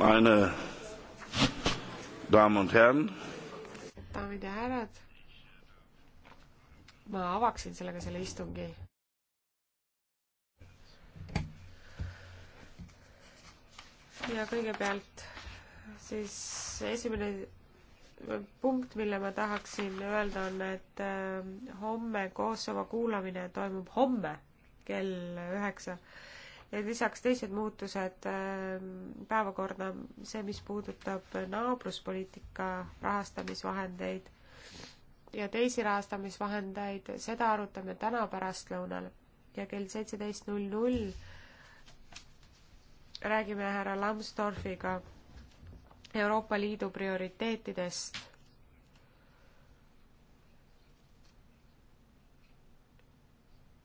meine Damen und Herren. daamid ja härrad, ma avaksin sellega selle istungi. ja kõigepealt siis esimene punkt, mille ma tahaksin öelda, on, et äh, homme Kosovo kuulamine toimub homme kell üheksa lisaks teised muutused äh, päevakorda, see, mis puudutab naabruspoliitika rahastamisvahendeid ja teisi rahastamisvahendeid, seda arutame täna pärastlõunal ja kell seitseteist null null räägime härra Lambsdorfiga Euroopa Liidu prioriteetidest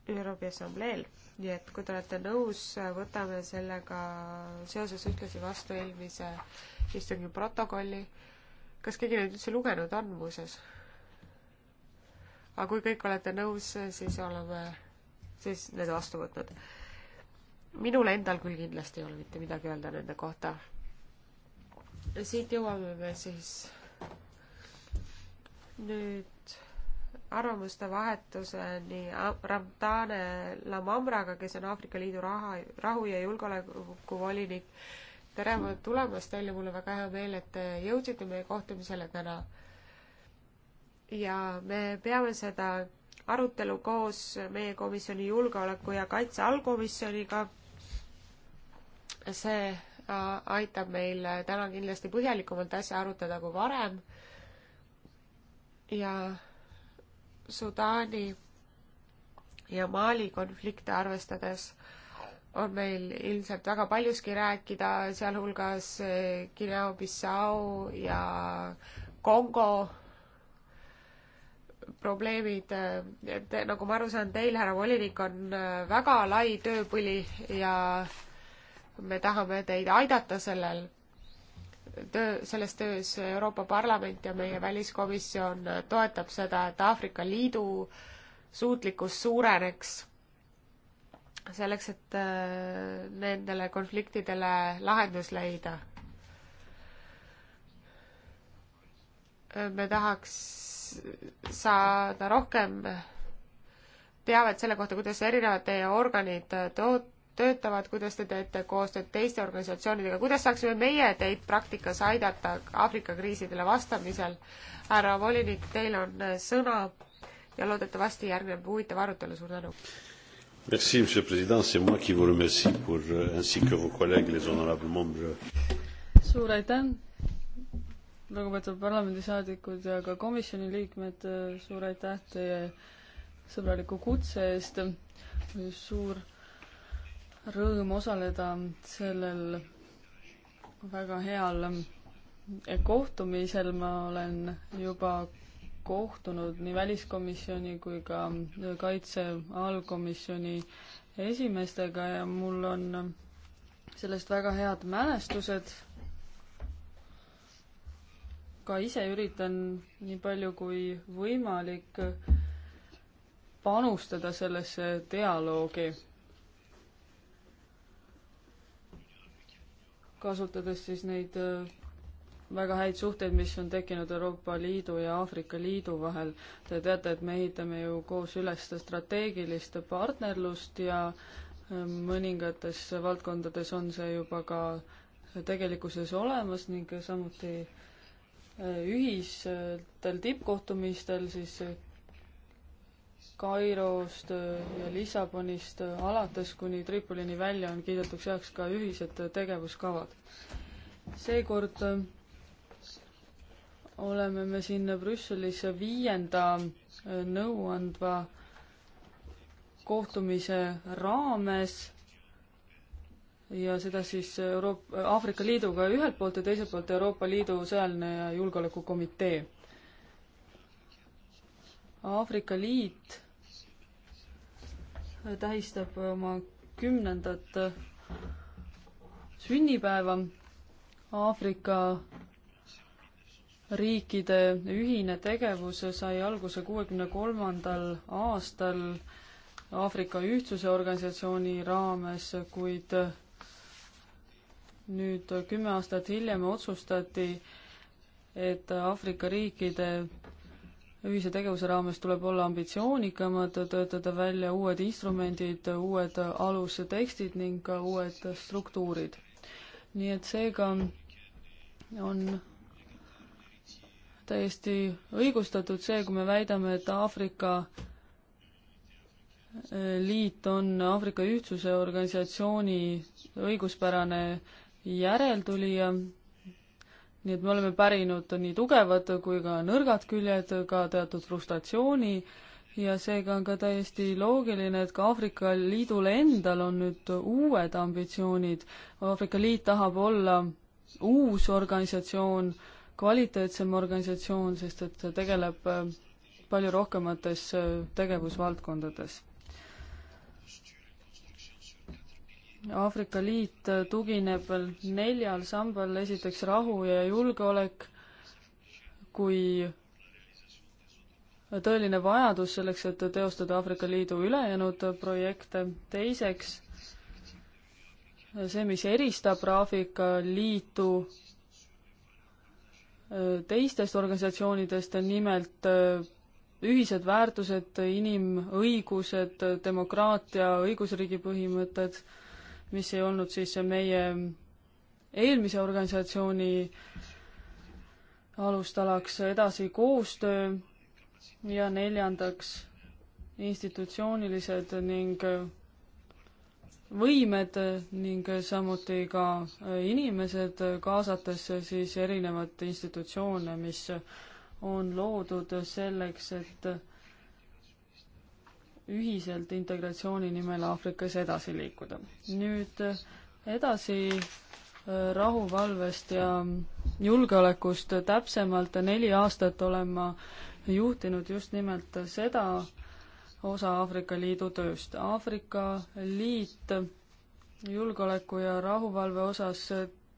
ÜRO Peaassambleel, nii et kui te olete nõus, võtame sellega seoses ühtlasi vastu eelmise istungi protokolli. kas keegi neid üldse lugenud on muuseas? aga kui kõik olete nõus, siis oleme, siis need vastu võtnud. minul endal küll kindlasti ei ole mitte midagi öelda nende kohta. siit jõuame me siis nüüd arvamuste vahetuseni Ramtane Lamamraga, kes on Aafrika Liidu raha, rahu ja julgeoleku volinik. tere tulemast teile, mul on väga hea meel, et te jõudsite meie kohtumisele täna. ja me peame seda arutelu koos meie komisjoni julgeoleku ja kaitse allkomisjoniga. see äh, aitab meil täna kindlasti põhjalikumalt asja arutada kui varem. ja Sudaani ja Mali konflikte arvestades on meil ilmselt väga paljuski rääkida, sealhulgas eh, Guinea-Bissau ja Kongo probleemid, et eh, nagu ma aru saan, teil, härra volinik, on eh, väga lai tööpõli ja me tahame teid aidata sellel töö, selles töös Euroopa Parlament ja meie väliskomisjon toetab seda, et Aafrika Liidu suutlikkus suureneks selleks, et äh, nendele konfliktidele lahendus leida. me tahaks saada rohkem teavet selle kohta, kuidas erinevad teie organid toot-, töötavad, kuidas te teete koostööd teiste organisatsioonidega, kuidas saaksime meie teid praktikas aidata Aafrika kriisidele vastamisel? härra volinik, teil on äh, sõna ja loodetavasti järgneb huvitav arutelu, suur tänu! Merci, Monsieur le Président. C'est moi qui vous remercie pour, euh, ainsi que vos collègues, les honorables membres. Suur aitäh, lugupeetud parlamendisaadikud ja ka komisjoni liikmed, suur aitäh teie sõbraliku kutse eest. suur rõõm osaleda sellel väga heal kohtumisel, ma olen juba kohtunud nii väliskomisjoni kui ka kaitse allkomisjoni esimeestega ja mul on sellest väga head mälestused. ka ise üritan nii palju kui võimalik panustada sellesse dialoogi kasutades siis neid äh, väga häid suhteid, mis on tekkinud Euroopa Liidu ja Aafrika Liidu vahel. Te teate, et me ehitame ju koos üles strateegilist partnerlust ja äh, mõningates valdkondades on see juba ka tegelikkuses olemas ning samuti äh, ühistel tippkohtumistel siis Kairost ja Lissabonist alates kuni Tripolini välja on kiidetud heaks ka ühised tegevuskavad. seekord oleme me siin Brüsselis viienda nõuandva kohtumise raames ja seda siis Euroopa, Aafrika Liiduga ühelt poolt ja teiselt poolt Euroopa Liidu sõjaline ja julgeolekukomitee. Aafrika Liit tähistab oma kümnendat sünnipäeva. Aafrika riikide ühine tegevus sai alguse kuuekümne kolmandal aastal Aafrika Ühtsuse Organisatsiooni raames, kuid nüüd kümme aastat hiljem otsustati, et Aafrika riikide ühise tegevuse raames tuleb olla ambitsioonikamad, töötada välja uued instrumendid, uued alustekstid ning ka uued struktuurid. nii et seega on täiesti õigustatud see, kui me väidame, et Aafrika Liit on Aafrika Ühtsuse Organisatsiooni õiguspärane järeltulija nii et me oleme pärinud nii tugevad kui ka nõrgad küljed, ka teatud frustratsiooni ja seega on ka täiesti loogiline, et ka Aafrika Liidul endal on nüüd uued ambitsioonid. Aafrika Liit tahab olla uus organisatsioon, kvaliteetsem organisatsioon, sest et ta tegeleb palju rohkemates tegevusvaldkondades. Aafrika Liit tugineb neljal sambal, esiteks rahu ja julgeolek kui tõeline vajadus selleks, et teostada Aafrika Liidu ülejäänud projekte, teiseks see, mis eristab Aafrika Liitu teistest organisatsioonidest, nimelt äh, ühised väärtused, inimõigused, demokraatia, õigusriigi põhimõtted mis ei olnud siis meie eelmise organisatsiooni alustalaks edasi koostöö ja neljandaks institutsioonilised ning võimed ning samuti ka inimesed, kaasates siis erinevaid institutsioone, mis on loodud selleks, et ühiselt integratsiooni nimel Aafrikas edasi liikuda. nüüd edasi äh, rahuvalvest ja julgeolekust täpsemalt neli aastat olen ma juhtinud just nimelt seda osa Aafrika Liidu tööst. Aafrika Liit julgeoleku ja rahuvalve osas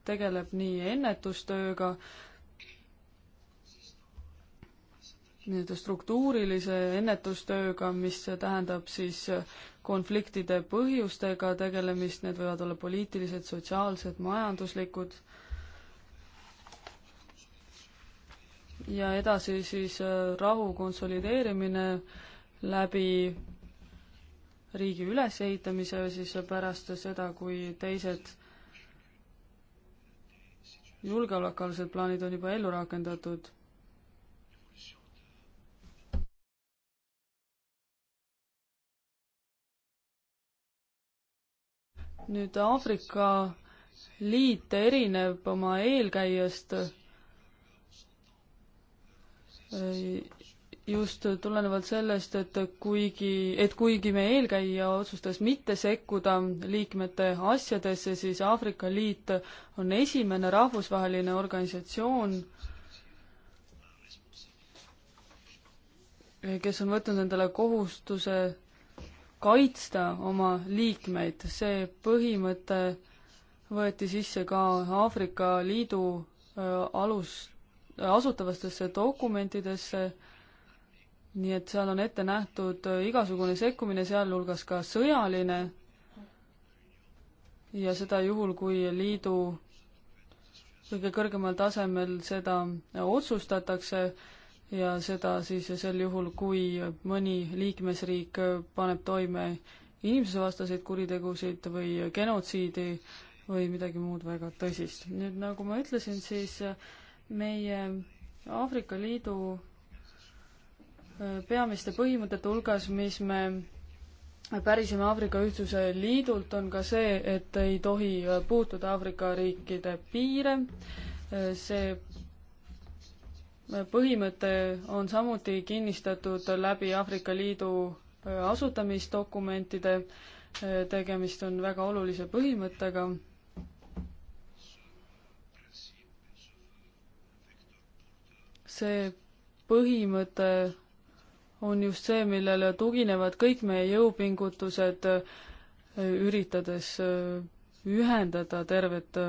tegeleb nii ennetustööga, nii-öelda struktuurilise ennetustööga, mis tähendab siis konfliktide põhjustega tegelemist, need võivad olla poliitilised, sotsiaalsed, majanduslikud, ja edasi siis äh, rahu konsolideerimine läbi riigi ülesehitamise siis pärast seda, kui teised julgeolekualased plaanid on juba ellu rakendatud nüüd Aafrika liit erineb oma eelkäijast just tulenevalt sellest, et kuigi, et kuigi meie eelkäija otsustas mitte sekkuda liikmete asjadesse, siis Aafrika Liit on esimene rahvusvaheline organisatsioon, kes on võtnud endale kohustuse kaitsta oma liikmeid, see põhimõte võeti sisse ka Aafrika Liidu äh, alus, äh, asutavatesse dokumentidesse, nii et seal on ette nähtud äh, igasugune sekkumine, sealhulgas ka sõjaline, ja seda juhul, kui liidu kõige kõrgemal tasemel seda otsustatakse, ja seda siis sel juhul, kui mõni liikmesriik paneb toime inimsusevastaseid kuritegusid või genotsiidi või midagi muud väga tõsist. nüüd nagu ma ütlesin, siis meie Aafrika Liidu äh, peamiste põhimõtete hulgas, mis me pärisime Aafrika Ühtsuse Liidult, on ka see, et ei tohi puutuda Aafrika riikide piire. Äh, see põhimõte on samuti kinnistatud läbi Aafrika Liidu äh, asutamisdokumentide, äh, tegemist on väga olulise põhimõttega see põhimõte on just see, millele tuginevad kõik meie jõupingutused, äh, üritades ühendada tervet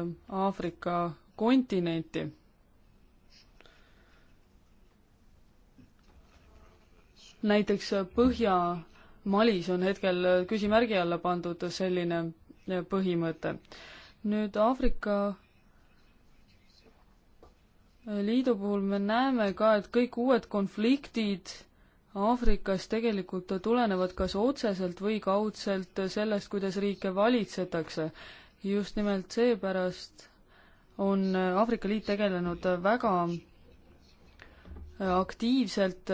Aafrika kontinenti. näiteks äh, Põhja-Malis on hetkel äh, küsimärgi alla pandud selline äh, põhimõte. nüüd Aafrika Liidu puhul me näeme ka, et kõik uued konfliktid Aafrikas tegelikult tulenevad kas otseselt või kaudselt sellest, kuidas riike valitsetakse. just nimelt seepärast on Aafrika Liit tegelenud väga aktiivselt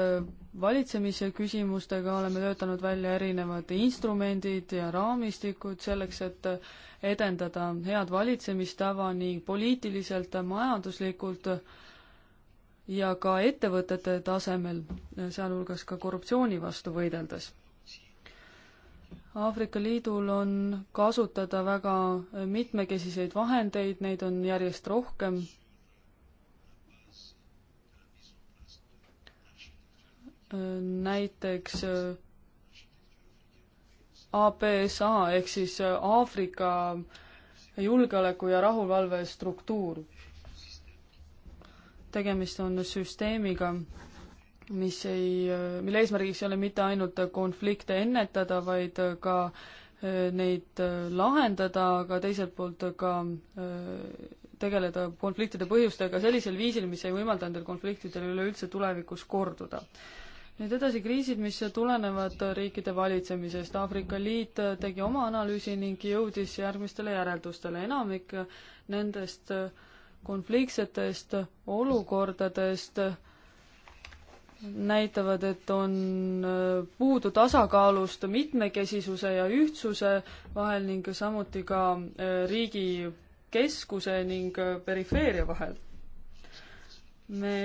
valitsemise küsimustega oleme töötanud välja erinevad instrumendid ja raamistikud selleks, et edendada head valitsemistava nii poliitiliselt, majanduslikult ja ka ettevõtete tasemel, sealhulgas ka korruptsiooni vastu võideldes. Aafrika Liidul on kasutada väga mitmekesiseid vahendeid, neid on järjest rohkem näiteks APSA äh, ehk siis äh, Aafrika julgeoleku ja rahuvalve struktuur. tegemist on süsteemiga, mis ei, äh, mille eesmärgiks ei ole mitte ainult konflikte ennetada, vaid ka neid lahendada, aga teiselt poolt ka tegeleda konfliktide põhjustega sellisel viisil, mis ei võimalda nendel konfliktidel üleüldse tulevikus korduda nüüd edasi kriisid, mis tulenevad riikide valitsemisest. Aafrika Liit tegi oma analüüsi ning jõudis järgmistele järeldustele. enamik nendest konfliktsetest olukordadest näitavad, et on puudu tasakaalust mitmekesisuse ja ühtsuse vahel ning samuti ka riigi keskuse ning perifeeria vahel. me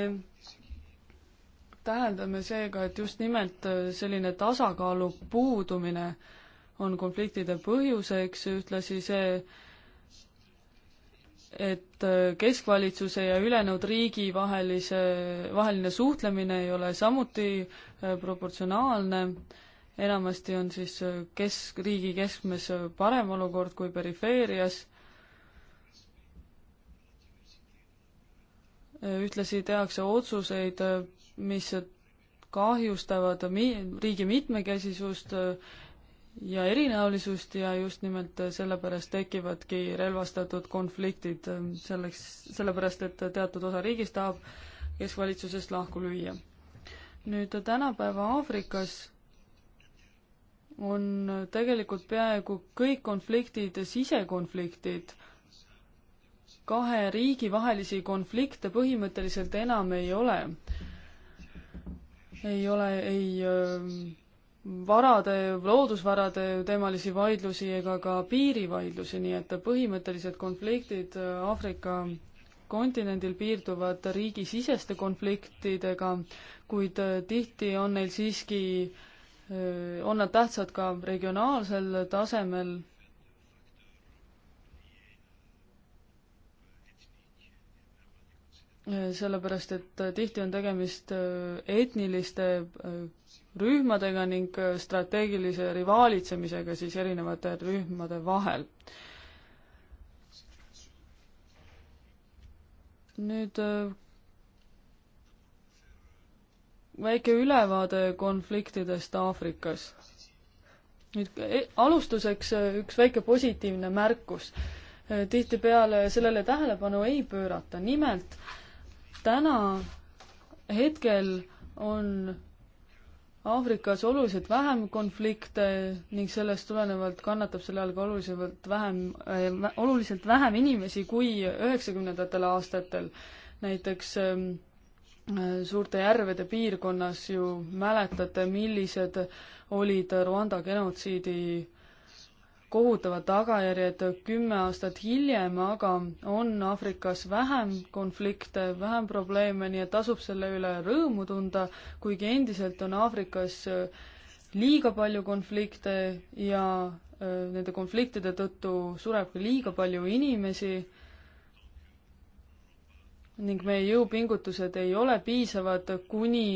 täheldame seega, et just nimelt äh, selline tasakaalu puudumine on konfliktide põhjuseks, ühtlasi see, et äh, keskvalitsuse ja ülejäänud riigi vahelise, vaheline suhtlemine ei ole samuti äh, proportsionaalne, enamasti on siis kesk, riigi keskmes parem olukord kui perifeerias ühtlasi tehakse otsuseid mis kahjustavad mi-, riigi mitmekesisust äh, ja erinäolisust ja just nimelt äh, sellepärast tekivadki relvastatud konfliktid, äh, selleks, sellepärast et teatud osa riigist tahab keskvalitsusest lahku lüüa. nüüd tänapäeva Aafrikas on tegelikult peaaegu kõik konfliktid sisekonfliktid, kahe riigi vahelisi konflikte põhimõtteliselt enam ei ole ei ole ei ähm, varade, loodusvarade teemalisi vaidlusi ega ka piirivaidlusi, nii et põhimõttelised konfliktid äh, Aafrika kontinendil piirduvad riigisiseste konfliktidega, kuid äh, tihti on neil siiski, äh, on nad tähtsad ka regionaalsel tasemel sellepärast et tihti on tegemist äh, etniliste äh, rühmadega ning äh, strateegilise rivaalitsemisega siis erinevate rühmade vahel. nüüd väike ülevaade konfliktidest Aafrikas. nüüd e, alustuseks üks väike positiivne märkus. tihtipeale sellele tähelepanu ei pöörata, nimelt äh, täna hetkel on Aafrikas oluliselt vähem konflikte ning sellest tulenevalt kannatab selle all ka oluliselt vähem äh,, oluliselt vähem inimesi kui üheksakümnendatel aastatel. näiteks ähm, äh, suurte järvede piirkonnas ju mäletate, millised olid Rwanda genotsiidi äh, kohutavad tagajärjed kümme aastat hiljem, aga on Aafrikas vähem konflikte, vähem probleeme, nii et tasub selle üle rõõmu tunda, kuigi endiselt on Aafrikas äh, liiga palju konflikte ja äh, nende konfliktide tõttu sureb ka liiga palju inimesi ning meie jõupingutused ei ole piisavad, kuni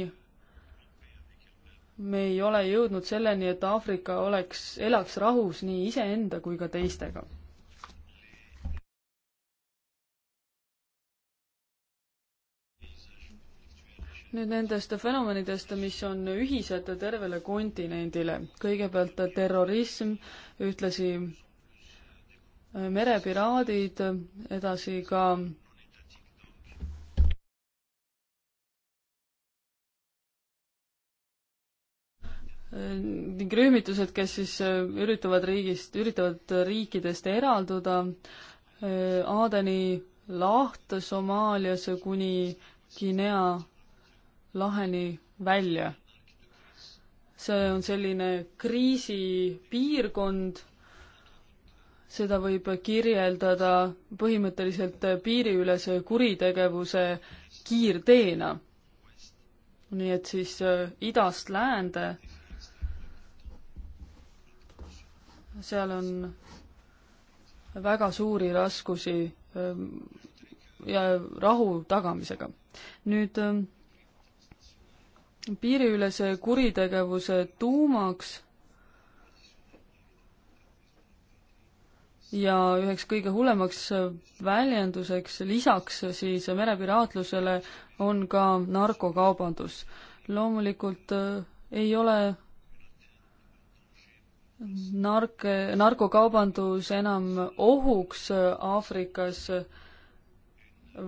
me ei ole jõudnud selleni, et Aafrika oleks, elaks rahus nii iseenda kui ka teistega. nüüd nendest fenomenidest, mis on ühised tervele kontinendile. kõigepealt terrorism, ühtlasi merepiraadid, edasi ka Äh, ning rühmitused, kes siis äh, üritavad riigist, üritavad riikidest eralduda, äh, Aadeni laht Somaalias kuni Guinea laheni välja. see on selline kriisipiirkond, seda võib kirjeldada põhimõtteliselt piiriülese kuritegevuse kiirteena. nii et siis idast läände seal on väga suuri raskusi ähm, ja rahu tagamisega. nüüd ähm, piiriülese kuritegevuse tuumaks ja üheks kõige hullemaks väljenduseks lisaks siis merepiraatlusele on ka narkokaubandus. loomulikult äh, ei ole nark, narkokaubandus enam ohuks Aafrikas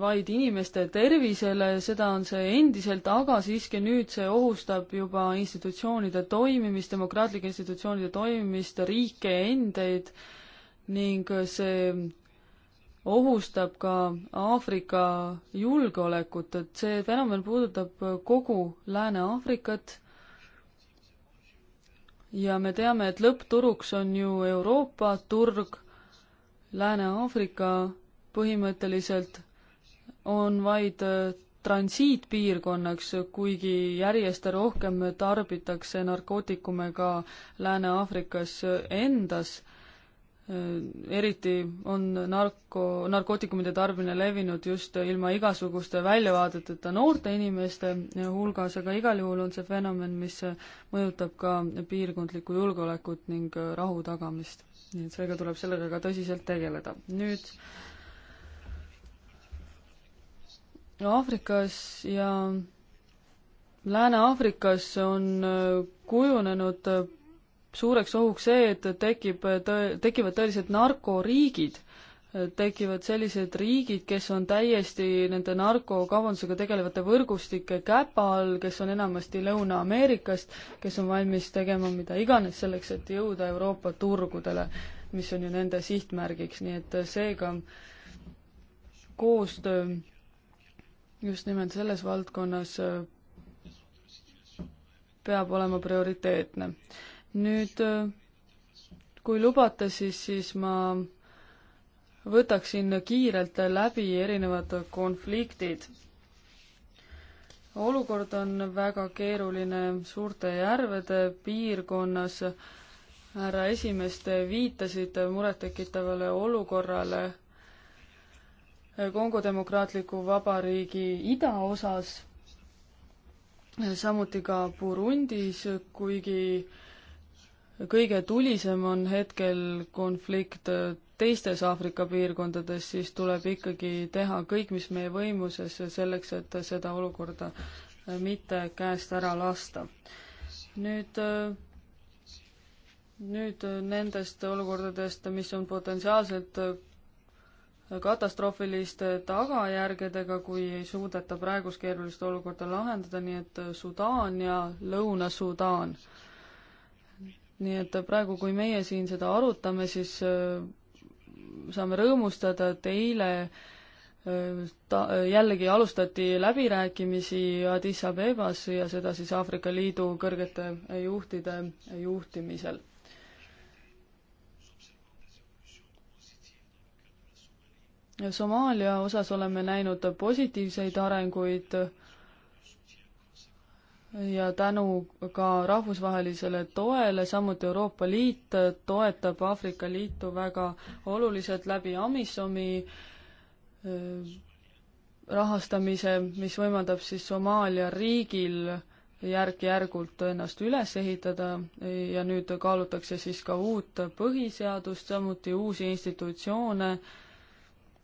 vaid inimeste tervisele, seda on see endiselt, aga siiski nüüd see ohustab juba institutsioonide toimimist, demokraatlike institutsioonide toimimist, riike endeid ning see ohustab ka Aafrika julgeolekut, et see fenomen puudutab kogu Lääne-Aafrikat ja me teame, et lõppturuks on ju Euroopa turg, Lääne-Aafrika põhimõtteliselt on vaid äh, transiitpiirkonnaks, kuigi järjest rohkem tarbitakse narkootikume ka Lääne-Aafrikas äh, endas Äh, eriti on narko, narkootikumide tarbimine levinud just ilma igasuguste väljavaadeteta noorte inimeste hulgas, aga igal juhul on see fenomen, mis mõjutab ka piirkondlikku julgeolekut ning rahu tagamist. nii et seega tuleb sellega ka tõsiselt tegeleda. nüüd Aafrikas ja Lääne-Aafrikas on kujunenud suureks ohuks see, et tekib tõ-, tekivad tõelised narkoriigid, tekivad sellised riigid, kes on täiesti nende narkokaubandusega tegelevate võrgustike käpa all, kes on enamasti Lõuna-Ameerikast, kes on valmis tegema mida iganes selleks, et jõuda Euroopa turgudele, mis on ju nende sihtmärgiks, nii et seega koostöö just nimelt selles valdkonnas peab olema prioriteetne nüüd äh, kui lubate, siis, siis ma võtaksin kiirelt läbi erinevad konfliktid. olukord on väga keeruline suurte järvede piirkonnas. härra esimees, te viitasite murettekitavale olukorrale Kongo Demokraatliku Vabariigi idaosas, samuti ka Burundis, kuigi äh, kõige tulisem on hetkel konflikt teistes Aafrika piirkondades, siis tuleb ikkagi teha kõik, mis meie võimuses, selleks et seda olukorda mitte käest ära lasta. nüüd, nüüd nendest olukordadest, mis on potentsiaalselt katastroofiliste tagajärgedega, kui ei suudeta praegust keerulist olukorda lahendada, nii et Sudaan ja Lõuna-Sudaan nii et praegu, kui meie siin seda arutame, siis äh, saame rõõmustada, et eile äh, ta, äh, jällegi alustati läbirääkimisi Addis Abebas ja seda siis Aafrika Liidu kõrgete juhtide juhtimisel Somaalia osas oleme näinud positiivseid arenguid, ja tänu ka rahvusvahelisele toele, samuti Euroopa Liit toetab Aafrika Liitu väga oluliselt läbi Amisomi äh, rahastamise, mis võimaldab siis Somaalia riigil järk-järgult ennast üles ehitada ja nüüd kaalutakse siis ka uut põhiseadust, samuti uusi institutsioone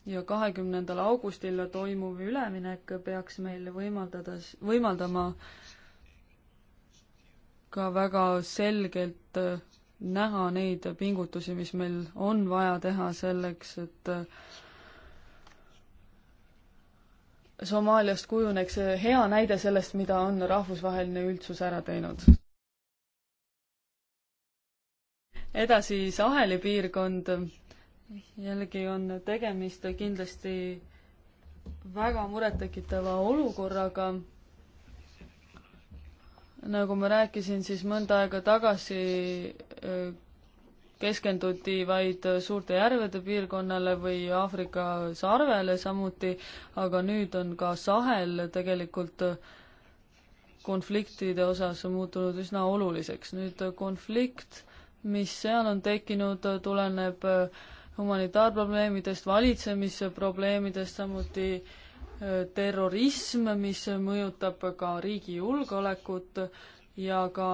ja kahekümnendal augustil toimuv üleminek peaks meil võimaldada, võimaldama äh, ka väga selgelt äh, näha neid pingutusi, mis meil on vaja teha selleks, et äh, Somaaliast kujuneks hea näide sellest, mida on rahvusvaheline üldsus ära teinud. edasi Saheli piirkond. jällegi on tegemist kindlasti väga murettekitava olukorraga nagu ma rääkisin, siis mõnda aega tagasi keskenduti vaid suurte järvede piirkonnale või Aafrika sarvele samuti, aga nüüd on ka Sahel tegelikult konfliktide osas muutunud üsna oluliseks. nüüd konflikt, mis seal on tekkinud, tuleneb humanitaarprobleemidest, valitsemisprobleemidest, samuti äh, terrorism, mis mõjutab ka riigi julgeolekut ja ka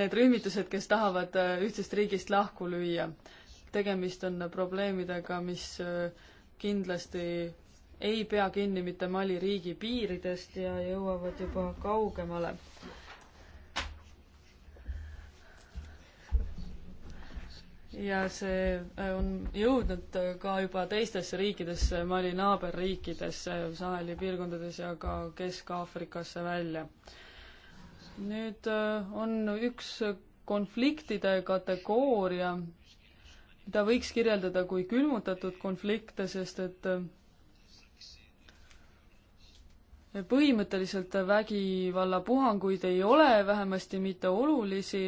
need rühmitused, kes tahavad ühtsest riigist lahku lüüa. tegemist on probleemidega, mis kindlasti ei pea kinni mitte Mali riigi piiridest ja jõuavad juba kaugemale. ja see äh, on jõudnud äh, ka juba teistesse riikidesse, Mali naaberriikidesse, Saheli piirkondades ja ka Kesk-Aafrikasse välja. nüüd äh, on üks konfliktide kategooria, mida võiks kirjeldada kui külmutatud konflikte, sest et põhimõtteliselt vägivallapuhanguid ei ole, vähemasti mitte olulisi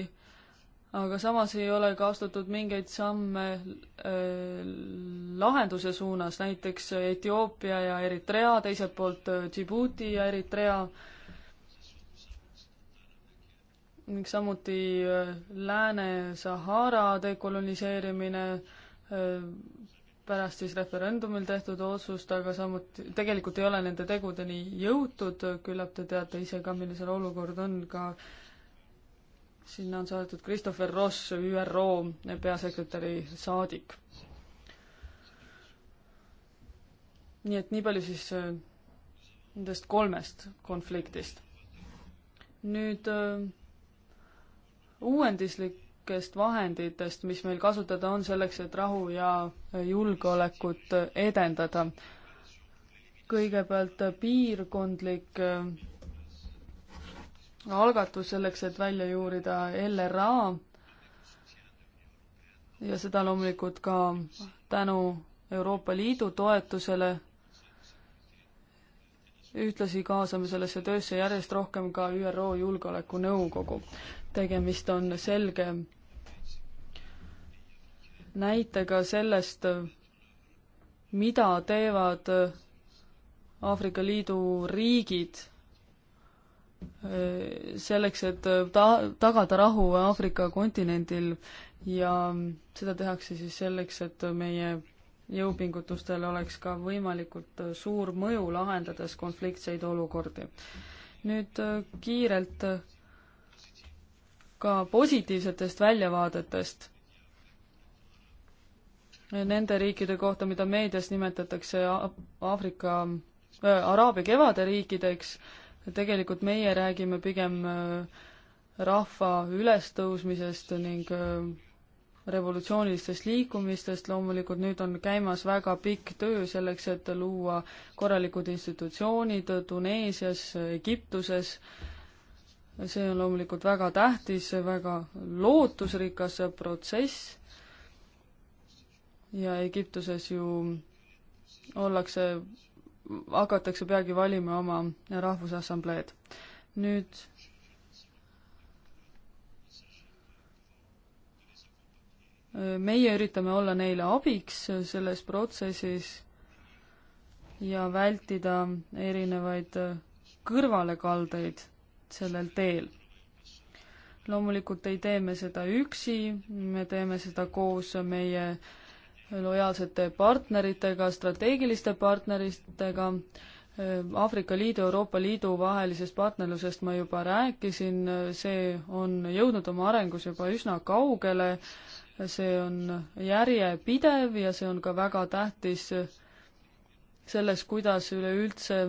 aga samas ei ole ka astutud mingeid samme äh, lahenduse suunas, näiteks Etioopia ja Eritrea, teiselt poolt äh, Djibouti ja Eritrea ning samuti äh, Lääne-Sahara dekoloniseerimine äh,, pärast siis referendumil tehtud otsust, aga samuti tegelikult ei ole nende tegudeni jõutud, küllap te teate ise ka, milline see olukord on ka äh, sinna on saadetud Christopher Ross, ÜRO peasekretäri saadik. nii et nii palju siis äh, nendest kolmest konfliktist. nüüd äh, uuendislikest vahenditest, mis meil kasutada on selleks, et rahu ja äh, julgeolekut edendada. kõigepealt piirkondlik algatus selleks, et välja juurida LRA ja seda loomulikult ka tänu Euroopa Liidu toetusele. ühtlasi kaasame sellesse töösse järjest rohkem ka ÜRO Julgeolekunõukogu. tegemist on selge näitega sellest, mida teevad Aafrika Liidu riigid selleks, et äh, ta-, tagada rahu Aafrika kontinendil ja seda tehakse siis selleks, et meie jõupingutustel oleks ka võimalikult äh, suur mõju, lahendades konfliktseid olukordi. nüüd äh, kiirelt ka positiivsetest väljavaadetest nende riikide kohta, mida meedias nimetatakse Aafrika äh,, Araabia kevade riikideks äh,, tegelikult meie räägime pigem äh, rahva ülestõusmisest ning äh, revolutsioonilistest liikumistest, loomulikult nüüd on käimas väga pikk töö selleks, et luua korralikud institutsioonid Tuneesias, Egiptuses, see on loomulikult väga tähtis, väga lootusrikas protsess ja Egiptuses ju ollakse hakatakse peagi valima oma rahvusassambleed. nüüd meie üritame olla neile abiks selles protsessis ja vältida erinevaid kõrvalekaldeid sellel teel. loomulikult ei tee me seda üksi, me teeme seda koos meie äh, lojaalsete partneritega, strateegiliste partneritega. Aafrika Liidu, Euroopa Liidu vahelisest partnerlusest ma juba rääkisin, see on jõudnud oma arengus juba üsna kaugele, see on järjepidev ja see on ka väga tähtis selles, kuidas üleüldse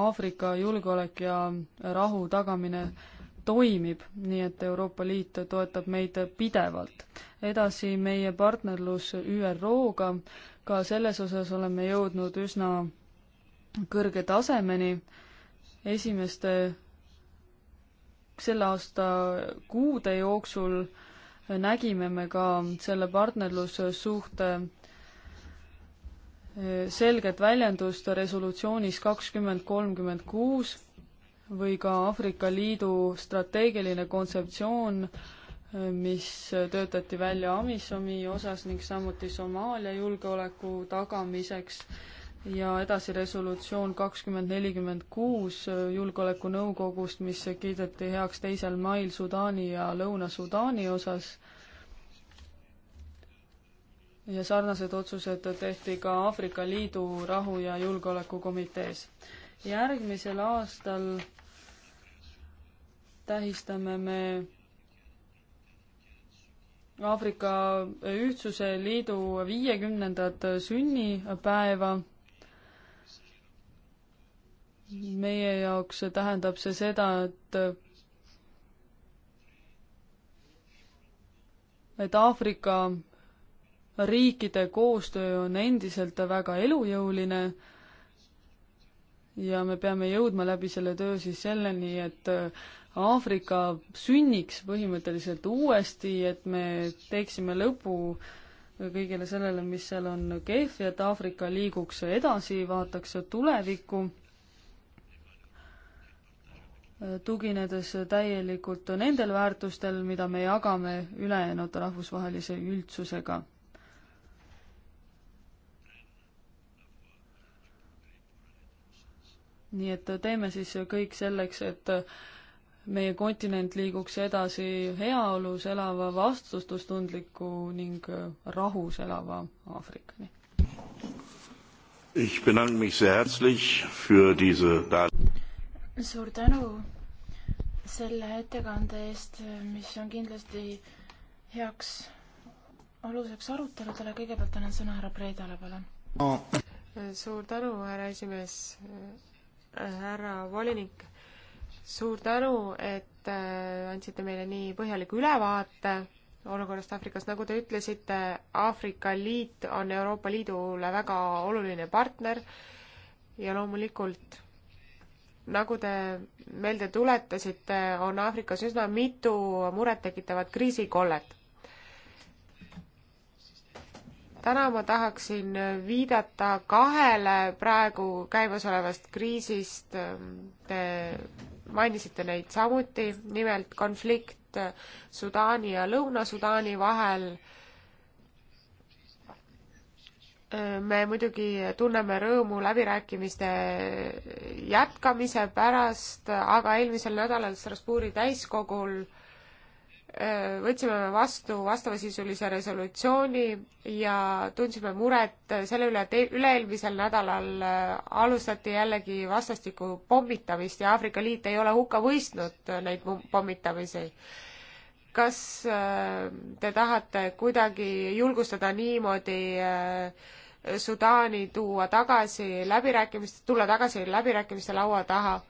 Aafrika julgeolek ja rahu tagamine toimib, nii et Euroopa Liit toetab meid pidevalt. edasi meie partnerlus ÜRO-ga, ka selles osas oleme jõudnud üsna kõrge tasemeni. esimeste selle aasta kuude jooksul nägime me ka selle partnerlussuhte eh, selget väljendust resolutsioonis kakskümmend kolmkümmend kuus või ka Aafrika Liidu strateegiline kontseptsioon, mis töötati välja Amisomi osas ning samuti Somaalia julgeoleku tagamiseks ja edasi resolutsioon kakskümmend nelikümmend kuus Julgeolekunõukogust, mis kiideti heaks teisel mail Sudaani ja Lõuna-Sudaani osas. ja sarnased otsused tehti ka Aafrika Liidu rahu- ja julgeolekukomitees. järgmisel aastal tähistame me Aafrika Ühtsuse Liidu viiekümnendat sünnipäeva. meie jaoks tähendab see seda, et et Aafrika riikide koostöö on endiselt väga elujõuline ja me peame jõudma läbi selle töö siis selleni, et Aafrika sünniks põhimõtteliselt uuesti, et me teeksime lõpu kõigele sellele, mis seal on kehv ja et Aafrika liiguks edasi, vaataks tulevikku, tuginedes täielikult nendel väärtustel, mida me jagame ülejäänud rahvusvahelise üldsusega. nii et teeme siis kõik selleks, et meie kontinent liiguks edasi heaolus elava, vastutustundliku ning äh, rahus elava Aafrikani. suur tänu selle ettekande eest, mis on kindlasti heaks aluseks aruteludele. kõigepealt annan sõna härra Preedale, palun no.. suur tänu, härra esimees, härra volinik suur tänu, et äh, andsite meile nii põhjaliku ülevaate olukorrast Aafrikas, nagu te ütlesite, Aafrika Liit on Euroopa Liidule väga oluline partner ja loomulikult nagu te meelde tuletasite, on Aafrikas üsna mitu murettekitavat kriisikollet. täna ma tahaksin viidata kahele praegu käimasolevast kriisist te mainisite neid samuti, nimelt konflikt Sudaani ja Lõuna-Sudaani vahel. me muidugi tunneme rõõmu läbirääkimiste jätkamise pärast, aga eelmisel nädalal Strasbourgi täiskogul äh, võtsime me vastu vastavasisulise resolutsiooni ja tundsime muret selle üle, et e-, üle-eelmisel nädalal äh, alustati jällegi vastastikku pommitamist ja Aafrika Liit ei ole hukka mõistnud neid pommitamisi. kas äh, te tahate kuidagi julgustada niimoodi äh, Sudaani tuua tagasi läbirääkimiste, tulla tagasi läbirääkimiste laua taha?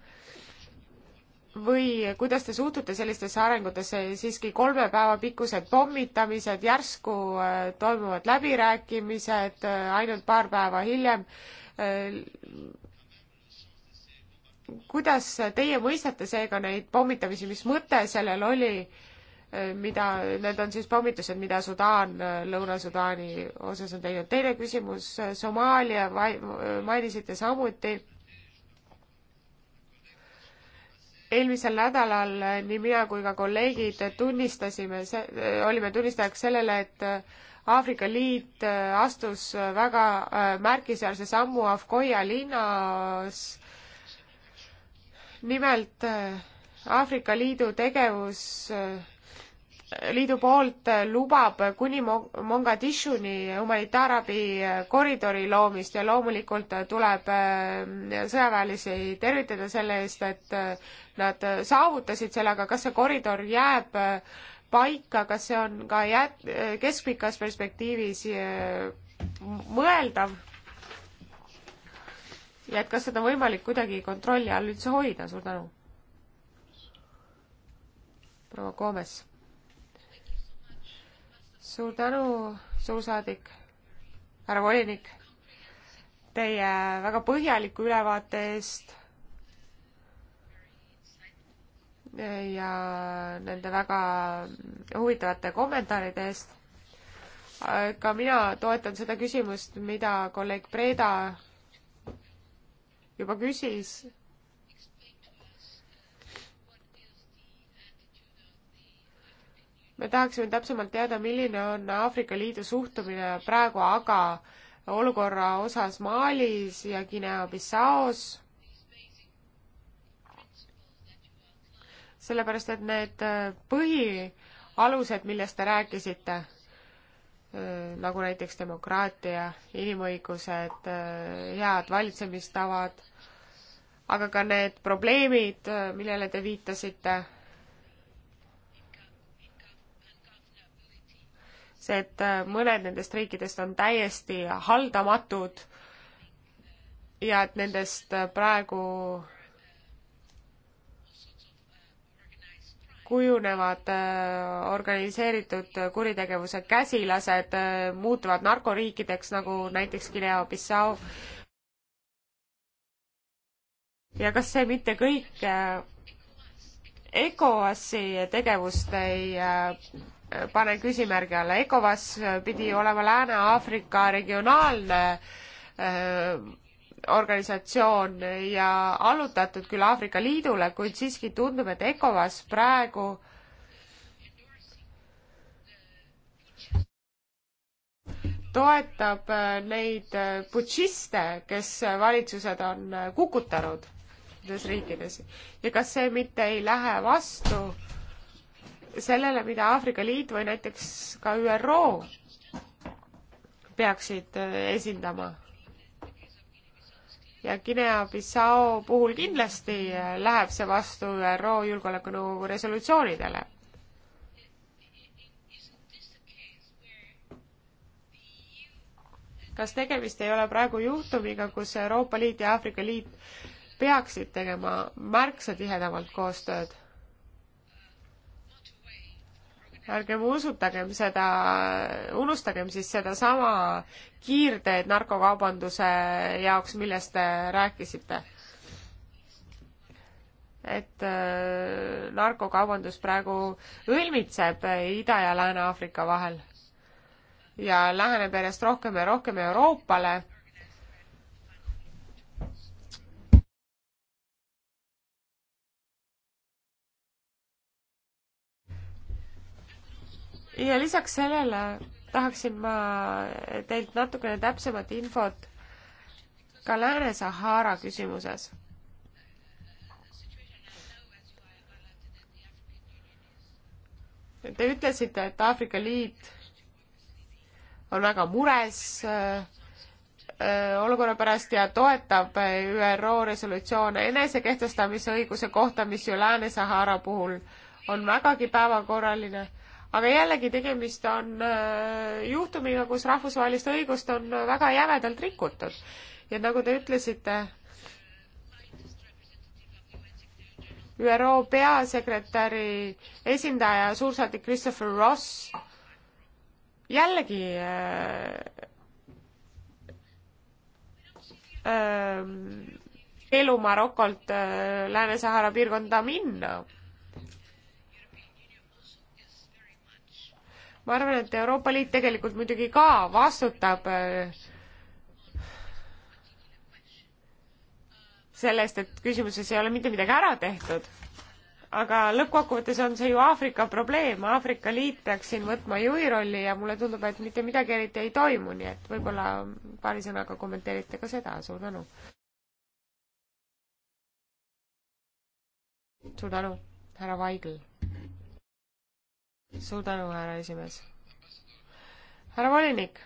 või kuidas te suhtute sellistesse arengutesse, siiski kolme päeva pikkused pommitamised, järsku äh, toimuvad läbirääkimised äh, ainult paar päeva hiljem. Äh, kuidas teie mõistate seega neid pommitamisi, mis mõte sellel oli, mida, need on siis pommitused, mida Sudaan, Lõuna-Sudaani osas on teinud. teine küsimus, Somaalia mainisite samuti eelmisel nädalal nii mina kui ka kolleegid tunnistasime, olime tunnistajaks sellele, et Aafrika Liit astus väga äh, märkisäärse sammu Afgoia linnas. nimelt äh, Aafrika Liidu tegevus äh, liidu poolt lubab kuni Mogadishuni humanitaarabi koridori loomist ja loomulikult tuleb äh, sõjaväelisi tervitada selle eest, et äh, nad saavutasid selle, aga kas see koridor jääb äh, paika, kas see on ka jät-, keskpikas perspektiivis mõeldav? ja et kas seda on võimalik kuidagi kontrolli all üldse hoida, suur tänu. proua Koomes suur tänu, suursaadik, härra volinik, teie väga põhjaliku ülevaate eest ja nende väga huvitavate kommentaaride eest. ka mina toetan seda küsimust, mida kolleeg Breda juba küsis me tahaksime täpsemalt teada, milline on Aafrika Liidu suhtumine praegu aga olukorra osas Malis ja Guinea-Bissaos. sellepärast, et need äh, põhialused, millest te rääkisite, äh, nagu näiteks demokraatia, inimõigused, äh, head valitsemistavad, aga ka need probleemid, millele te viitasite see, et äh, mõned nendest riikidest on täiesti haldamatud ja et nendest äh, praegu kujunevad äh, organiseeritud kuritegevuse käsilased, muutuvad narkoriikideks, nagu näiteks Guinea-Bissau. ja kas see mitte kõik ECOWAS-i tegevust ei panen küsimärgi alla. ECOWAS pidi olema Lääne-Aafrika regionaalne öö, äh, organisatsioon ja allutatud küll Aafrika Liidule, kuid siiski tundub, et ECOWAS praegu toetab äh, neid äh, putšiste, kes valitsused on kukutanud nendes riikides ja kas see mitte ei lähe vastu äh, sellele, mida Aafrika Liit või näiteks ka ÜRO peaksid äh, esindama. ja Guinea-Bissau puhul kindlasti äh, läheb see vastu ÜRO Julgeolekunõukogu resolutsioonidele. kas tegemist ei ole praegu juhtumiga, kus Euroopa Liit ja Aafrika Liit peaksid tegema märksa tihedamalt koostööd? ärgem usutagem seda, unustagem siis sedasama kiirteed narkokaubanduse jaoks, millest te rääkisite. et äh, narkokaubandus praegu õilmitseb Ida- ja Lääne-Aafrika vahel ja läheneb järjest rohkem ja rohkem Euroopale ja lisaks sellele tahaksin ma teilt natukene täpsemat infot ka Lääne-Sahara küsimuses. Te ütlesite, et Aafrika Liit on väga mures äh, äh, olukorra pärast ja toetab äh, ÜRO resolutsioone enesekehtestamise õiguse kohta, mis ju Lääne-Sahara puhul on vägagi päevakorraline aga jällegi, tegemist on äh, juhtumiga, kus rahvusvahelist õigust on väga jämedalt rikutud. ja nagu te ütlesite, ÜRO peasekretäri esindaja, suursaadik Christopher Ross, jällegi keelu äh, äh, Marokolt Lääne-Sahara piirkonda minna ma arvan, et Euroopa Liit tegelikult muidugi ka vastutab äh, selle eest, et küsimuses ei ole mitte midagi ära tehtud. aga lõppkokkuvõttes on see ju Aafrika probleem, Aafrika Liit peaks siin võtma juhi rolli ja mulle tundub, et mitte midagi eriti ei toimu, nii et võib-olla paari sõnaga kommenteerite ka seda, suur tänu. suur tänu, härra Vaigel suur tänu, härra esimees. härra volinik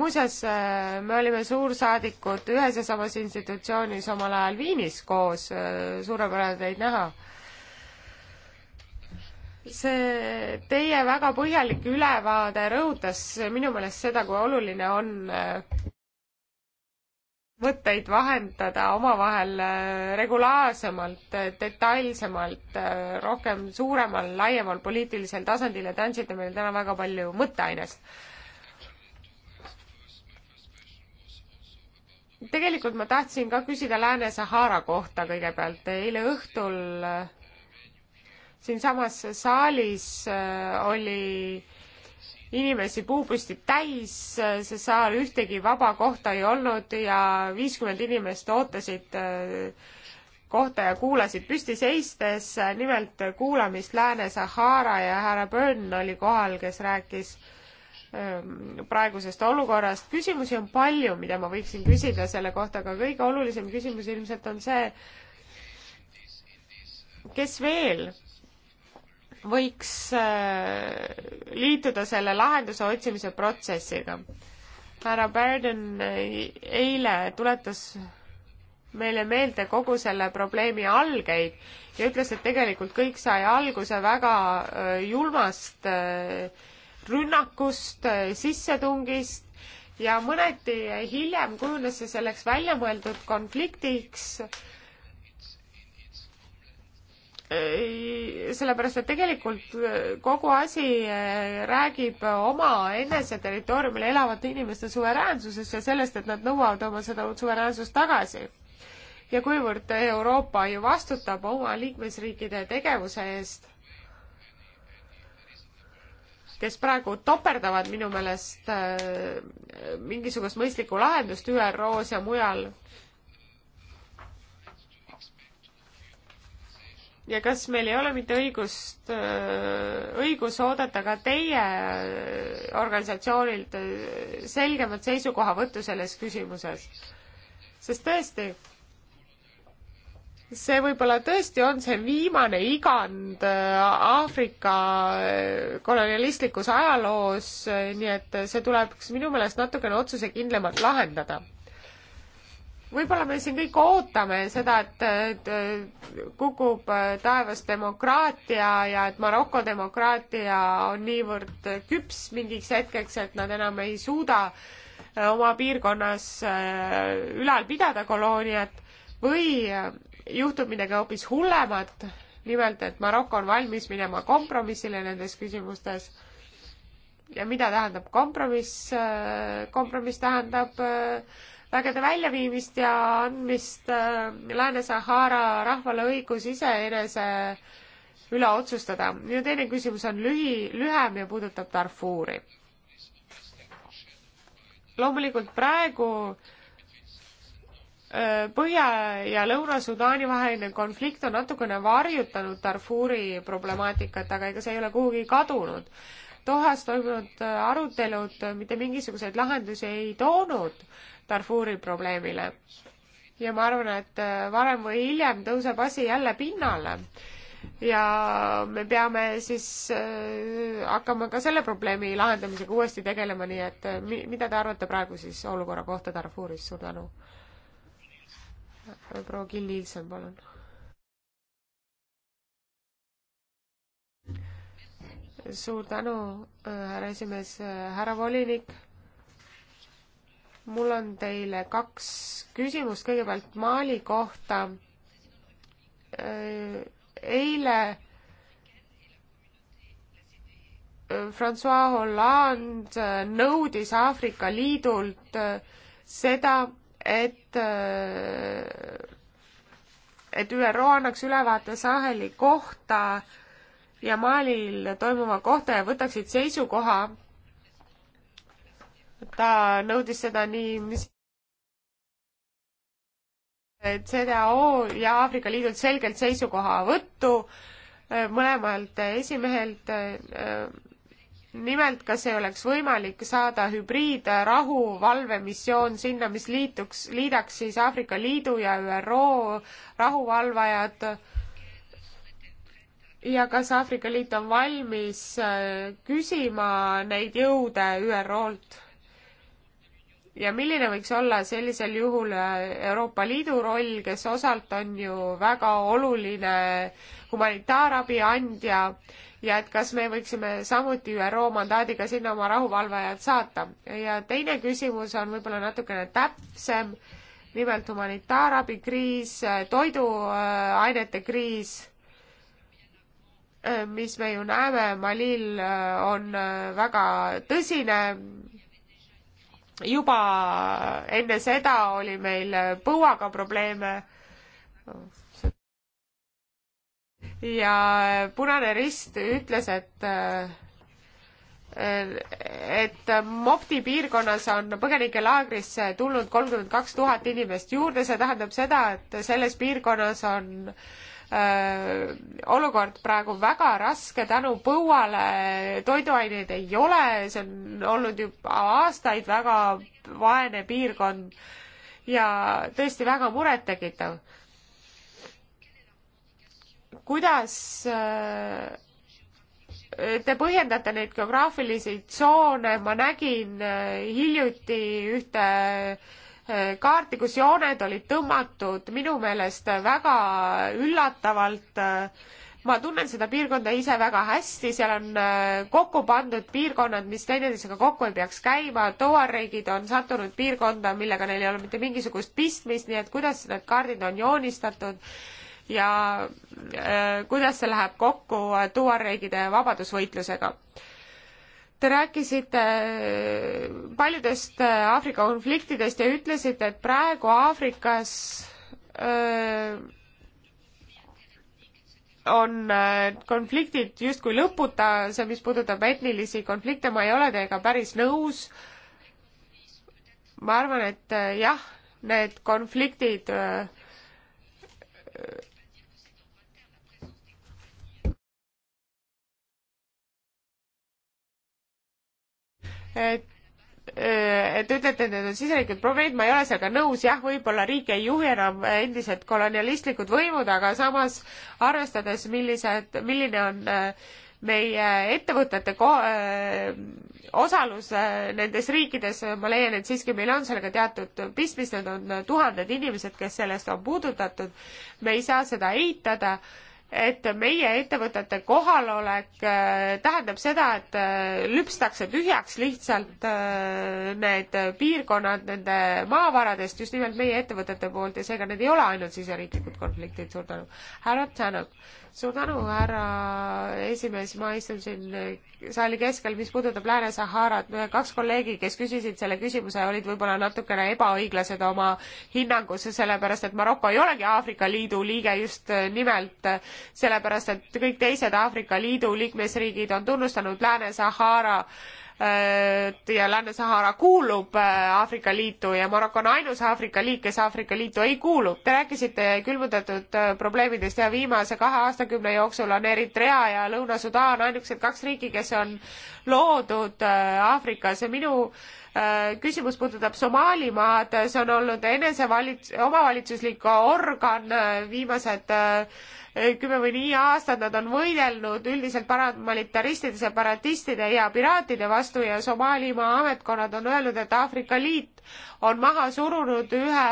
muuseas, äh, me olime suursaadikud ühes ja samas institutsioonis omal ajal Viinis koos, äh, suurepärane teid näha. see teie väga põhjalik ülevaade rõhutas minu meelest seda, kui oluline on äh, mõtteid vahendada omavahel äh, regulaarsemalt, äh, detailsemalt, äh, rohkem suuremal, laiemal poliitilisel tasandil ja te andsite meile täna väga palju mõtteainest. tegelikult ma tahtsin ka küsida Lääne-Sahara kohta kõigepealt. eile õhtul siinsamas saalis oli äh, inimesi puupüstid täis, see saal ühtegi vaba kohta ei olnud ja viiskümmend inimest ootasid äh, kohta ja kuulasid püsti seistes. nimelt kuulamist Lääne-Sahara ja härra Byrne oli kohal, kes rääkis ähm, praegusest olukorrast. küsimusi on palju, mida ma võiksin küsida selle kohta, aga kõige olulisem küsimus ilmselt on see, kes veel võiks äh, liituda selle lahenduse otsimise protsessiga. härra Biden äh, eile tuletas meile meelde kogu selle probleemi algeid ja ütles, et tegelikult kõik sai alguse väga äh, julmast rünnakust, sissetungist ja mõneti hiljem kujunes see selleks väljamõeldud konfliktiks, sellepärast, et tegelikult äh, kogu asi äh, räägib oma enese territooriumil elavate inimeste suveräänsusest ja sellest, et nad nõuavad oma seda suveräänsust tagasi. ja kuivõrd Euroopa ju vastutab oma liikmesriikide tegevuse eest, kes praegu toperdavad minu meelest äh, mingisugust mõistlikku lahendust ÜRO-s ja mujal, ja kas meil ei ole mitte õigust, õigus oodata ka teie organisatsioonilt selgemat seisukohavõttu selles küsimuses? sest tõesti, see võib-olla tõesti on see viimane igand Aafrika kolonialistlikus ajaloos, nii et see tuleks minu meelest natukene otsusekindlamalt lahendada võib-olla me siin kõik ootame seda, et kukub äh, taevas demokraatia ja et Maroko demokraatia on niivõrd küps mingiks hetkeks, et nad enam ei suuda äh, oma piirkonnas äh, ülal pidada kolooniat või juhtub midagi hoopis hullemat, nimelt et Maroko on valmis minema kompromissile nendes küsimustes ja mida tähendab kompromiss, kompromiss tähendab äh, vägede väljaviimist ja andmist äh, Lääne-Sahara rahvale õigus iseenese üle otsustada. minu teine küsimus on lühi, lühem ja puudutab Darfuri. loomulikult praegu äh, Põhja- ja Lõuna-Sudaani vaheline konflikt on natukene varjutanud Darfuri problemaatikat, aga ega see ei ole kuhugi kadunud Dohas toimunud äh, arutelud äh, mitte mingisuguseid lahendusi ei toonud Darfuri probleemile. ja ma arvan, et äh, varem või hiljem tõuseb asi jälle pinnale. ja me peame siis hakkama ka selle probleemi lahendamisega uuesti tegelema, nii et mida te arvate praegu siis olukorra kohta Darfuris, suur tänu. proua Kill Nielsen, palun suur tänu, äh, härra esimees, äh, härra volinik. mul on teile kaks küsimust, kõigepealt Mali kohta. Äh, eile Francois Hollande nõudis Aafrika Liidult seda, et et ÜRO annaks ülevaate Saheli kohta äh, ja Malil toimuva kohta ja võtaksid seisukoha. ta nõudis seda nii mis CDAO ja Aafrika Liidult selgelt seisukohavõttu äh, mõlemalt esimehelt. Äh, nimelt, kas ei oleks võimalik saada hübriidrahu valvemissioon sinna, mis liituks, liidaks siis Aafrika Liidu ja ÜRO rahuvalvajad ja kas Aafrika Liit on valmis äh, küsima neid jõude ÜRO-lt? ja milline võiks olla sellisel juhul äh, Euroopa Liidu roll, kes osalt on ju väga oluline humanitaarabi andja ja et kas me võiksime samuti ÜRO mandaadiga sinna oma rahuvalvajad saata. ja teine küsimus on võib-olla natukene täpsem, nimelt humanitaarabi kriis, äh, toiduainete kriis mis me ju näeme, Malil äh, on äh, väga tõsine. juba enne seda oli meil äh, põuaga probleeme. ja Punane Rist ütles, et et Mopti piirkonnas on põgenikelaagrisse tulnud kolmkümmend kaks tuhat inimest juurde, see tähendab seda, et selles piirkonnas on äh, Äh, olukord praegu väga raske tänu põuale, toiduaineid ei ole, see on olnud juba aastaid väga vaene piirkond ja tõesti väga murettekitav. kuidas äh, te põhjendate neid geograafilisi tsoone, ma nägin äh, hiljuti ühte äh, kaarti, kus jooned olid tõmmatud minu meelest väga üllatavalt. ma tunnen seda piirkonda ise väga hästi, seal on äh, kokku pandud piirkonnad, mis teineteisega kokku ei peaks käima, tuareegid on sattunud piirkonda, millega neil ei ole mitte mingisugust pistmist, nii et kuidas need kaardid on joonistatud ja äh, kuidas see läheb kokku äh, tuareegide vabadusvõitlusega Te rääkisite äh, paljudest äh, Aafrika konfliktidest ja ütlesite, et praegu Aafrikas öö, äh, on konfliktid justkui lõputa, see, mis puudutab etnilisi konflikte, ma ei ole teiega päris nõus. ma arvan, et jah, need konfliktid öö, et eh, et ütlete, et need on siseriiklikud probleemid, ma ei ole sellega nõus, jah, võib-olla riik ei juhi enam endiselt kolonialistlikud võimud, aga samas arvestades, millised, milline on eh, meie ettevõtete ko-, eh, osalus nendes riikides, ma leian, et siiski meil on sellega teatud pistmist, need on tuhanded inimesed, kes sellest on puudutatud, me ei saa seda eitada et meie ettevõtete kohalolek äh, tähendab seda, et äh, lüpstakse tühjaks lihtsalt äh, need piirkonnad nende maavaradest just nimelt meie ettevõtete poolt ja seega need ei ole ainult siseriiklikud konfliktid, suur tänu. härra Tänak, suur tänu, härra esimees, ma istun siin saali keskel, mis puudutab Lääne-Saharat, kaks kolleegi, kes küsisid selle küsimuse, olid võib-olla natukene ebaõiglased oma hinnangus, sellepärast et Maroko ei olegi Aafrika Liidu liige just nimelt sellepärast et kõik teised Aafrika Liidu liikmesriigid on tunnustanud Lääne-Sahara ja Lääne-Sahara kuulub äh, Aafrika Liitu ja Maroko on ainus Aafrika liik, kes Aafrika Liitu ei kuulu. Te rääkisite külmutatud äh, probleemidest ja viimase kahe aastakümne jooksul on Eritrea ja Lõuna-Sudaan ainukesed kaks riiki, kes on loodud äh, Aafrikas ja minu küsimus puudutab Somaalimaad, see on olnud enesevalitsus, omavalitsuslik organ viimased Eh, kümme või nii aastat nad on võidelnud üldiselt paramilitaristide, separatistide ja piraatide vastu ja Somaalimaa ametkonnad on öelnud, et Aafrika Liit on maha surunud ühe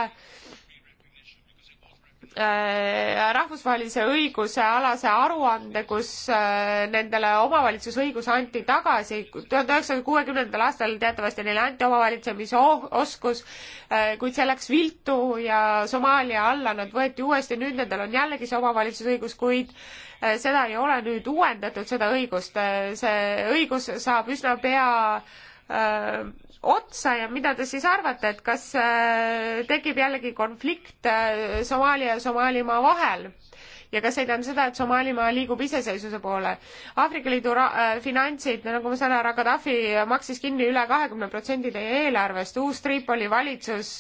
Äh, rahvusvahelise õiguse alase aruande, kus äh, nendele omavalitsusõigus anti tagasi. tuhande üheksasaja kuuekümnendal aastal teatavasti neile anti omavalitsemisoskus, äh, kuid see läks viltu ja Somaalia alla nad võeti uuesti, nüüd nendel on jällegi see omavalitsusõigus, kuid seda ei ole nüüd uuendatud, seda õigust. see õigus saab üsna pea otsa ja mida te siis arvate, et kas äh, tekib jällegi konflikt äh, Somaalia ja Somaalimaa vahel? ja kas see tähendab seda, et Somaalimaa liigub iseseisvuse poole? Aafrika Liidu ra-, äh, finantsid, nagu ma saan aru, Gaddafi maksis kinni üle kahekümne protsendi teie eelarvest, uus Tripoli valitsus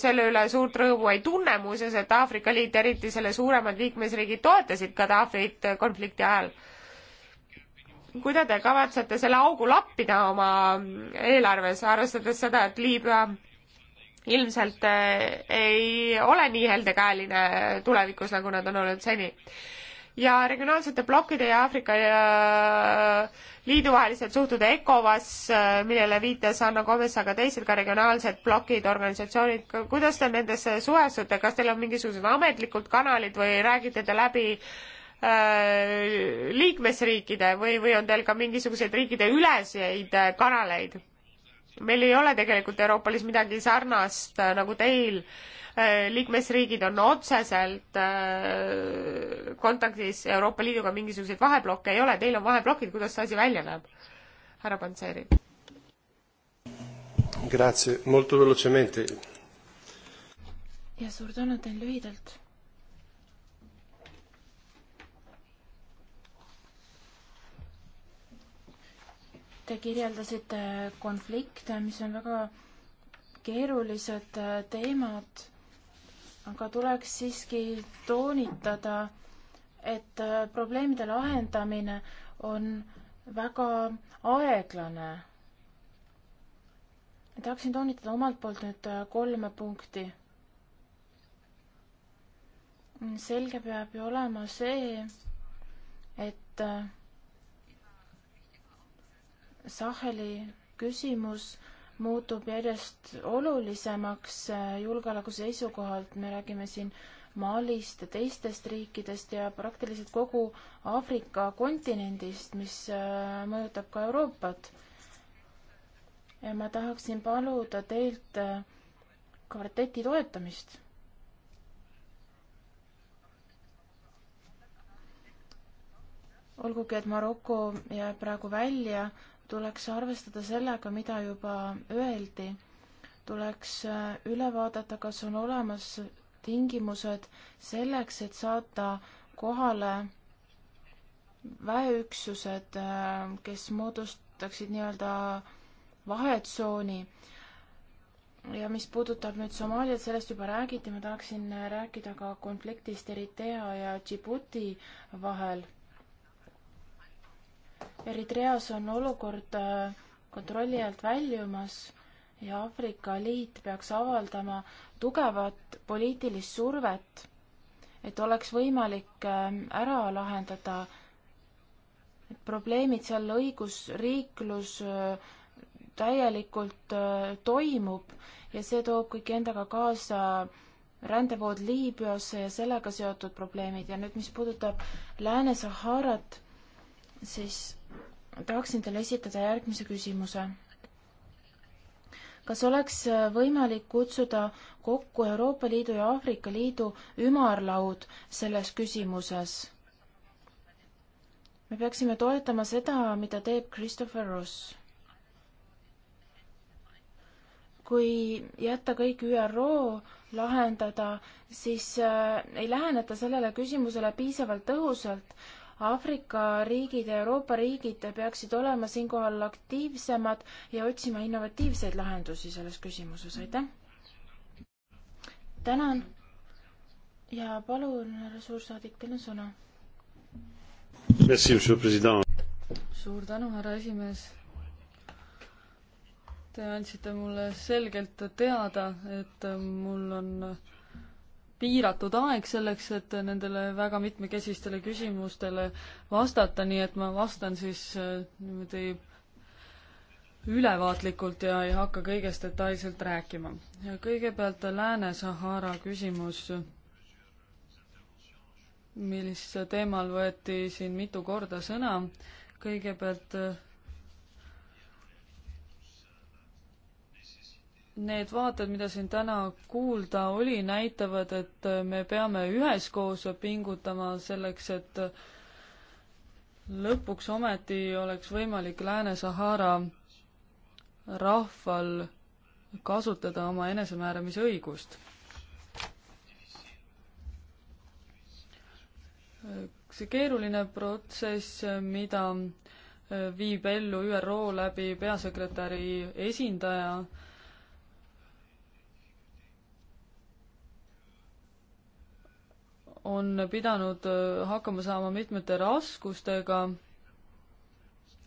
selle üle suurt rõõmu ei tunne, muuseas, et Aafrika Liit, eriti selle suuremad liikmesriigid toetasid Gaddafit konflikti ajal kuida te kavatsete selle augu lappida oma eelarves, arvestades seda, et Liibüa ilmselt eh, ei ole nii heldekäeline tulevikus, nagu nad on olnud seni. ja regionaalsete plokkide ja Aafrika ja eh, liidu vahelised suhted ECOWAS, eh, millele viitas Anna Komes, aga teised ka regionaalsed plokid, organisatsioonid, kuidas te nendesse suhestute, kas teil on mingisugused ametlikud kanalid või räägite te läbi äh, Äh, liikmesriikide või, või on teil ka mingisuguseid riikide üleseid äh, kanaleid? meil ei ole tegelikult Euroopas midagi sarnast äh, nagu teil. liikmesriigid on otseselt kontaktis Euroopa Liiduga, mingisuguseid vaheblokke ei ole, teil on vaheblokid, kuidas see asi välja näeb? härra Panseri. Grazie, molto velocemente. ja suur tänu teile lühidalt Te kirjeldasite konflikte, mis on väga keerulised äh, teemad, aga tuleks siiski toonitada, et äh, probleemide lahendamine on väga aeglane. tahaksin toonitada omalt poolt nüüd äh, kolme punkti. selge peab ju olema see, et Saheli küsimus muutub järjest olulisemaks äh, julgeoleku seisukohalt, me räägime siin Malist ja teistest riikidest ja praktiliselt kogu Aafrika kontinendist, mis äh, mõjutab ka Euroopat. ja ma tahaksin paluda teilt äh, kvarteti toetamist. olgugi, et Maroko jääb praegu välja tuleks arvestada sellega, mida juba öeldi, tuleks äh, üle vaadata, kas on olemas tingimused selleks, et saata kohale väeüksused, äh, kes moodustaksid nii-öelda vahetsooni. ja mis puudutab nüüd Somaaliat, sellest juba räägiti, ma tahaksin rääkida ka konfliktist Eritea ja Djibouti vahel Eritreas on olukord äh, kontrolli alt väljumas ja Aafrika Liit peaks avaldama tugevat poliitilist survet, et oleks võimalik ähm, ära lahendada probleemid seal õigusriiklus äh, täielikult äh, toimub ja see toob kõik endaga kaasa rändevood Liibüasse ja sellega seotud probleemid ja nüüd, mis puudutab Lääne-Saharat, siis tahaksin teile esitada järgmise küsimuse. kas oleks äh, võimalik kutsuda kokku Euroopa Liidu ja Aafrika Liidu ümarlaud selles küsimuses? me peaksime toetama seda, mida teeb Christopher Ross. kui jätta kõik ÜRO lahendada, siis äh, ei läheneta sellele küsimusele piisavalt tõhusalt Aafrika riigid ja Euroopa riigid peaksid olema siinkohal aktiivsemad ja otsima innovatiivseid lahendusi selles küsimuses, aitäh! tänan ja palun, härra suursaadik, teil on sõna. suur tänu, härra esimees Te andsite mulle selgelt teada, et mul on piiratud aeg selleks, et nendele väga mitmekesistele küsimustele vastata, nii et ma vastan siis äh, niimoodi ülevaatlikult ja ei hakka kõigest detailselt rääkima. kõigepealt Lääne-Sahara küsimus, millis teemal võeti siin mitu korda sõna. kõigepealt äh, need vaated, mida siin täna kuulda oli, näitavad, et me peame üheskoos pingutama selleks, et lõpuks ometi oleks võimalik Lääne-Sahara rahval kasutada oma enesemääramisõigust. see keeruline protsess, mida viib ellu ÜRO läbi peasekretäri esindaja, on pidanud äh, hakkama saama mitmete raskustega.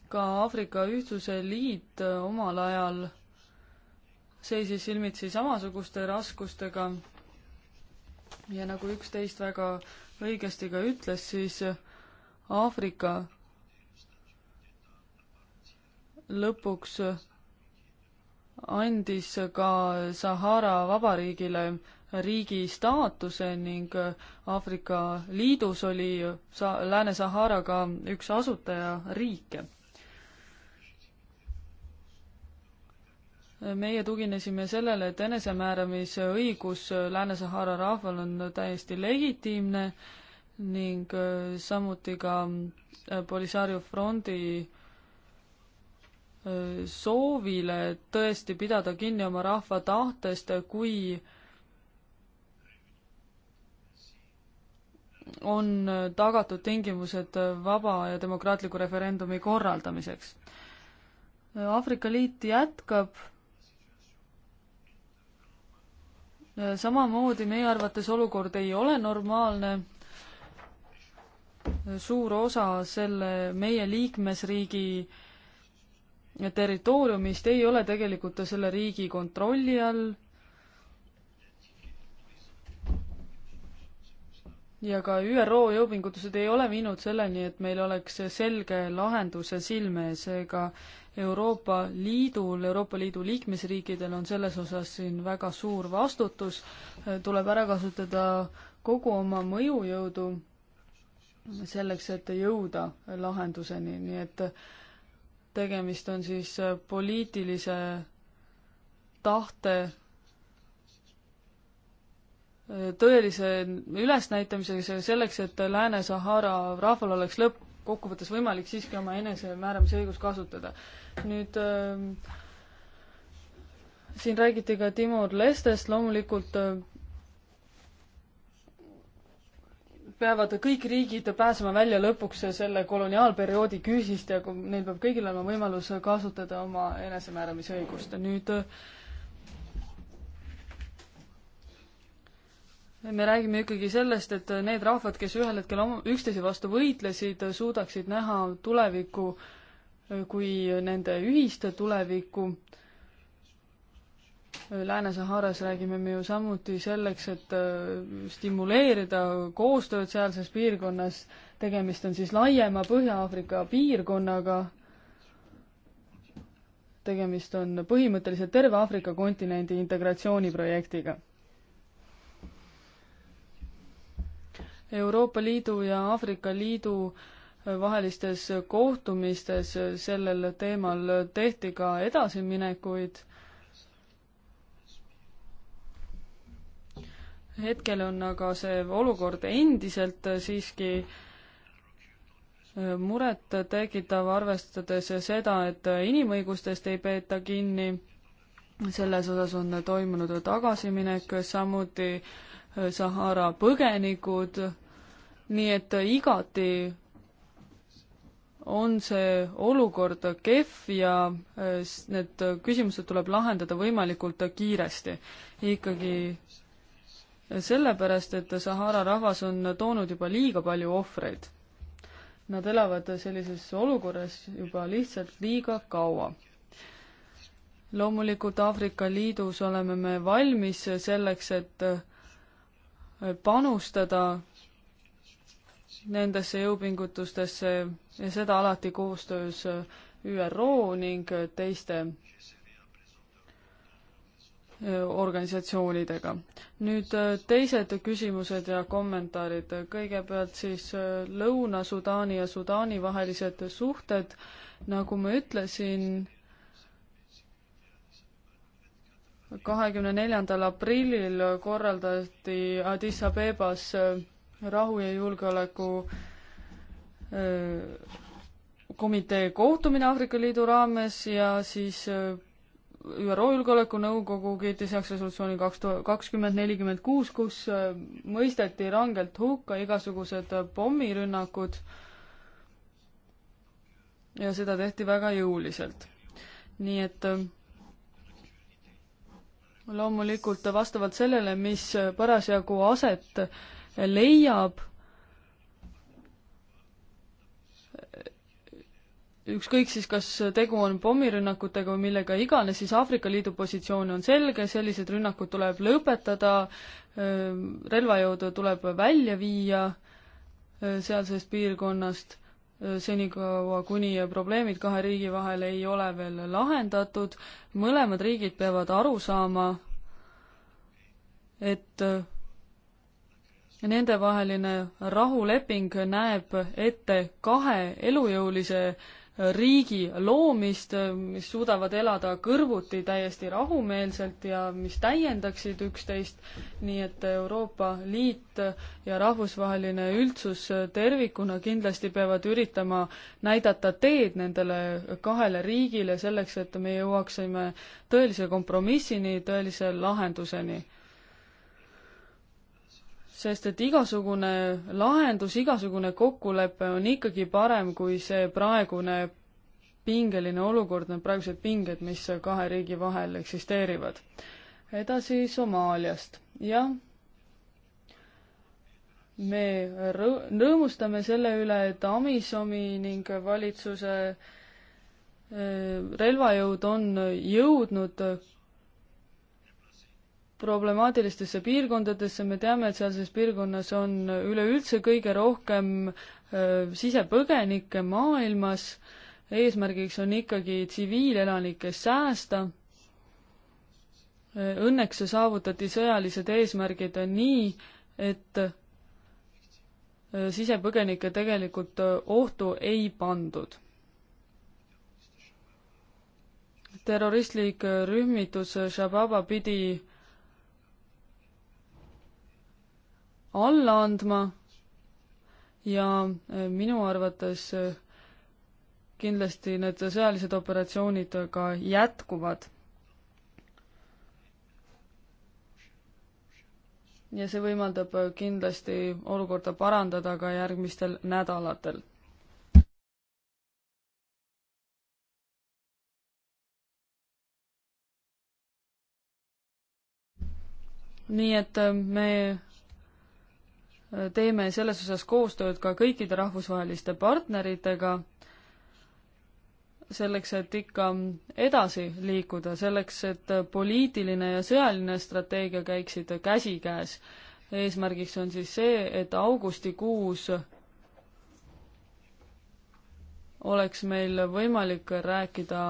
ka Aafrika Ühtsuse Liit äh, omal ajal seisis silmitsi samasuguste raskustega. ja nagu üksteist väga õigesti ka ütles, siis äh, Aafrika lõpuks andis ka Sahara vabariigile riigi staatuse ning äh, Aafrika Liidus oli sa-, Lääne-Saharaga üks asutajariike. meie tuginesime sellele, et enesemääramise õigus Lääne-Sahara rahval on täiesti legitiimne ning äh, samuti ka äh, Polisario Frondi soovile tõesti pidada kinni oma rahva tahtest, kui äh, on tagatud tingimused vaba ja demokraatliku referendumi korraldamiseks. Aafrika Liit jätkab samamoodi meie arvates olukord ei ole normaalne. suur osa selle meie liikmesriigi territooriumist ei ole tegelikult selle riigi kontrolli all ja ka ÜRO jõupingutused ei ole viinud selleni, et meil oleks selge lahendus silme ees, seega Euroopa Liidul, Euroopa Liidu liikmesriikidel on selles osas siin väga suur vastutus, tuleb ära kasutada kogu oma mõjujõudu selleks, et jõuda lahenduseni, nii et tegemist on siis poliitilise tahte tõelise ülesnäitamisega, selleks, et Lääne-Sahara rahval oleks lõppkokkuvõttes võimalik siiski oma enesemääramisõigust kasutada. nüüd äh, siin räägiti ka Timur Lestest, loomulikult äh, peavad kõik riigid pääsema välja lõpuks selle koloniaalperioodi küüsist ja neil peab kõigil olema võimalus kasutada oma enesemääramisõigust. nüüd äh, me räägime ikkagi sellest, et need rahvad, kes ühel hetkel oma, üksteise vastu võitlesid, suudaksid näha tulevikku kui nende ühiste tulevikku. Lääne-Saharas räägime me ju samuti selleks, et äh, stimuleerida koostööd sealses piirkonnas, tegemist on siis laiema Põhja-Aafrika piirkonnaga, tegemist on põhimõtteliselt terve Aafrika kontinendi integratsiooniprojektiga Euroopa Liidu ja Aafrika Liidu äh, vahelistes kohtumistes äh, sellel teemal tehti ka edasiminekuid. hetkel on aga see olukord endiselt äh, siiski muret tekitav, arvestades seda, et inimõigustest ei peeta kinni selles osas on toimunud tagasiminek, samuti Sahara põgenikud, nii et igati on see olukord kehv ja äh, need küsimused tuleb lahendada võimalikult kiiresti. ikkagi äh, sellepärast, et Sahara rahvas on toonud juba liiga palju ohvreid. Nad elavad sellises olukorras juba lihtsalt liiga kaua loomulikult Aafrika Liidus oleme me valmis selleks, et äh, panustada nendesse jõupingutustesse ja seda alati koostöös ÜRO ning teiste organisatsioonidega. nüüd äh, teised küsimused ja kommentaarid. kõigepealt siis äh, Lõuna-Sudaani ja Sudaani vahelised suhted. nagu ma ütlesin, kahekümne neljandal aprillil korraldati Addis Abebas äh, rahu ja julgeoleku äh, komitee kohtumine Aafrika Liidu raames ja siis äh, ÜRO Julgeolekunõukogu kiitis heaks resolutsiooni kaks tuhat kakskümmend nelikümmend kuus, kus mõisteti rangelt hukka igasugused pommirünnakud ja seda tehti väga jõuliselt. nii et loomulikult vastavalt sellele, mis parasjagu aset leiab, ükskõik siis, kas tegu on pommirünnakutega või millega iganes, siis Aafrika Liidu positsioon on selge, sellised rünnakud tuleb lõpetada, relvajõud tuleb välja viia äh, sealsest piirkonnast senikaua, kuni probleemid kahe riigi vahel ei ole veel lahendatud, mõlemad riigid peavad aru saama, et nendevaheline rahuleping näeb ette kahe elujõulise riigi loomist, mis suudavad elada kõrvuti täiesti rahumeelselt ja mis täiendaksid üksteist, nii et Euroopa Liit ja rahvusvaheline üldsus tervikuna kindlasti peavad üritama näidata teed nendele kahele riigile selleks, et me jõuaksime tõelise kompromissini, tõelise lahenduseni sest et igasugune lahendus, igasugune kokkulepe on ikkagi parem kui see praegune pingeline olukord, need praegused pinged, mis kahe riigi vahel eksisteerivad. edasi Somaaliast, jah. me rõ-, rõõmustame selle üle, et Amisomi ning valitsuse äh, relvajõud on jõudnud problemaatilistesse piirkondadesse, me teame, et sealses piirkonnas on üleüldse kõige rohkem sisepõgenikke maailmas, eesmärgiks on ikkagi tsiviilelanikke säästa. Õnneks saavutati sõjalised eesmärgid nii, et sisepõgenikke tegelikult ohtu ei pandud terroristlik rühmitus Shababa pidi alla andma ja äh, minu arvates äh, kindlasti need sõjalised operatsioonid ka jätkuvad. ja see võimaldab äh, kindlasti olukorda parandada ka järgmistel nädalatel. nii et me teeme selles osas koostööd ka kõikide rahvusvaheliste partneritega, selleks, et ikka edasi liikuda, selleks, et poliitiline ja sõjaline strateegia käiksid käsikäes. eesmärgiks on siis see, et augustikuus oleks meil võimalik rääkida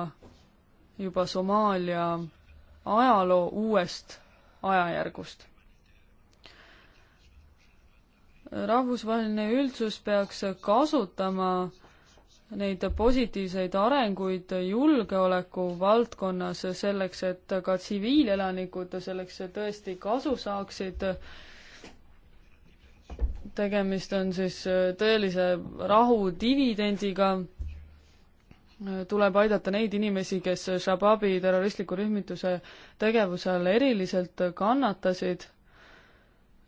juba Somaalia ajaloo uuest ajajärgust rahvusvaheline üldsus peaks kasutama neid positiivseid arenguid julgeoleku valdkonnas selleks, et ka tsiviilelanikud selleks tõesti kasu saaksid. tegemist on siis tõelise rahu dividendiga. tuleb aidata neid inimesi, kes Shababi terroristliku rühmituse tegevuse all eriliselt kannatasid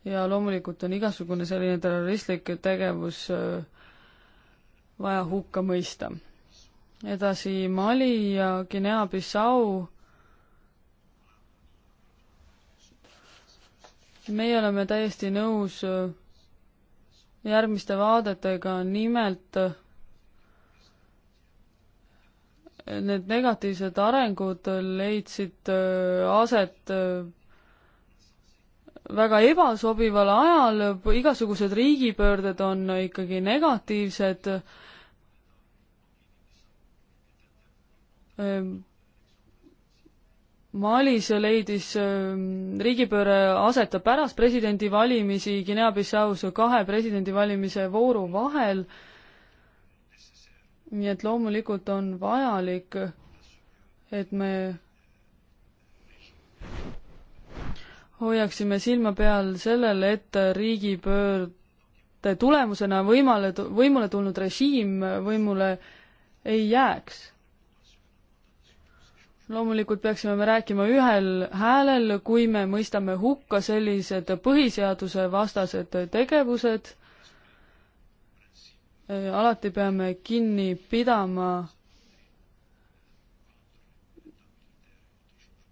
ja loomulikult on igasugune selline terroristlik tegevus äh, vaja hukka mõista. edasi Mali ja Guinea-Bissau. meie oleme täiesti nõus äh, järgmiste vaadetega, nimelt äh, need negatiivsed arengud leidsid aset väga ebasobival ajal, igasugused riigipöörded on ikkagi negatiivsed. Ehm, Malis leidis ehm, riigipööre aset pärast presidendivalimisi Guinea-Bissaus kahe presidendivalimise vooru vahel. nii et loomulikult on vajalik, et me hoiaksime silma peal sellel, et riigipöörde tulemusena võimale, võimule tulnud režiim võimule ei jääks. loomulikult peaksime me rääkima ühel häälel, kui me mõistame hukka sellised põhiseadusevastased tegevused, alati peame kinni pidama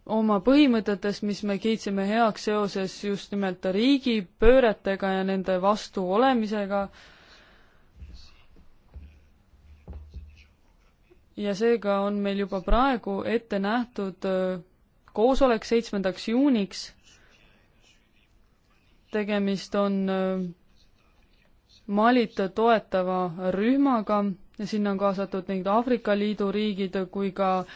oma põhimõtetest, mis me kiitsime heaks seoses just nimelt riigipööretega ja nende vastu olemisega. ja seega on meil juba praegu ette nähtud äh, koosolek seitsmendaks juuniks. tegemist on äh, Malit toetava rühmaga ja sinna on kaasatud nii Aafrika Liidu riigid kui ka äh,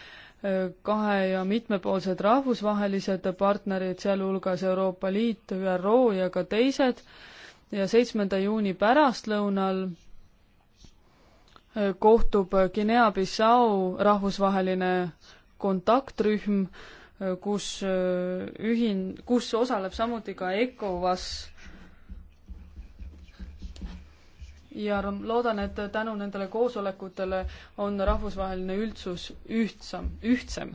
kahe- ja mitmepoolsed rahvusvahelised partnerid, sealhulgas Euroopa Liit, ÜRO ja ka teised, ja seitsmenda juuni pärastlõunal kohtub Guinea-Bissau rahvusvaheline kontaktrühm, kus äh, ühin-, kus osaleb samuti ka ECOWAS ja loodan, et tänu nendele koosolekutele on rahvusvaheline üldsus ühtsam, ühtsem.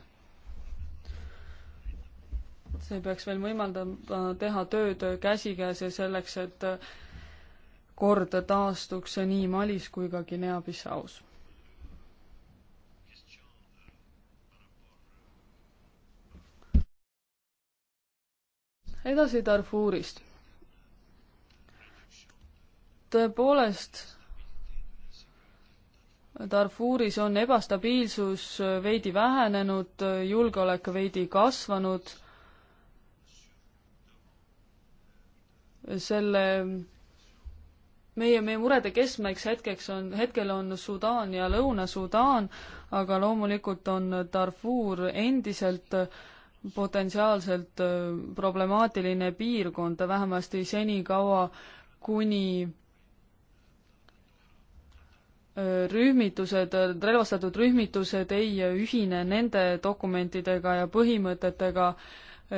see peaks veel võimaldama teha tööd käsikäes ja selleks, et kord taastuks nii Malis kui ka Guinea-Bissaus. edasi Darfurist tõepoolest, Darfuris on ebastabiilsus veidi vähenenud, julgeolek veidi kasvanud. selle meie, meie murede keskmeks hetkeks on, hetkel on Sudaan ja Lõuna-Sudaan, aga loomulikult on Darfur endiselt potentsiaalselt äh, problemaatiline piirkond, vähemasti senikaua, kuni rühmitused, relvastatud rühmitused ei ühine nende dokumentidega ja põhimõtetega,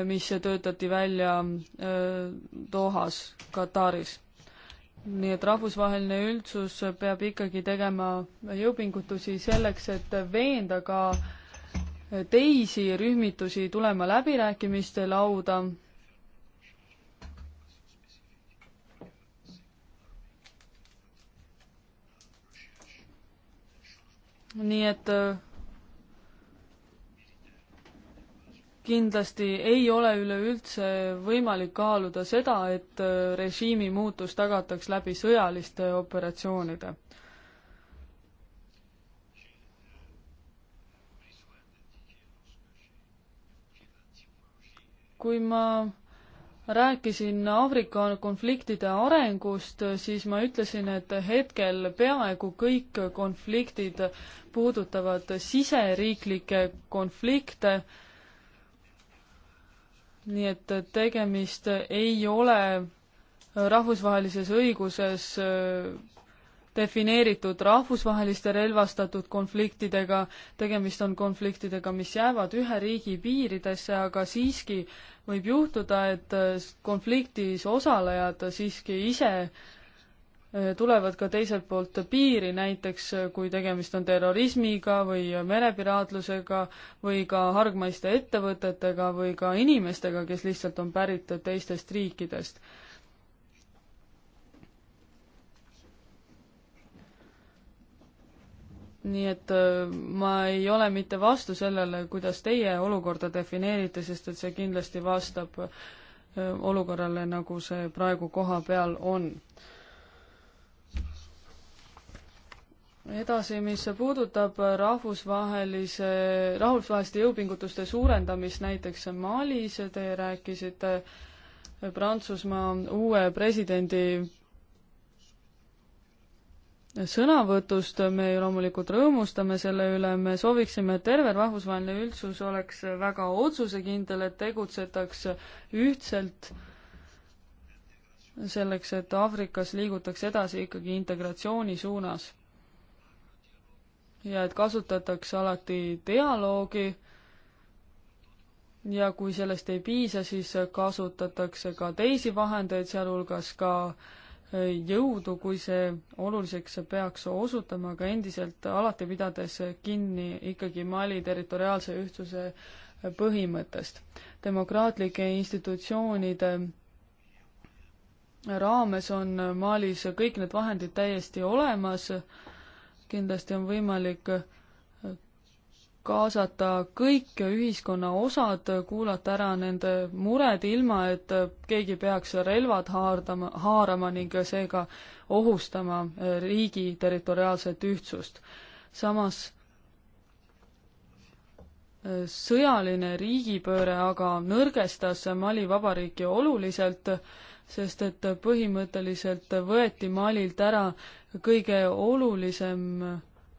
mis töötati välja äh, Dohas, Kataris. nii et rahvusvaheline üldsus peab ikkagi tegema jõupingutusi selleks, et veenda ka teisi rühmitusi tulema läbirääkimiste lauda nii et äh, kindlasti ei ole üleüldse võimalik kaaluda seda, et äh, režiimi muutus tagataks läbi sõjaliste operatsioonide. kui ma rääkisin Aafrika konfliktide arengust, siis ma ütlesin, et hetkel peaaegu kõik konfliktid puudutavad siseriiklikke konflikte. nii et tegemist ei ole rahvusvahelises õiguses defineeritud rahvusvaheliste relvastatud konfliktidega, tegemist on konfliktidega, mis jäävad ühe riigi piiridesse, aga siiski võib juhtuda, et äh, konfliktis osalejad siiski ise äh, tulevad ka teiselt poolt piiri, näiteks äh, kui tegemist on terrorismiga või merepiraatlusega või ka hargmaiste ettevõtetega või ka inimestega, kes lihtsalt on pärit teistest riikidest nii et äh, ma ei ole mitte vastu sellele, kuidas teie olukorda defineerite, sest et see kindlasti vastab äh, olukorrale, nagu see praegu koha peal on. edasi, mis puudutab rahvusvahelise, rahvusvaheliste jõupingutuste suurendamist näiteks Malis, te rääkisite Prantsusmaa uue presidendi sõnavõtust, me loomulikult rõõmustame selle üle, me sooviksime, et terve rahvusvaheline üldsus oleks väga otsusekindel, et tegutsetaks ühtselt selleks, et Aafrikas liigutaks edasi ikkagi integratsiooni suunas. ja et kasutatakse alati dialoogi ja kui sellest ei piisa, siis kasutatakse ka teisi vahendeid, sealhulgas ka äh, jõudu, kui see oluliseks peaks osutama, aga endiselt alati pidades kinni ikkagi Mali territoriaalse ühtsuse põhimõttest. demokraatlike institutsioonide raames on Malis kõik need vahendid täiesti olemas, kindlasti on võimalik kaasata kõik ühiskonna osad, kuulata ära nende mured, ilma et keegi peaks relvad haardama, haarama ning seega ohustama riigi territoriaalset ühtsust. samas sõjaline riigipööre aga nõrgestas Mali vabariiki oluliselt, sest et põhimõtteliselt võeti Malilt ära kõige olulisem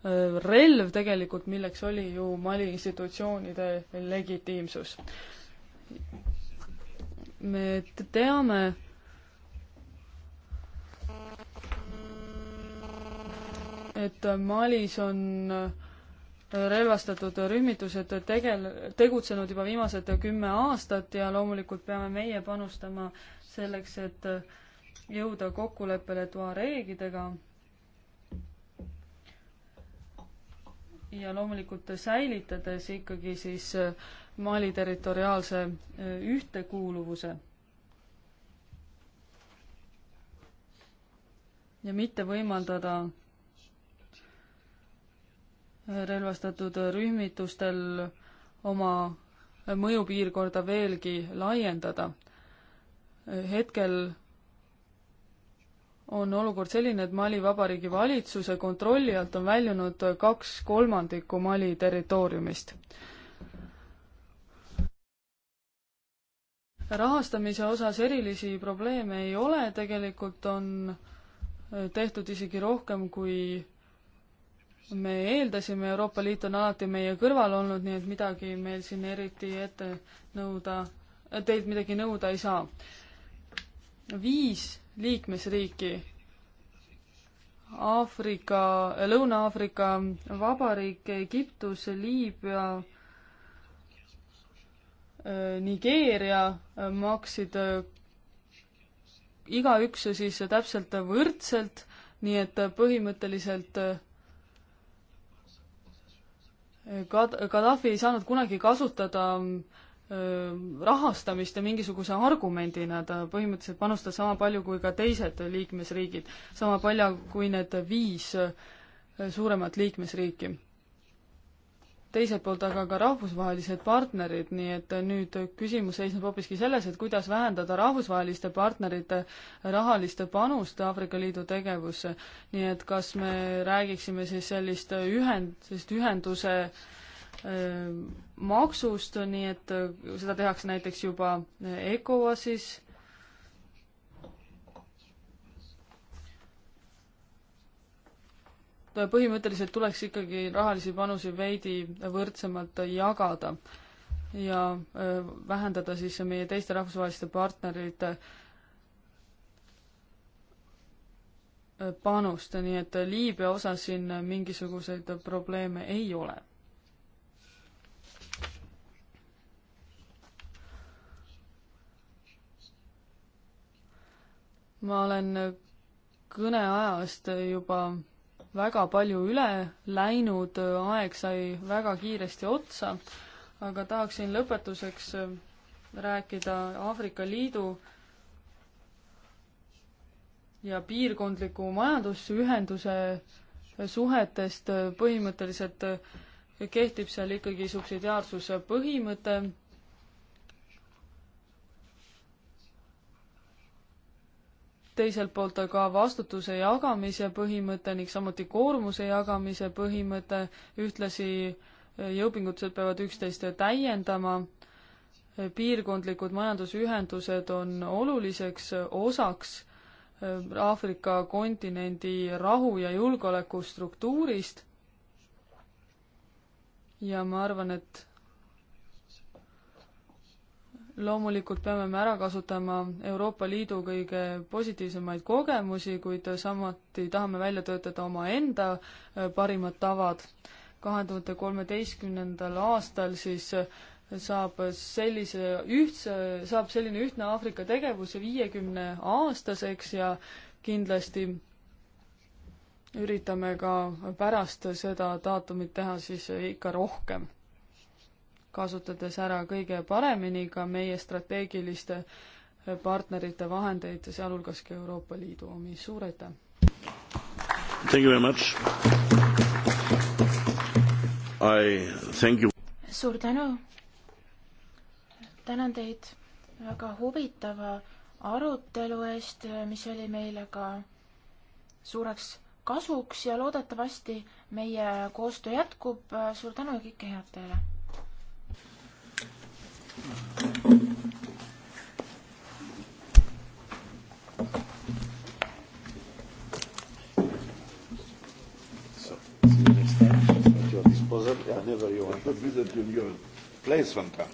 Äh, relv tegelikult, milleks oli ju Mali institutsioonide legitiimsus. me teame, et Malis on äh, relvastatud rühmitused tegel-, tegutsenud juba viimased kümme aastat ja loomulikult peame meie panustama selleks, et äh, jõuda kokkuleppele tuareegidega ja loomulikult säilitades ikkagi siis äh, Mali territoriaalse äh, ühtekuuluvuse. ja mitte võimaldada äh, relvastatud rühmitustel oma mõjupiirkorda veelgi laiendada. hetkel on olukord selline, et Mali Vabariigi valitsuse kontrolli alt on väljunud kaks kolmandikku Mali territooriumist. rahastamise osas erilisi probleeme ei ole, tegelikult on tehtud isegi rohkem, kui me eeldasime, Euroopa Liit on alati meie kõrval olnud, nii et midagi meil siin eriti ette nõuda, teilt midagi nõuda ei saa viis liikmesriiki Aafrika, Lõuna-Aafrika Vabariik, Egiptus, Liibüa, äh, Nigeeria maksid äh, igaüks siis täpselt võrdselt, nii et põhimõtteliselt Kad-, äh, Gaddafi ei saanud kunagi kasutada rahastamist ja mingisuguse argumendina, ta põhimõtteliselt panustas sama palju kui ka teised liikmesriigid, sama palju kui need viis suuremat liikmesriiki. teiselt poolt aga ka rahvusvahelised partnerid, nii et nüüd küsimus seisneb hoopiski selles, et kuidas vähendada rahvusvaheliste partnerite rahaliste panust Aafrika Liidu tegevusse. nii et kas me räägiksime siis sellist ühend, sellist ühenduse äh, Äh, maksust, nii et äh, seda tehakse näiteks juba äh, ECOWASis. põhimõtteliselt tuleks ikkagi rahalisi panuseid veidi võrdsemalt jagada ja vähendada siis meie teiste rahvusvaheliste partnerite panust, nii et Liibüa osas siin mingisuguseid probleeme ei ole ma olen kõneajast juba väga palju üle läinud, aeg sai väga kiiresti otsa, aga tahaksin lõpetuseks rääkida Aafrika Liidu ja piirkondliku majandusühenduse suhetest põhimõtteliselt kehtib seal ikkagi subsidiaarsuse põhimõte teiselt poolt aga vastutuse jagamise põhimõte ning samuti koormuse jagamise põhimõte, ühtlasi eh, jõupingutused peavad üksteist täiendama, eh, piirkondlikud majandusühendused on oluliseks eh, osaks Aafrika kontinendi rahu- ja julgeolekustruktuurist ja ma arvan, et loomulikult peame me ära kasutama Euroopa Liidu kõige positiivsemaid kogemusi, kuid samuti tahame välja töötada omaenda äh, parimad tavad. kahe tuhande kolmeteistkümnendal aastal siis äh, saab sellise ühtse, saab selline ühtne Aafrika tegevus viiekümne aastaseks ja kindlasti üritame ka pärast seda daatumit teha siis ikka rohkem kasutades ära kõige paremini ka meie strateegiliste eh, partnerite vahendeid, sealhulgas ka Euroopa Liidu omi. suur aitäh! suur tänu! tänan teid väga huvitava arutelu eest, mis oli meile ka suureks kasuks ja loodetavasti meie koostöö jätkub. suur tänu ja kõike head teile! So, see you next time at your disposal. Yeah, whenever you want to visit your place sometime.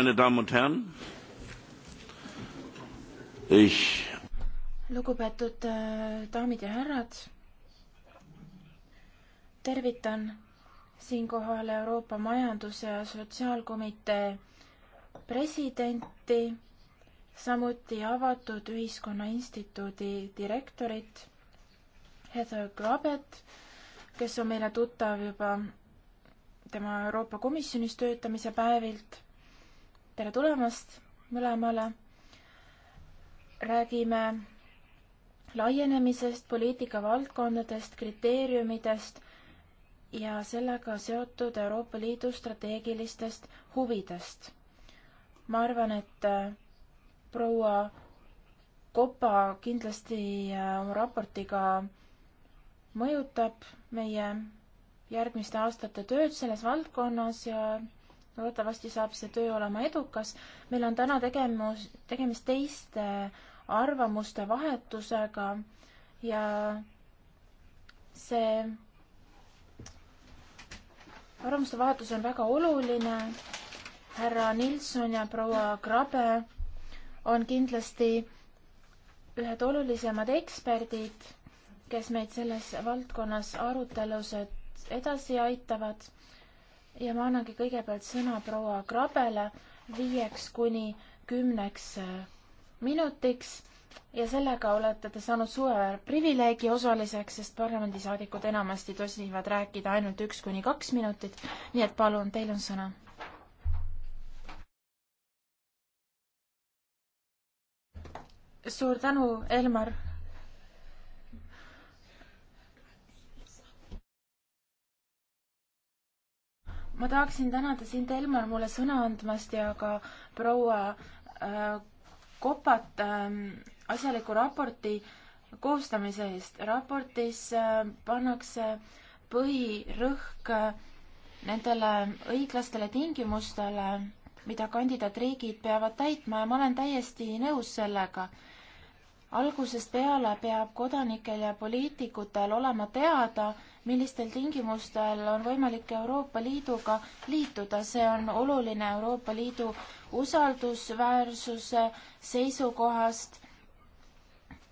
Meine Damen und Herren, ich lugupeetud äh, daamid ja härrad, tervitan siinkohal Euroopa Majandus- ja Sotsiaalkomitee presidenti, samuti Avatud Ühiskonna Instituudi direktorit Heather Grabet, kes on meile tuttav juba tema Euroopa Komisjonis töötamise päevilt tere tulemast mõlemale. räägime laienemisest, poliitikavaldkondadest, kriteeriumidest ja sellega seotud Euroopa Liidu strateegilistest huvidest. ma arvan, et äh, proua Kopa kindlasti äh, oma raportiga mõjutab meie järgmiste aastate tööd selles valdkonnas ja loodetavasti saab see töö olema edukas. meil on täna tegemus, tegemist teiste arvamuste vahetusega ja see arvamuste vahetus on väga oluline. härra Nilsson ja proua Krabe on kindlasti ühed olulisemad eksperdid, kes meid selles valdkonnas arutelusid edasi aitavad ja ma annangi kõigepealt sõna proua Krabele viieks kuni kümneks äh, minutiks ja sellega olete te saanud suve privileegi osaliseks, sest parlamendisaadikud enamasti tosivad rääkida ainult üks kuni kaks minutit. nii et palun, teil on sõna. suur tänu, Elmar ma tahaksin tänada sind, Elmar, mulle sõna andmast ja ka proua äh, Kopat äh, asjaliku raporti koostamise eest. raportis äh, pannakse põhirõhk äh, nendele õiglastele tingimustele, mida kandidaatriigid peavad täitma ja ma olen täiesti nõus sellega algusest peale peab kodanikel ja poliitikutel olema teada, millistel tingimustel on võimalik Euroopa Liiduga liituda, see on oluline Euroopa Liidu usaldusväärsuse seisukohast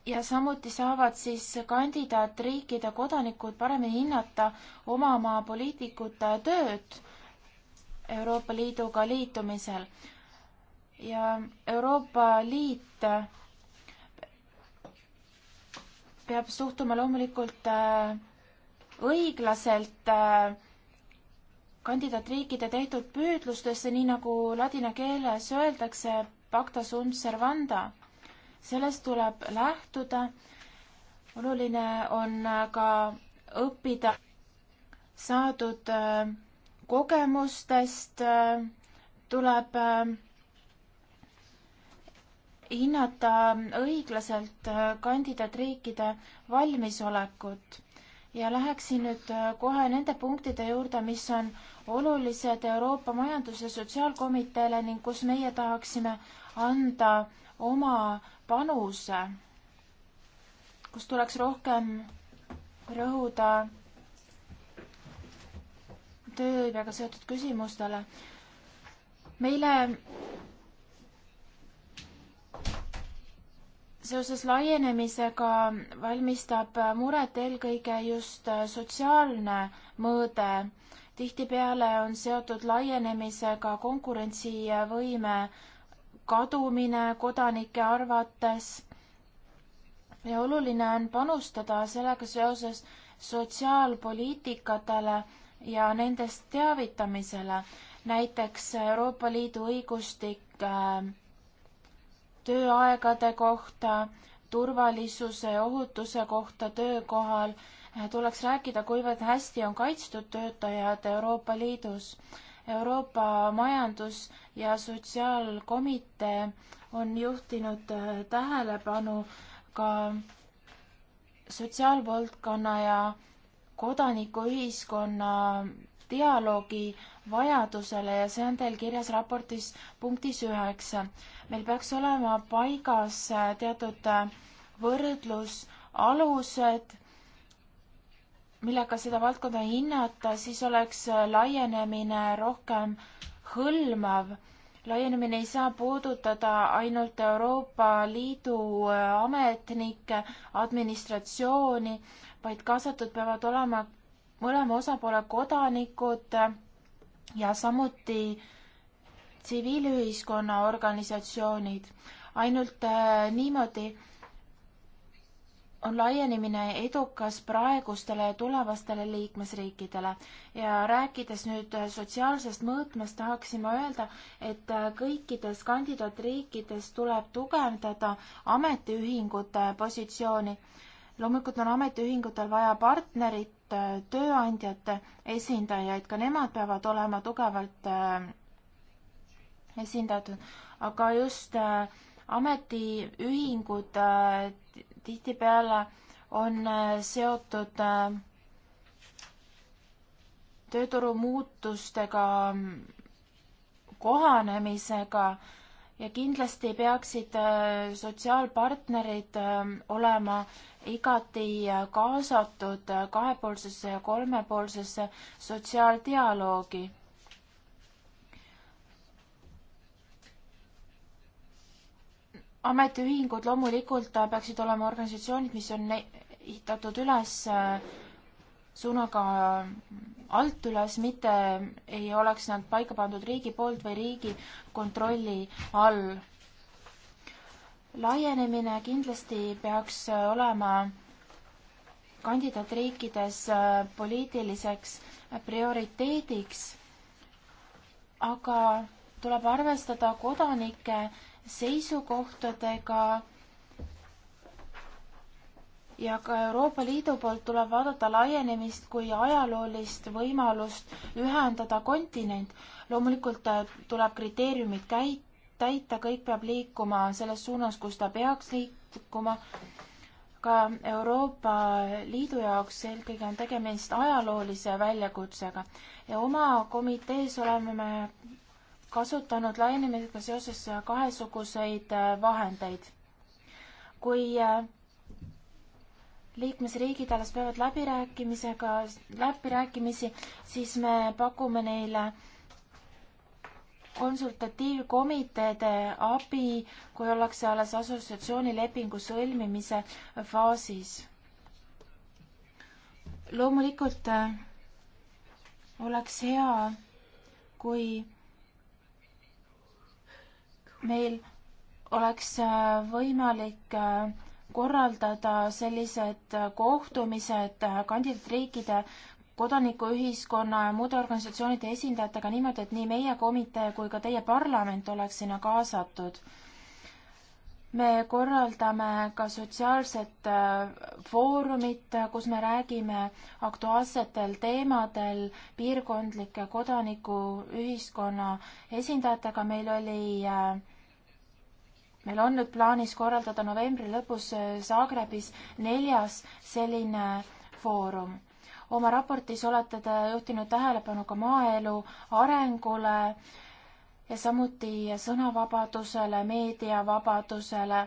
ja samuti saavad siis kandidaatriikide kodanikud paremini hinnata oma maa poliitikute tööd Euroopa Liiduga liitumisel. ja Euroopa Liit peab suhtuma loomulikult äh, õiglaselt äh, kandidaatriikide tehtud püüdlustesse, nii nagu ladina keeles öeldakse, pacta sunt servanda. sellest tuleb lähtuda. oluline on ka õppida saadud äh, kogemustest, äh, tuleb hinnata õiglaselt kandidaatriikide valmisolekut ja läheksin nüüd äh, kohe nende punktide juurde, mis on olulised Euroopa Majandus- ja Sotsiaalkomiteele ning kus meie tahaksime anda oma panuse, kus tuleks rohkem rõhuda tööga seotud küsimustele. meile seoses laienemisega valmistab muret eelkõige just sotsiaalne mõõde. tihtipeale on seotud laienemisega konkurentsivõime kadumine kodanike arvates ja oluline on panustada sellega seoses sotsiaalpoliitikatele ja nendest teavitamisele. näiteks Euroopa Liidu õigustik äh, tööaegade kohta, turvalisuse ja ohutuse kohta töökohal tuleks rääkida, kuivõrd hästi on kaitstud töötajad Euroopa Liidus. Euroopa Majandus- ja Sotsiaalkomitee on juhtinud äh, tähelepanu ka sotsiaalvaldkonna ja kodanikuühiskonna dialoogi vajadusele ja see on teil kirjas raportis punktis üheksa. meil peaks olema paigas äh, teatud äh, võrdlusalused, millega seda valdkonda hinnata, siis oleks äh, laienemine rohkem hõlmav. laienemine ei saa puudutada ainult Euroopa Liidu ametnikke, administratsiooni, vaid kaasatud peavad olema mõlema osapoole kodanikud ja samuti tsiviilühiskonna organisatsioonid. ainult äh, niimoodi on laienemine edukas praegustele ja tulevastele liikmesriikidele. ja rääkides nüüd äh, sotsiaalsest mõõtmest, tahaksin ma öelda, et äh, kõikides kandidaatriikides tuleb tugevdada ametiühingute positsiooni. loomulikult on ametiühingutel vaja partnerit, Äh, tööandjate esindajaid, ka nemad peavad olema tugevalt äh, esindatud, aga just äh, ametiühingud tihtipeale on seotud tööturu muutustega kohanemisega ja kindlasti peaksid sotsiaalpartnerid olema igati kaasatud kahepoolsesse ja kolmepoolsesse sotsiaaldialoogi. ametiühingud loomulikult peaksid olema organisatsioonid, mis on ehitatud üles suunaga alt üles, mitte ei oleks nad paika pandud riigi poolt või riigi kontrolli all laienemine kindlasti peaks äh, olema kandidaatriikides äh, poliitiliseks äh, prioriteediks, aga tuleb arvestada kodanike seisukohtadega ja ka Euroopa Liidu poolt tuleb vaadata laienemist kui ajaloolist võimalust ühendada kontinent. loomulikult tuleb kriteeriumid käi-, täita, kõik peab liikuma selles suunas, kus ta peaks liikuma. ka Euroopa Liidu jaoks eelkõige on tegemist ajaloolise väljakutsega ja oma komitees oleme me kasutanud lainemisega seoses kahesuguseid äh, vahendeid. kui äh, liikmesriigid alles peavad läbirääkimisega, läbirääkimisi, siis me pakume neile äh, konsultatiivkomiteede abi, kui ollakse alles assotsiatsioonilepingu sõlmimise faasis. loomulikult äh, oleks hea, kui meil oleks äh, võimalik äh, korraldada sellised kohtumised kandidaatriikide kodanikuühiskonna ja muude organisatsioonide esindajatega niimoodi, et nii meie komitee kui ka teie parlament oleks sinna kaasatud. me korraldame ka sotsiaalset äh, foorumit, kus me räägime aktuaalsetel teemadel piirkondlike kodanikuühiskonna esindajatega, meil oli äh, meil on nüüd plaanis korraldada novembri lõpus äh, Zagrebis neljas selline foorum oma raportis olete te juhtinud tähelepanu ka maaelu arengule ja samuti sõnavabadusele, meediavabadusele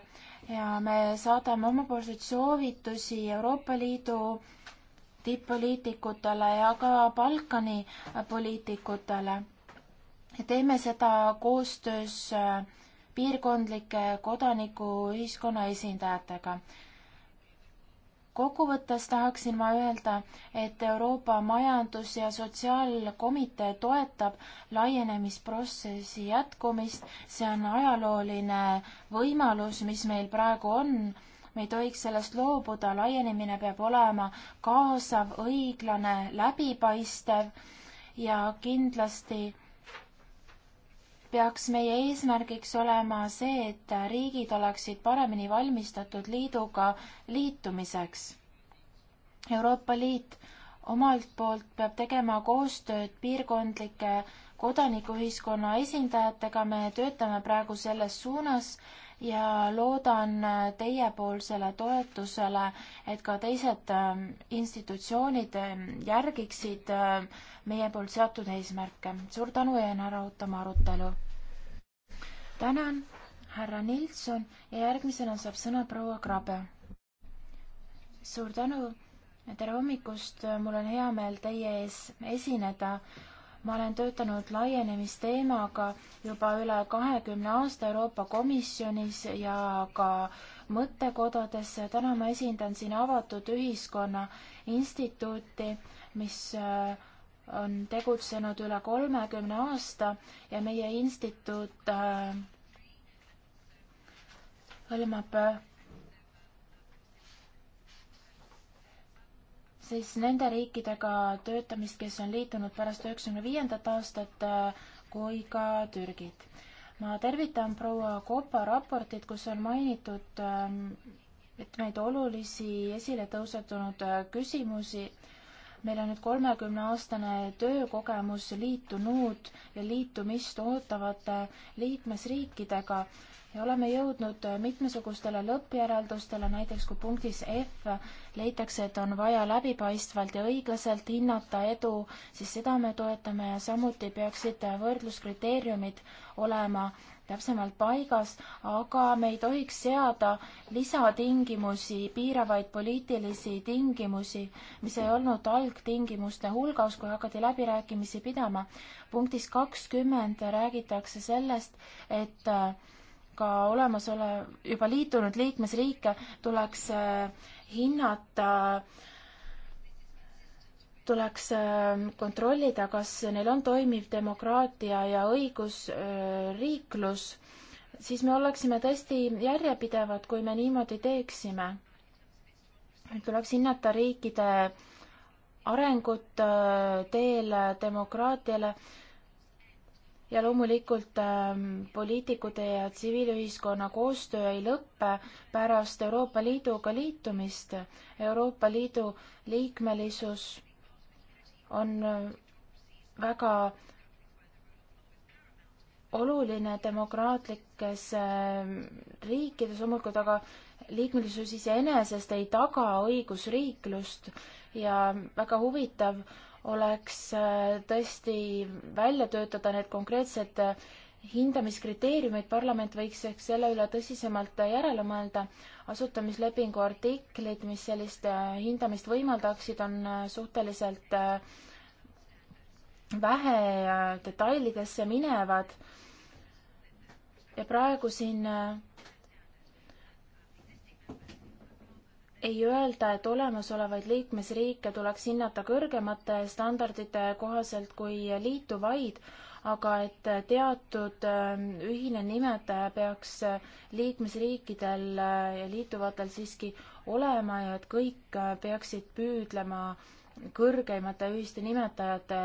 ja me saadame omapoolseid soovitusi Euroopa Liidu tipp-poliitikutele ja ka Balkani poliitikutele. teeme seda koostöös äh, piirkondlike kodanikuühiskonna esindajatega kokkuvõttes tahaksin ma öelda, et Euroopa Majandus- ja Sotsiaalkomitee toetab laienemisprotsessi jätkumist. see on ajalooline võimalus, mis meil praegu on. me ei tohiks sellest loobuda, laienemine peab olema kaasav, õiglane, läbipaistev ja kindlasti peaks meie eesmärgiks olema see, et riigid oleksid paremini valmistatud liiduga liitumiseks. Euroopa Liit omalt poolt peab tegema koostööd piirkondlike kodanikuühiskonna esindajatega, me töötame praegu selles suunas ja loodan äh, teiepoolsele toetusele, et ka teised ähm, institutsioonid ähm, järgiksid äh, meie poolt seatud eesmärke. suur tänu, jään ära ootama arutelu. tänan, härra Nilsson ja järgmisena saab sõna proua Krabe. suur tänu tere hommikust, mul on hea meel teie ees esineda ma olen töötanud laienemisteemaga juba üle kahekümne aasta Euroopa Komisjonis ja ka mõttekodades. täna ma esindan siin Avatud Ühiskonna Instituuti, mis äh, on tegutsenud üle kolmekümne aasta ja meie instituut äh, hõlmab siis nende riikidega töötamist, kes on liitunud pärast üheksakümne viiendat aastat, äh, kui ka Türgit. ma tervitan proua Kopa raportit, kus on mainitud mitmeid ähm, olulisi esile tõusetunud äh, küsimusi meil on nüüd kolmekümneaastane töökogemus liitunud ja liitumist ootavate liikmesriikidega ja oleme jõudnud mitmesugustele lõppjäreldustele, näiteks kui punktis F leitakse, et on vaja läbipaistvalt ja õiglaselt hinnata edu, siis seda me toetame ja samuti peaksid võrdluskriteeriumid olema täpsemalt paigas, aga me ei tohiks seada lisatingimusi, piiravaid poliitilisi tingimusi, mis ei olnud algtingimuste hulgas, kui hakati läbirääkimisi pidama. punktis kakskümmend räägitakse sellest, et äh, ka olemasolev, juba liitunud liikmesriike tuleks äh, hinnata äh, tuleks ähm, kontrollida, kas neil on toimiv demokraatia ja õigusriiklus, äh, siis me oleksime tõesti järjepidevad, kui me niimoodi teeksime. tuleks hinnata riikide arengut äh, teel demokraatiale ja loomulikult ähm, poliitikute ja tsiviilühiskonna koostöö ei lõppe pärast Euroopa Liiduga liitumist. Euroopa Liidu liikmelisus on äh, väga oluline demokraatlikes äh, riikides loomulikult, aga liikmelisus iseenesest ei taga õigusriiklust ja väga huvitav oleks äh, tõesti välja töötada need konkreetsed hindamiskriteeriumeid, parlament võiks ehk selle üle tõsisemalt järele mõelda. asutamislepingu artiklid, mis sellist äh, hindamist võimaldaksid, on äh, suhteliselt äh, vähe detailidesse minevad. ja praegu siin ei öelda, et olemasolevaid liikmesriike tuleks hinnata kõrgemate standardite kohaselt kui liitu, vaid aga et teatud ähm, ühine nimetaja peaks äh, liikmesriikidel äh, ja liituvatel siiski olema ja et kõik äh, peaksid püüdlema kõrgeimate ühiste nimetajate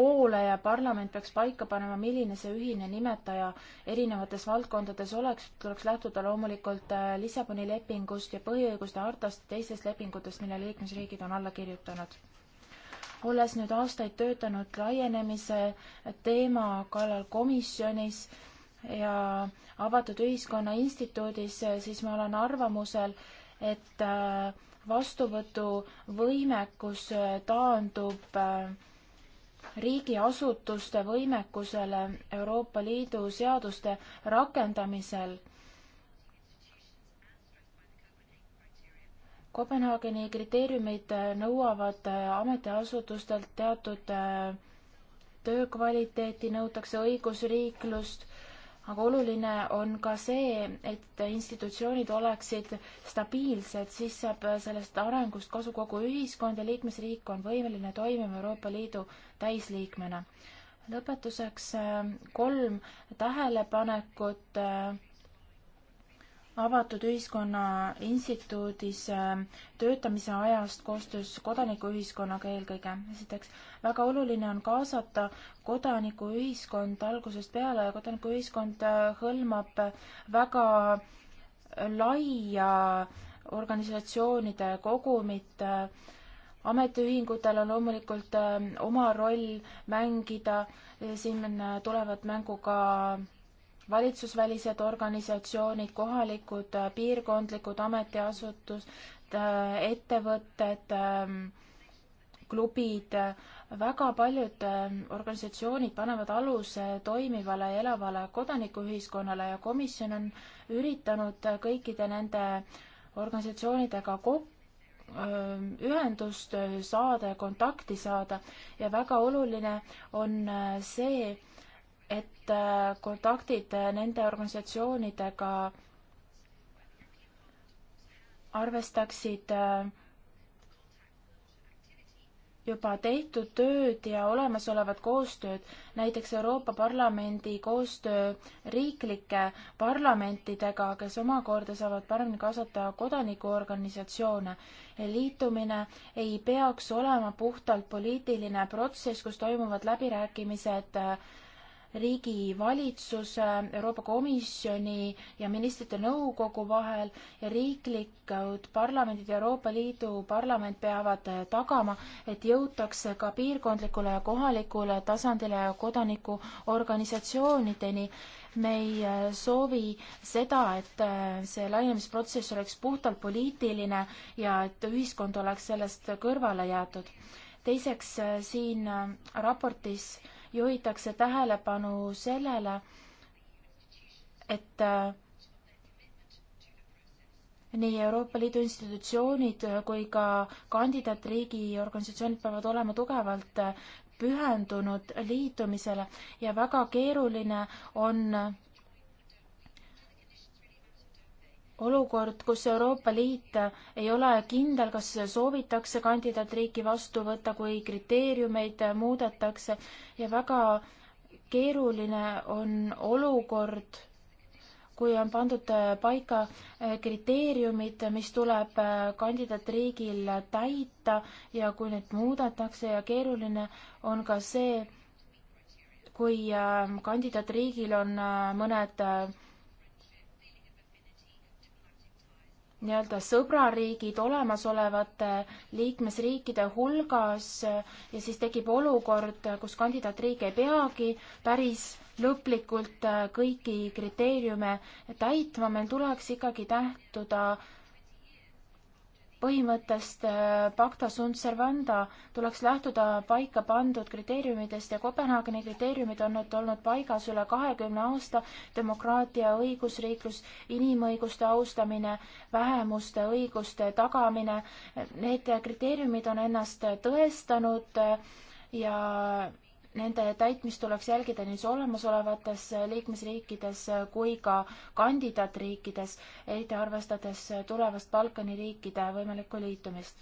poole ja parlament peaks paika panema, milline see ühine nimetaja erinevates valdkondades oleks, tuleks lähtuda loomulikult Lissaboni lepingust ja põhiõiguste hartast ja teistest lepingutest, mille liikmesriigid on alla kirjutanud olles nüüd aastaid töötanud laienemise teema kallal komisjonis ja Avatud Ühiskonna Instituudis, siis ma olen arvamusel, et äh, vastuvõtuvõimekus äh, taandub äh, riigiasutuste võimekusele Euroopa Liidu seaduste rakendamisel Kopenhaageni kriteeriumid äh, nõuavad äh, ametiasutustelt teatud äh, töö kvaliteeti, nõutakse õigusriiklust, aga oluline on ka see, et institutsioonid oleksid stabiilsed, siis saab sellest arengust kasu kogu ühiskond ja liikmesriik on võimeline toimima Euroopa Liidu täisliikmena. lõpetuseks kolm tähelepanekut äh, avatud ühiskonna instituudis äh, töötamise ajast koostöös kodanikuühiskonnaga eelkõige. esiteks, väga oluline on kaasata kodanikuühiskond algusest peale ja kodanikuühiskond äh, hõlmab äh, väga laia organisatsioonide kogumit. ametiühingutel on loomulikult oma roll mängida, siin tulevad mängu ka valitsusvälised organisatsioonid, kohalikud, äh, piirkondlikud ametiasutused, äh, ettevõtted, ähm, klubid, äh, väga paljud ähm, organisatsioonid panevad aluse toimivale ja elavale kodanikuühiskonnale ja komisjon on üritanud kõikide nende organisatsioonidega kokku ähm, ühendust saada ja kontakti saada ja väga oluline on see, et äh, kontaktid äh, nende organisatsioonidega arvestaksid äh, juba tehtud tööd ja olemasolevat koostööd, näiteks Euroopa Parlamendi koostöö riiklike parlamentidega, kes omakorda saavad paremini kaasata kodanikuorganisatsioone. liitumine ei peaks olema puhtalt poliitiline protsess, kus toimuvad läbirääkimised äh, riigi valitsuse, äh, Euroopa Komisjoni ja ministrite nõukogu vahel ja riiklikud parlamendid ja Euroopa Liidu parlament peavad äh, tagama, et jõutakse ka piirkondlikule ja kohalikule tasandile ja kodanikuorganisatsioonideni. me ei äh, soovi seda, et see laienemisprotsess oleks puhtalt poliitiline ja et ühiskond oleks sellest kõrvale jäetud. teiseks siin raportis juhitakse tähelepanu sellele, et äh, nii Euroopa Liidu institutsioonid kui ka kandidaatriigi organisatsioonid peavad olema tugevalt äh, pühendunud liitumisele ja väga keeruline on olukord, kus Euroopa Liit ei ole kindel, kas soovitakse kandidaatriiki vastu võtta, kui kriteeriumeid muudetakse ja väga keeruline on olukord, kui on pandud paika kriteeriumid, mis tuleb kandidaatriigil täita ja kui neid muudetakse ja keeruline on ka see, kui kandidaatriigil on mõned nii-öelda sõbrariigid olemasolevate liikmesriikide hulgas ja siis tekib olukord, kus kandidaatriik ei peagi päris lõplikult kõiki kriteeriume täitma, meil tuleks ikkagi tähtuda põhimõttest äh, pacta sunt servanda tuleks lähtuda paika pandud kriteeriumidest ja Kopenhaageni kriteeriumid on nüüd olnud paigas üle kahekümne aasta. demokraatia, õigusriiklus, inimõiguste austamine, vähemuste õiguste tagamine, need kriteeriumid on ennast tõestanud äh, ja Nende täitmist tuleks jälgida nii olemasolevates liikmesriikides kui ka kandidaatriikides, eriti arvestades tulevast Balkani riikide võimalikku liitumist.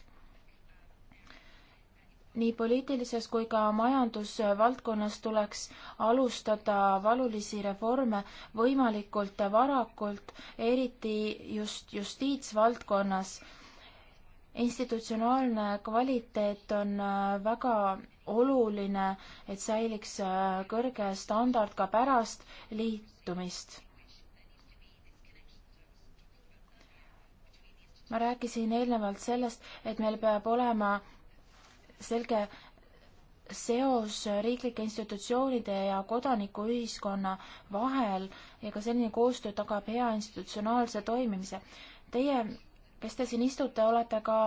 nii poliitilises kui ka majandusvaldkonnas tuleks alustada valulisi reforme võimalikult varakult, eriti just justiitsvaldkonnas institutsionaalne kvaliteet on väga oluline, et säiliks äh, kõrge standard ka pärast liitumist. ma rääkisin eelnevalt sellest, et meil peab olema selge seos riiklike institutsioonide ja kodanikuühiskonna vahel ja ka selline koostöö tagab hea institutsionaalse toimimise. Teie, kes te siin istute, olete ka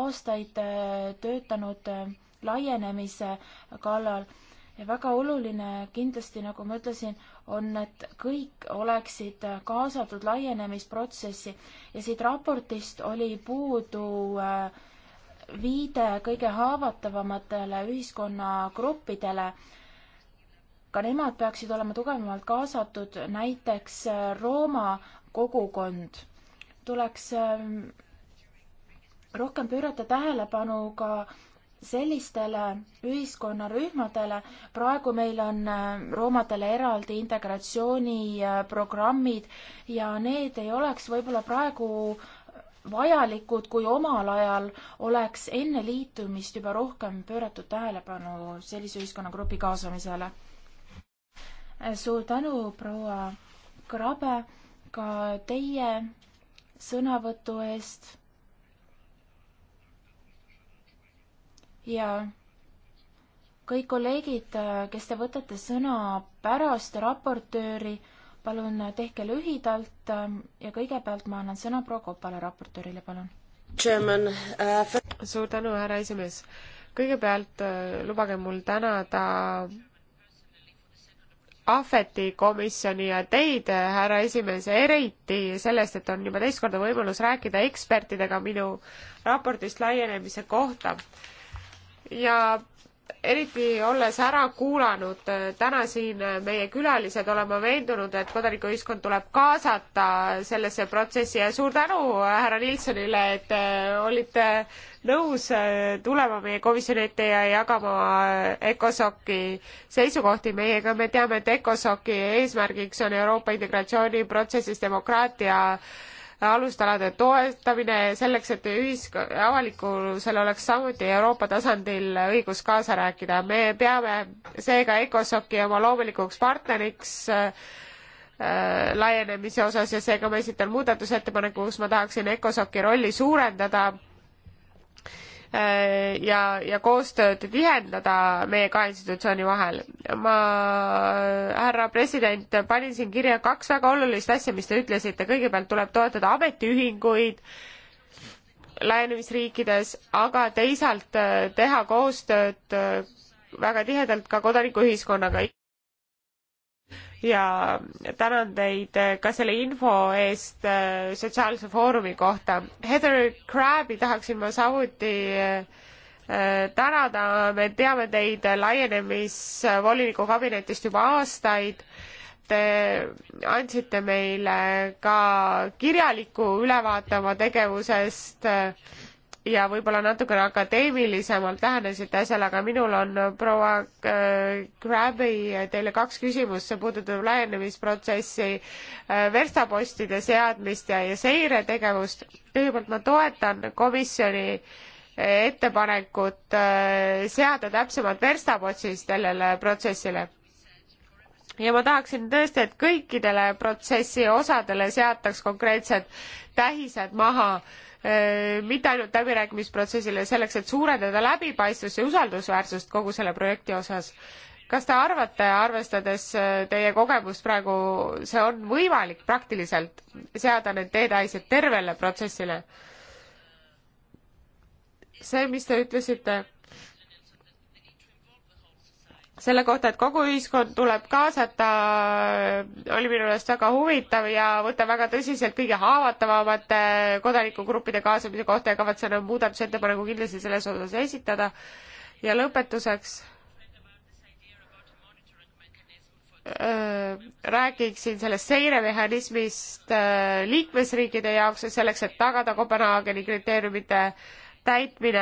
aastaid äh, töötanud äh, laienemise kallal ja väga oluline kindlasti, nagu ma ütlesin, on, et kõik oleksid kaasatud laienemisprotsessi ja siit raportist oli puudu äh, viide kõige haavatavamatele ühiskonnagruppidele. ka nemad peaksid olema tugevamalt kaasatud, näiteks äh, Rooma kogukond tuleks ähm, rohkem pöörata tähelepanu ka sellistele ühiskonnarühmadele. praegu meil on äh, roomadele eraldi integratsiooniprogrammid äh, ja need ei oleks võib-olla praegu vajalikud, kui omal ajal oleks enne liitumist juba rohkem pööratud tähelepanu sellise ühiskonnagrupi kaasamisele. Äh, suur tänu, proua Krabe, ka teie sõnavõtu eest ja kõik kolleegid, kes te võtate sõna pärast raportööri, palun tehke lühidalt ja kõigepealt ma annan sõna proua Kopale, raportöörile, palun. Äh, suur tänu, härra esimees. kõigepealt äh, lubage mul tänada Ahveti komisjoni ja teid, härra esimees, eriti sellest, et on juba teist korda võimalus rääkida ekspertidega minu raportist laienemise kohta ja eriti olles ära kuulanud äh, täna siin äh, meie külalised, olen ma veendunud, et kodanikuühiskond tuleb kaasata sellesse protsessi ja suur tänu äh, härra Nilssonile, et te olite nõus tulema meie komisjoni ette ja jagama ECOSOC-i seisukohti meiega. me teame, et ECOSOC-i eesmärgiks on Euroopa integratsiooniprotsessis demokraatia alustalade toetamine selleks, et ühisk-, avalikkusel oleks samuti Euroopa tasandil õigus kaasa rääkida. me peame seega ECOSOC-i oma loomulikuks partneriks äh, laienemise osas ja seega ma esitan muudatusettepaneku, kus ma tahaksin ECOSOC-i rolli suurendada Äh, ja, ja koostööd tihendada meie kahe institutsiooni vahel. ma, härra president, panin siin kirja kaks väga olulist asja, mis te ütlesite, kõigepealt tuleb toetada ametiühinguid, laienemisriikides, aga teisalt äh, teha koostööd äh, väga tihedalt ka kodanikuühiskonnaga ja tänan teid ka selle info eest äh, sotsiaalse foorumi kohta. Heather Crabbi tahaksin ma samuti äh, tänada, me teame teid laienemisvoliniku kabinetist juba aastaid. Te andsite meile ka kirjaliku ülevaate oma tegevusest äh, ja võib-olla natukene akadeemilisemalt lähenesite asjale, aga minul on proua Krabi äh, äh, teile kaks küsimust, see puudutab laienemisprotsessi, äh, verstapostide seadmist ja, ja seiretegevust. kõigepealt ma toetan komisjoni ettepanekut seada täpsemad verstapostid sellele protsessile ja ma tahaksin tõesti, et kõikidele protsessi osadele seataks konkreetsed tähised maha äh, Äh, mitte ainult läbirääkimisprotsessile, selleks, et suurendada läbipaistvust ja usaldusväärsust kogu selle projekti osas. kas te arvate, arvestades äh, teie kogemust praegu, see on võimalik praktiliselt seada need teetähised tervele protsessile? see, mis te ütlesite selle kohta, et kogu ühiskond tuleb kaasata, oli minu meelest väga huvitav ja võtan väga tõsiselt kõige haavatavamate kodanikugruppide kaasamise kohta ja kavatsen muudatusettepaneku kindlasti selles osas esitada. ja lõpetuseks äh, räägiksin sellest seiremehhanismist äh, liikmesriikide jaoks ja selleks, et tagada Kopenhaageni kriteeriumite äh, täitmine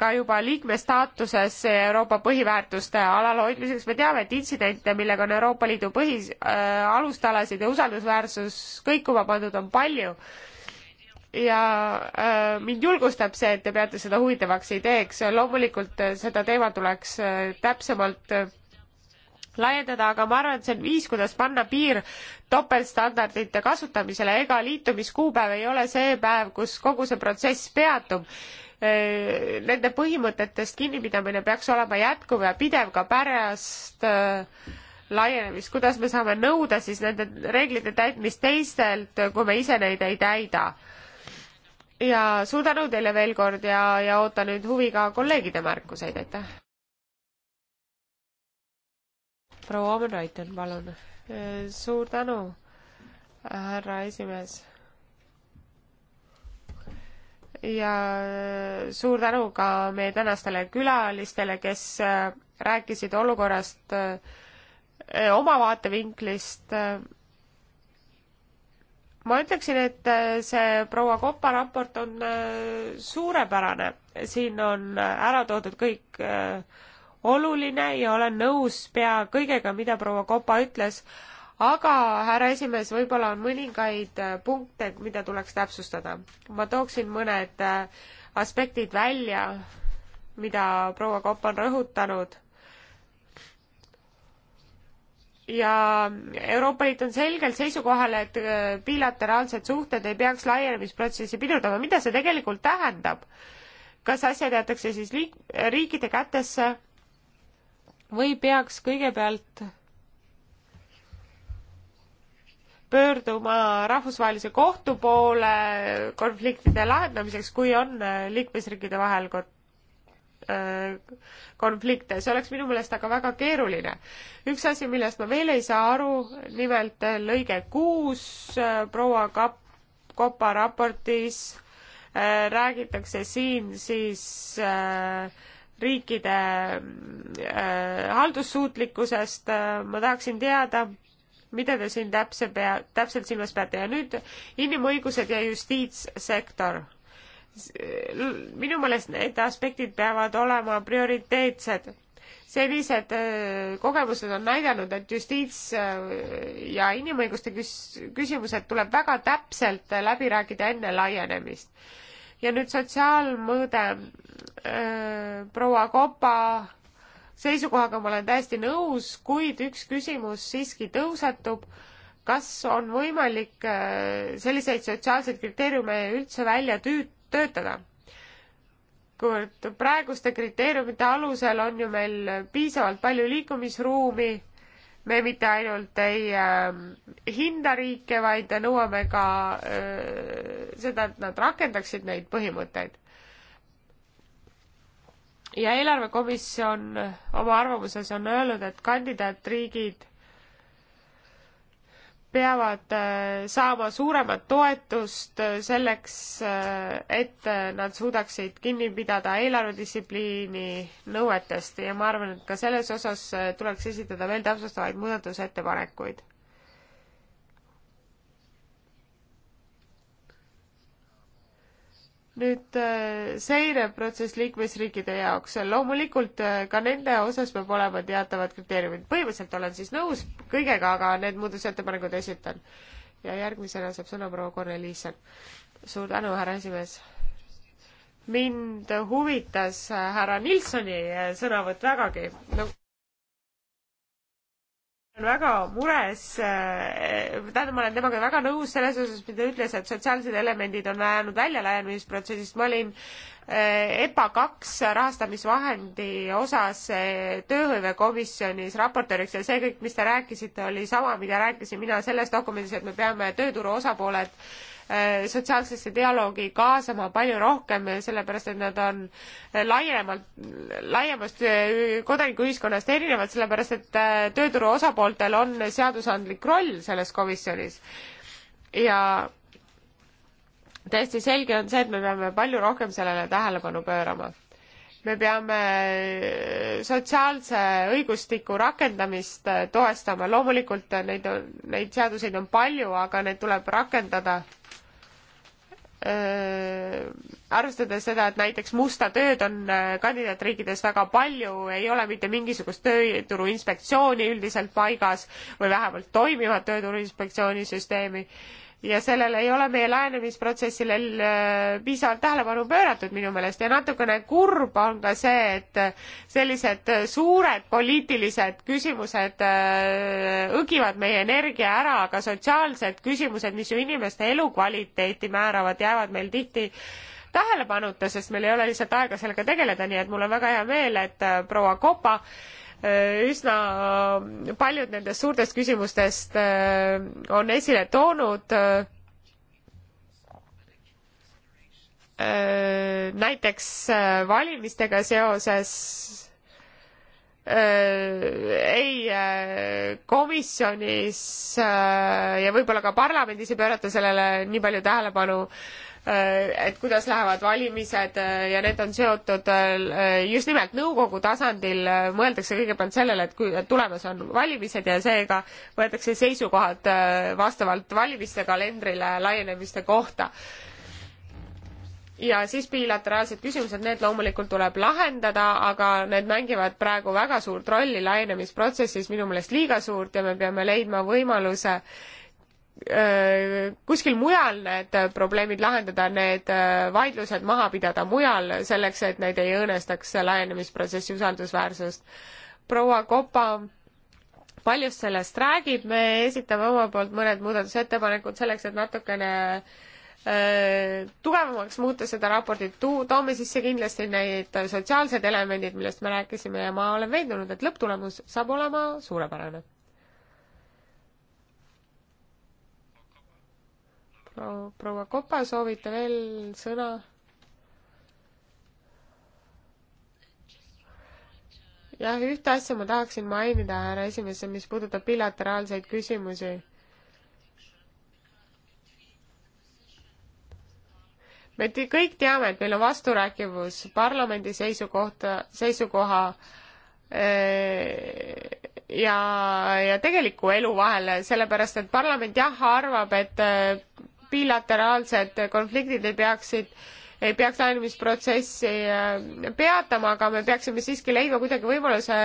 ka juba liikmestaatuses Euroopa põhiväärtuste alalhoidmiseks. me teame, et intsidente, millega on Euroopa Liidu põhis äh,, alustalasid ja usaldusväärsus kõikuma pandud, on palju. ja äh, mind julgustab see, et te peate seda huvitavaks ideeks. loomulikult äh, seda teemat tuleks äh, täpsemalt äh, laiendada, aga ma arvan, et see on viis, kuidas panna piir topeltstandardite kasutamisele, ega liitumiskuupäev ei ole see päev, kus kogu see protsess peatub. Äh, nende põhimõtetest kinnipidamine peaks olema jätkuv ja pidev ka pärast äh, laienemist, kuidas me saame nõuda siis nende reeglite täitmist teistelt, kui me ise neid ei täida. ja suur tänu teile veel kord ja, ja ootan nüüd huviga kolleegide märkuseid, aitäh! proua Omenraiten, palun. suur tänu, härra esimees. ja suur tänu ka meie tänastele külalistele, kes äh, rääkisid olukorrast äh, oma vaatevinklist. ma ütleksin, et äh, see proua Kopa raport on suurepärane, siin on ära toodud kõik äh, oluline ja olen nõus pea kõigega, mida proua Kopa ütles, aga härra esimees, võib-olla on mõningaid äh, punkte, mida tuleks täpsustada. ma tooksin mõned äh, aspektid välja, mida proua Kopp on rõhutanud. ja Euroopa Liit on selgelt seisukohal, et äh, bilateraalsed suhted ei peaks laienemisprotsessi pidurdama. mida see tegelikult tähendab? kas asjad jäetakse siis liik-, riikide kätesse või peaks kõigepealt pöörduma rahvusvahelise kohtu poole konfliktide lahendamiseks, kui on äh, liikmesriikide vahel äh, konflikte, see oleks minu meelest aga väga keeruline. üks asi, millest ma veel ei saa aru, nimelt äh, lõige kuus proua Kap-, Kopa raportis räägitakse siin siis äh, riikide äh, haldussuutlikkusest äh,, ma tahaksin teada, mida te siin täpse pea, täpselt silmas peate ja nüüd inimõigused ja justiitssektor. Äh, minu meelest need aspektid peavad olema prioriteetsed. sellised äh, kogemused on näidanud, et justiits- äh, ja inimõiguste küs-, küsimused tuleb väga täpselt läbi rääkida enne laienemist ja nüüd sotsiaalmõõde. Äh, proua Kopa seisukohaga ma olen täiesti nõus, kuid üks küsimus siiski tõusetub. kas on võimalik äh, selliseid sotsiaalseid kriteeriume üldse välja tüü-, töötada? kuivõrd praeguste kriteeriumite alusel on ju meil piisavalt palju liikumisruumi me mitte ainult ei äh, hinda riike, vaid nõuame ka äh, seda, et nad rakendaksid neid põhimõtteid. ja eelarvekomisjon oma arvamuses on öelnud, et kandidaatriigid peavad äh, saama suuremat toetust äh, selleks, äh, et nad suudaksid kinni pidada eelarvedistsipliini nõuetest ja ma arvan, et ka selles osas tuleks esitada veel täpsustavaid muudatusettepanekuid. nüüd äh, seireprotsess liikmesriikide jaoks, loomulikult äh, ka nende osas peab olema teatavad kriteeriumid, põhimõtteliselt olen siis nõus kõigega, aga need muudatusettepanekud esitan. ja järgmisena saab sõna proua Korneliisen. suur tänu, härra esimees. mind huvitas äh, härra Nilssoni sõnavõtt vägagi no on väga mures, äh, tähendab, ma olen temaga väga nõus selles osas, mida ta ütles, et sotsiaalsed elemendid on jäänud välja laienemisprotsessist, ma olin äh, EPA kaks rahastamisvahendi osas äh, tööhõivekomisjonis raportööriks ja see kõik, mis te rääkisite, oli sama, mida rääkisin mina selles dokumendis, et me peame tööturu osapooled Äh, sotsiaalsesse dialoogi kaasama palju rohkem, sellepärast et nad on laiemalt, laiemast äh, kodanikuühiskonnast erinevad, sellepärast et äh, tööturu osapooltel on seadusandlik roll selles komisjonis. ja täiesti selge on see, et me peame palju rohkem sellele tähelepanu pöörama me peame sotsiaalse õigustiku rakendamist toestama, loomulikult neid, neid seaduseid on palju, aga need tuleb rakendada Äh, arvestades seda, et näiteks musta tööd on äh, kandidaatriikides väga palju, ei ole mitte mingisugust tööturuinspektsiooni üldiselt paigas või vähemalt toimivat tööturuinspektsiooni süsteemi ja sellele ei ole meie laenemisprotsessile äh, piisavalt tähelepanu pööratud minu meelest ja natukene kurb on ka see, et äh, sellised äh, suured poliitilised küsimused õgivad meie energia ära, aga sotsiaalsed küsimused, mis ju inimeste elukvaliteeti määravad, jäävad meil tihti tähelepanuta, sest meil ei ole lihtsalt aega sellega tegeleda, nii et mul on väga hea meel, et proua Kopa Äh, üsna paljud nendest suurtest küsimustest äh, on esile toonud. Äh, näiteks valimistega seoses ei komisjonis ja võib-olla ka parlamendis ei pöörata sellele nii palju tähelepanu äh, Äh, et kuidas lähevad valimised äh, ja need on seotud äh, just nimelt nõukogu tasandil mõeldakse kõigepealt sellele, et kui tulemas on valimised ja seega võetakse seisukohad vastavalt valimiste kalendrile laienemiste kohta. ja siis bilateraalsed küsimused, need loomulikult tuleb lahendada, aga need mängivad praegu väga suurt rolli laienemisprotsessis, minu meelest liiga suurt ja me peame leidma võimaluse Äh, kuskil mujal need probleemid lahendada, need äh, vaidlused maha pidada mujal, selleks et need ei õõnestaks laienemisprotsessi usaldusväärsust. proua Kopa paljust sellest räägib, me esitame oma poolt mõned muudatusettepanekud selleks, et natukene äh, tugevamaks muuta seda raportit, toome sisse kindlasti neid sotsiaalsed elemendid, millest me rääkisime ja ma olen veendunud, et lõpptulemus saab olema suurepärane proua Kopa, soovite veel sõna? jah, ühte asja ma tahaksin mainida, härra esimees, mis puudutab bilateraalseid küsimusi. me kõik teame, et meil on vasturääkivus parlamendi seisukohta, seisukoha äh, ja, ja tegeliku elu vahel, sellepärast et parlament jah arvab, et bilateraalsed konfliktid ei peaksid ei peaks laienemisprotsessi äh, peatama, aga me peaksime siiski leidma kuidagi võimaluse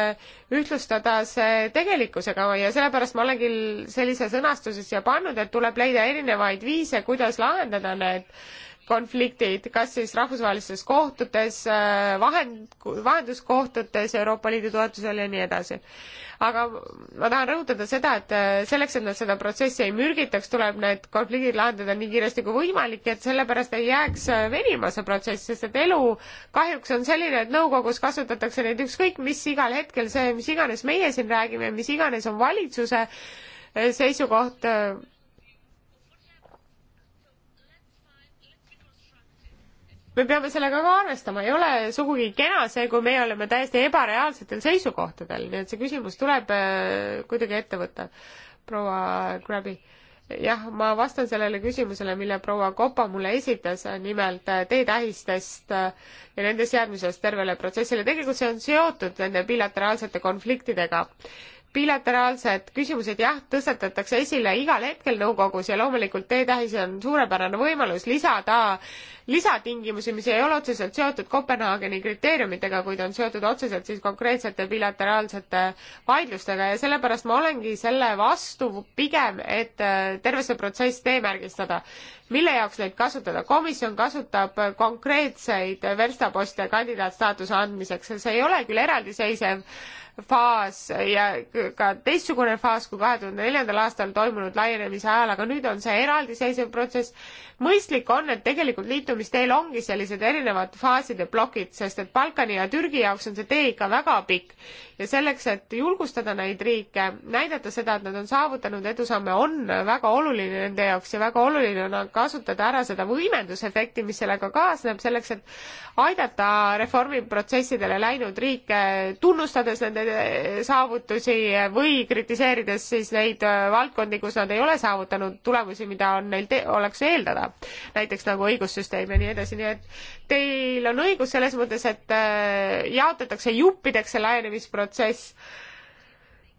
ühtlustada see tegelikkusega ja sellepärast ma olengi sellise sõnastuse siia pannud, et tuleb leida erinevaid viise, kuidas lahendada need konfliktid, kas siis rahvusvahelistes kohtutes, äh, vahend, vahenduskohtutes Euroopa Liidu toetusel ja nii edasi. aga ma tahan rõhutada seda, et äh, selleks, et nad seda protsessi ei mürgitaks, tuleb need konfliktid lahendada nii kiiresti kui võimalik, et sellepärast ei jääks äh, venima see protsess, sest et elu kahjuks on selline, et nõukogus kasutatakse neid ükskõik mis igal hetkel, see, mis iganes meie siin räägime, mis iganes on valitsuse seisukoht me peame sellega ka arvestama, ei ole sugugi kena see, kui meie oleme täiesti ebareaalsetel seisukohtadel, nii et see küsimus tuleb äh, kuidagi ette võtta, proua Grabi jah, ma vastan sellele küsimusele, mille proua Kopa mulle esitas, nimelt äh, teetähistest äh, ja nende seadmisest tervele protsessile. tegelikult see on seotud nende bilateraalsete konfliktidega bilateraalsed küsimused jah, tõstatatakse esile igal hetkel nõukogus ja loomulikult teetähis on suurepärane võimalus lisada lisatingimusi, mis ei ole otseselt seotud Kopenhaageni kriteeriumitega, kuid on seotud otseselt siis konkreetsete bilateraalsete vaidlustega ja sellepärast ma olengi selle vastu pigem, et äh, terve see protsess teemärgistada. mille jaoks neid kasutada? komisjon kasutab konkreetseid verstaposte kandidaatstaatuse andmiseks ja see ei ole küll eraldiseisev faas ja ka teistsugune faas kui kahe tuhande neljandal aastal toimunud laienemise ajal, aga nüüd on see eraldiseisev protsess. mõistlik on, et tegelikult liitumisteel ongi sellised erinevad faaside plokid, sest et Balkani ja Türgi jaoks on see tee ikka väga pikk ja selleks, et julgustada neid riike, näidata seda, et nad on saavutanud edusamme, on väga oluline nende jaoks ja väga oluline on kasutada ära seda võimendusefekti, mis sellega kaasneb, selleks et aidata reformiprotsessidele läinud riike, tunnustades nende saavutusi või kritiseerides siis neid äh, valdkondi, kus nad ei ole saavutanud tulemusi, mida on neil te-, oleks eeldada. näiteks nagu õigussüsteem ja nii edasi, nii et teil on õigus selles mõttes, et äh, jaotatakse juppideks see laienemisprotsess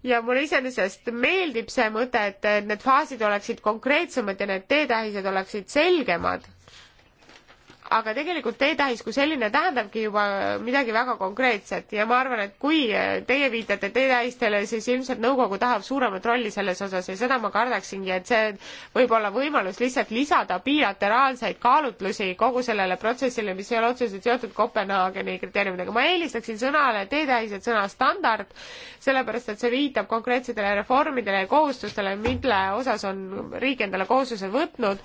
ja mulle iseenesest meeldib see mõte, et need faasid oleksid konkreetsemad ja need teetähised oleksid selgemad aga tegelikult teetähis kui selline tähendabki juba midagi väga konkreetset ja ma arvan, et kui teie viitate teetähistele, siis ilmselt nõukogu tahab suuremat rolli selles osas ja seda ma kardaksingi, et see võib olla võimalus lihtsalt lisada bilateraalseid kaalutlusi kogu sellele protsessile, mis ei ole otseselt seotud Kopenhaageni kriteeriumidega. ma eelistaksin sõnale teetähised sõna standard, sellepärast et see viitab konkreetsetele reformidele ja kohustustele, mille osas on riik endale kohustused võtnud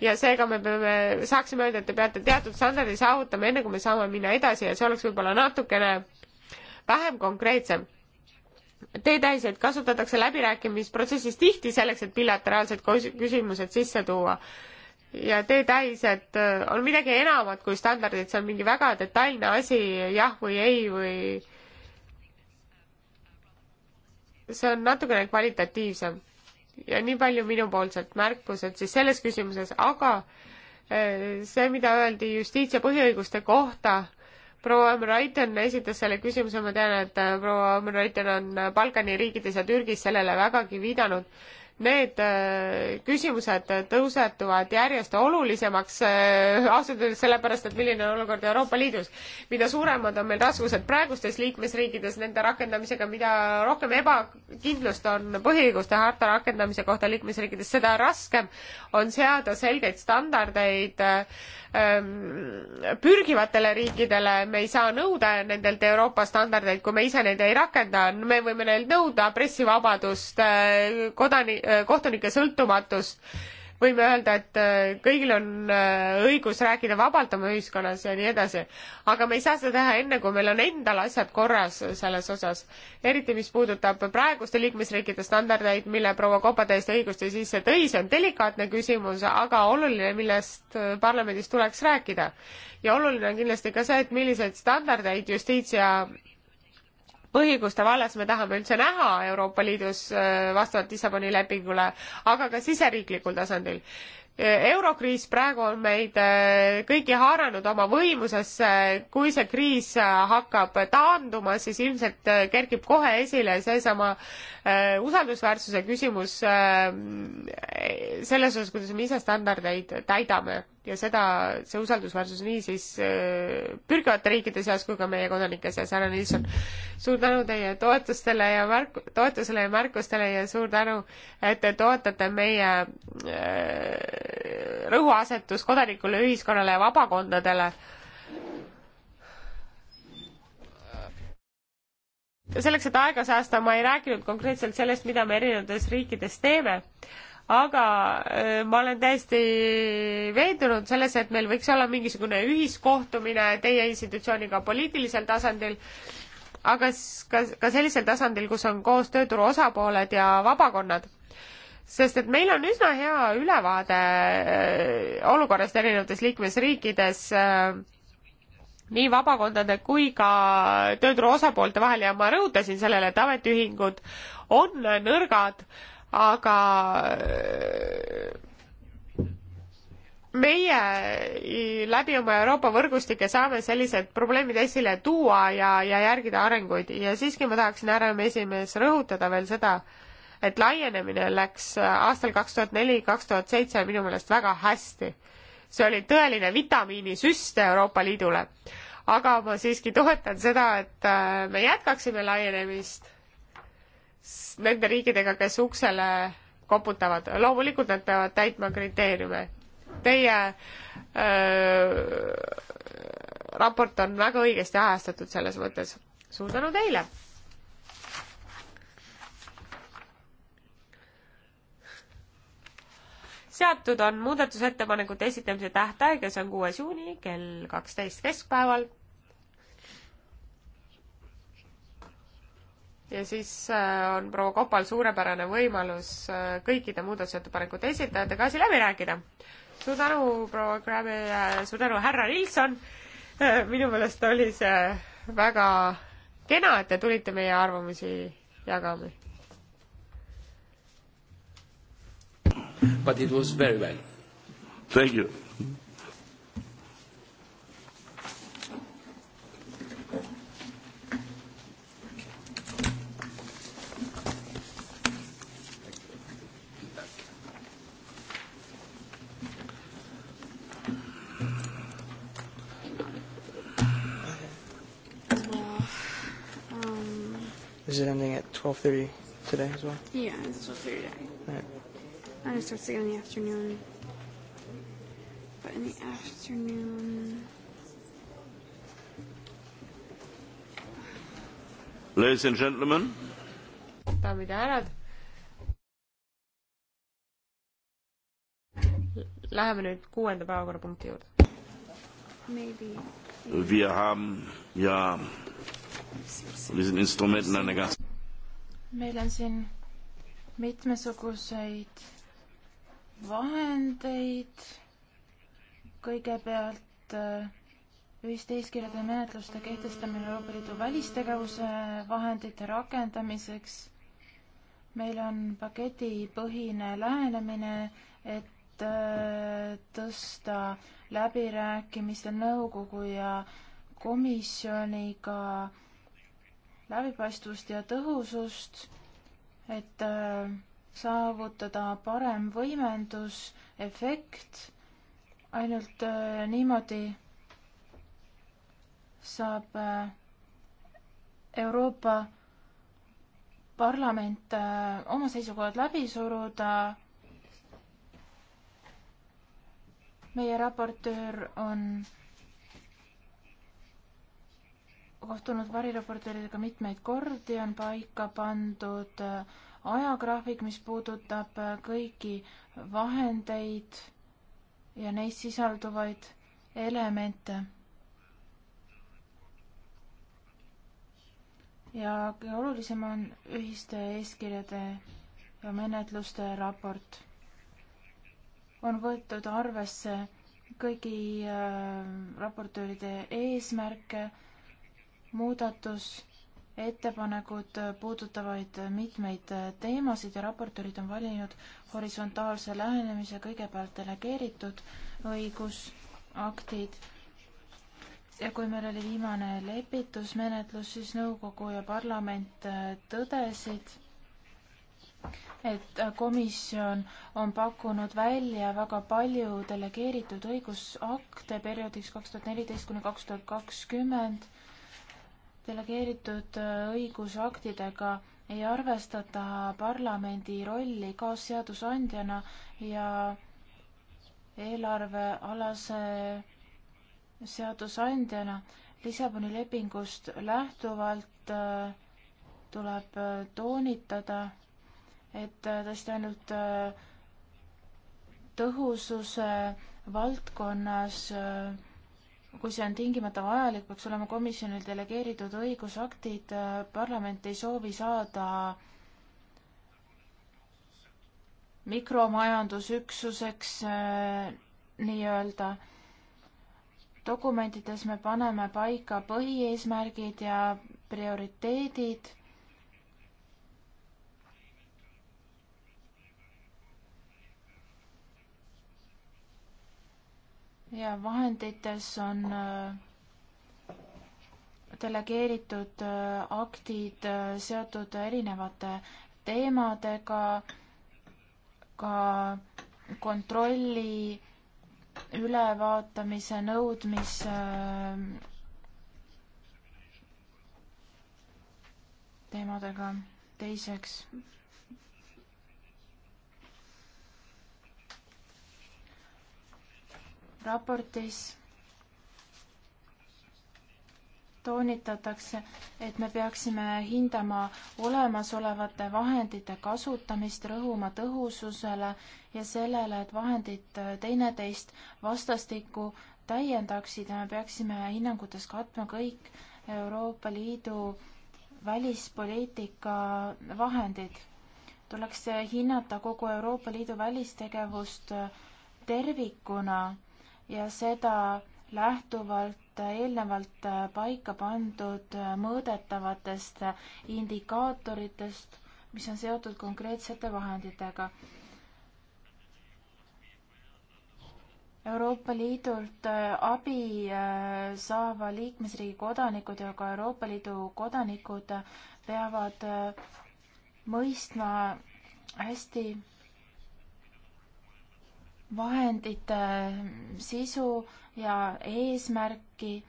ja seega me peame, saaksime öelda, et te peate teatud standardi saavutame, enne kui me saame minna edasi ja see oleks võib-olla natukene vähem konkreetsem. teetähiseid kasutatakse läbirääkimisprotsessis tihti selleks, et bilateraalsed küsimused sisse tuua ja teetähised äh, on midagi enamat kui standardid, see on mingi väga detailne asi, jah või ei või see on natukene kvalitatiivsem. ja nii palju minupoolsed märkused siis selles küsimuses, aga äh, see, mida öeldi justiits- ja põhiõiguste kohta, proua Amraiten esitas selle küsimuse, ma tean, et äh, proua Amraiten on Balkani riikides ja Türgis sellele vägagi viidanud need äh, küsimused tõusetuvad järjest olulisemaks äh, ausalt öeldes sellepärast, et milline on olukord Euroopa Liidus. mida suuremad on meil raskused praegustes liikmesriikides nende rakendamisega, mida rohkem ebakindlust on põhiõiguste harta rakendamise kohta liikmesriikides, seda raskem on seada selgeid standardeid äh, Ähm, pürgivatele riikidele, me ei saa nõuda nendelt Euroopa standardeid, kui me ise neid ei rakenda, me võime neilt nõuda pressivabadust, äh, kodani-, äh, kohtunike sõltumatust võime öelda, et äh, kõigil on äh, õigus rääkida vabalt oma ühiskonnas ja nii edasi. aga me ei saa seda teha enne, kui meil on endal asjad korras selles osas. eriti, mis puudutab praeguste liikmesriikide standardeid, mille proua Kopa täiesti õigusti sisse tõi, see on delikaatne küsimus, aga oluline, millest äh, parlamendis tuleks rääkida. ja oluline on kindlasti ka see, et milliseid standardeid justiits ja põhiõiguste vallas me tahame üldse näha Euroopa Liidus äh, vastavalt Lissaboni lepingule, aga ka siseriiklikul tasandil. Äh, eurokriis praegu on meid äh, kõiki haaranud oma võimusesse, kui see kriis hakkab taanduma, siis ilmselt kerkib kohe esile seesama usaldusväärsuse küsimus selles osas, kuidas me ise standardeid täidame ja seda, see usaldusväärsus nii siis äh, pürgivate riikide seas kui ka meie kodanike seas, härra Nilsson. suur tänu teie toetustele ja märk-, toetusele ja märkustele ja suur tänu, et te toetate meie äh, rõhuasetus kodanikule, ühiskonnale ja vabakondadele. selleks, et aega säästa, ma ei rääkinud konkreetselt sellest, mida me erinevates riikides teeme aga äh, ma olen täiesti veendunud selles, et meil võiks olla mingisugune ühiskohtumine teie institutsiooniga poliitilisel tasandil, aga ka, ka sellisel tasandil, kus on koos tööturu osapooled ja vabakonnad sest et meil on üsna hea ülevaade äh, olukorrast erinevates liikmesriikides äh, nii vabakondade kui ka tööturu osapoolte vahel ja ma rõhutasin sellele, et ametiühingud on nõrgad äh, aga äh, meie läbi oma Euroopa võrgustike saame sellised probleemid esile tuua ja, ja järgida arenguid ja siiski ma tahaksin, härra esimees, rõhutada veel seda, et laienemine läks aastal kaks tuhat neli, kaks tuhat seitse minu meelest väga hästi. see oli tõeline vitamiinisüst Euroopa Liidule. aga ma siiski toetan seda, et äh, me jätkaksime laienemist nende riikidega, kes uksele koputavad. loomulikult nad peavad täitma kriteeriume. Teie öö, raport on väga õigesti ajastatud selles mõttes. suur tänu teile! seatud on muudatusettepanekute esitamise tähtaeg ja see on kuues juuni kell kaksteist keskpäeval ja siis äh, on proua Kopal suurepärane võimalus äh, kõikide muudatusettepanekute esitajatega asi läbi rääkida. suur tänu, proua Krabi ja suur tänu, härra Nilsson. Äh, minu meelest oli see väga kena, et te tulite meie arvamusi jagama. But it was very well. Thank you. Is it ending at 12.30 today as well? Yeah, it's 12.30 today. All right. I just starts again in the afternoon. But in the afternoon... Ladies and gentlemen. daamid ja härrad. Läheme nüüd kuuenda päevakorrapunkti juurde. Wir haben ja diesen Instrumenten eine ganz meil on siin mitmesuguseid vahendeid, kõigepealt äh, ühiste eeskirjade menetluste kehtestamine Euroopa Liidu välistegevuse vahendite rakendamiseks. meil on paketipõhine lähenemine, et äh, tõsta läbirääkimistel nõukogu ja komisjoniga äh, läbipaistvust ja tõhusust, et äh, saavutada parem võimendusefekt. ainult äh, niimoodi saab äh, Euroopa Parlament oma seisukohad läbi suruda. meie raportöör on kohtunud variraportööridega mitmeid kordi, on paika pandud äh, ajagraafik, mis puudutab äh, kõiki vahendeid ja neis sisalduvaid elemente. ja kõige olulisem on ühiste eeskirjade ja menetluste raport. on võetud arvesse kõigi äh, raportööride eesmärke muudatusettepanekud puudutavad mitmeid teemasid ja raportöörid on valinud horisontaalse lähenemise, kõigepealt delegeeritud õigusaktid ja kui meil oli viimane lepitusmenetlus, siis nõukogu ja parlament tõdesid, et komisjon on pakkunud välja väga palju delegeeritud õigusakte perioodiks kaks tuhat neliteist kuni kaks tuhat kakskümmend delegeeritud äh, õigusaktidega ei arvestata parlamendi rolli kaasseadusandjana ja eelarvealase seadusandjana. Lissaboni lepingust lähtuvalt äh, tuleb äh, toonitada, et tõesti ainult tõhususe valdkonnas äh, kui see on tingimata vajalik, peaks olema komisjonil delegeeritud õigusaktid, parlament ei soovi saada mikromajandusüksuseks äh, nii-öelda. dokumentides me paneme paika põhieesmärgid ja prioriteedid ja vahendites on äh, delegeeritud äh, aktid äh, seotud erinevate teemadega, ka kontrolli ülevaatamise nõudmis teemadega teiseks raportis toonitatakse, et me peaksime hindama olemasolevate vahendite kasutamist, rõhuma tõhususele ja sellele, et vahendid teineteist vastastikku täiendaksid ja me peaksime hinnangutes katma kõik Euroopa Liidu välispoliitika vahendid. tuleks hinnata kogu Euroopa Liidu välistegevust tervikuna ja seda lähtuvalt eelnevalt paika pandud mõõdetavatest indikaatoritest, mis on seotud konkreetsete vahenditega. Euroopa Liidult abi saava liikmesriigi kodanikud ja ka Euroopa Liidu kodanikud peavad mõistma hästi vahendite mm, sisu ja eesmärki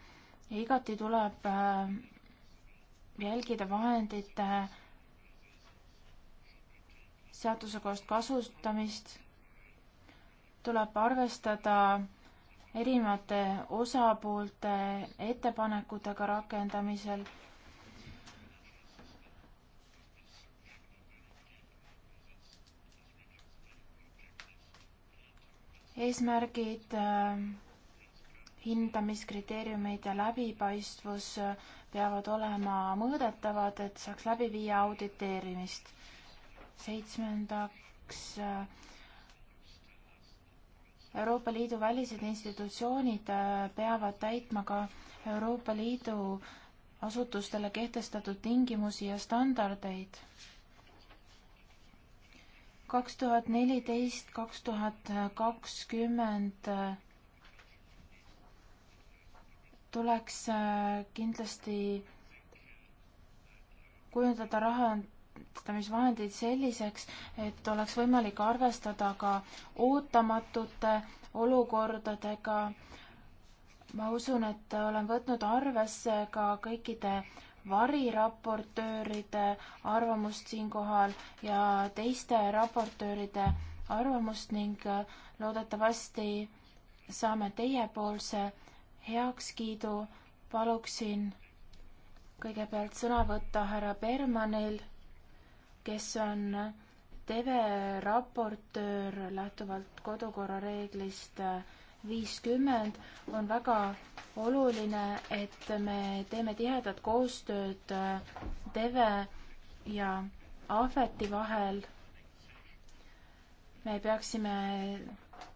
ja igati tuleb äh, jälgida vahendite seadusekohast kasutamist, tuleb arvestada erinevate osapoolte ettepanekutega rakendamisel eesmärgid, äh, hindamiskriteeriumid ja läbipaistvus äh, peavad olema mõõdetavad, et saaks läbi viia auditeerimist. seitsmendaks, äh, Euroopa Liidu välised institutsioonid peavad täitma ka Euroopa Liidu asutustele kehtestatud tingimusi ja standardeid kaks tuhat neliteist, kaks tuhat kakskümmend äh, tuleks äh, kindlasti kujundada rahandamisvahendeid selliseks, et oleks võimalik arvestada ka ootamatute olukordadega. ma usun, et olen võtnud arvesse ka kõikide variraportööride arvamust siinkohal ja teiste raportööride arvamust ning äh, loodetavasti saame teiepoolse heakskiidu. paluksin kõigepealt sõna võtta härra Bermanil, kes on TV raportöör lähtuvalt kodukorra reeglist äh, viiskümmend on väga oluline, et me teeme tihedat koostööd äh, Teve ja Ahveti vahel. me peaksime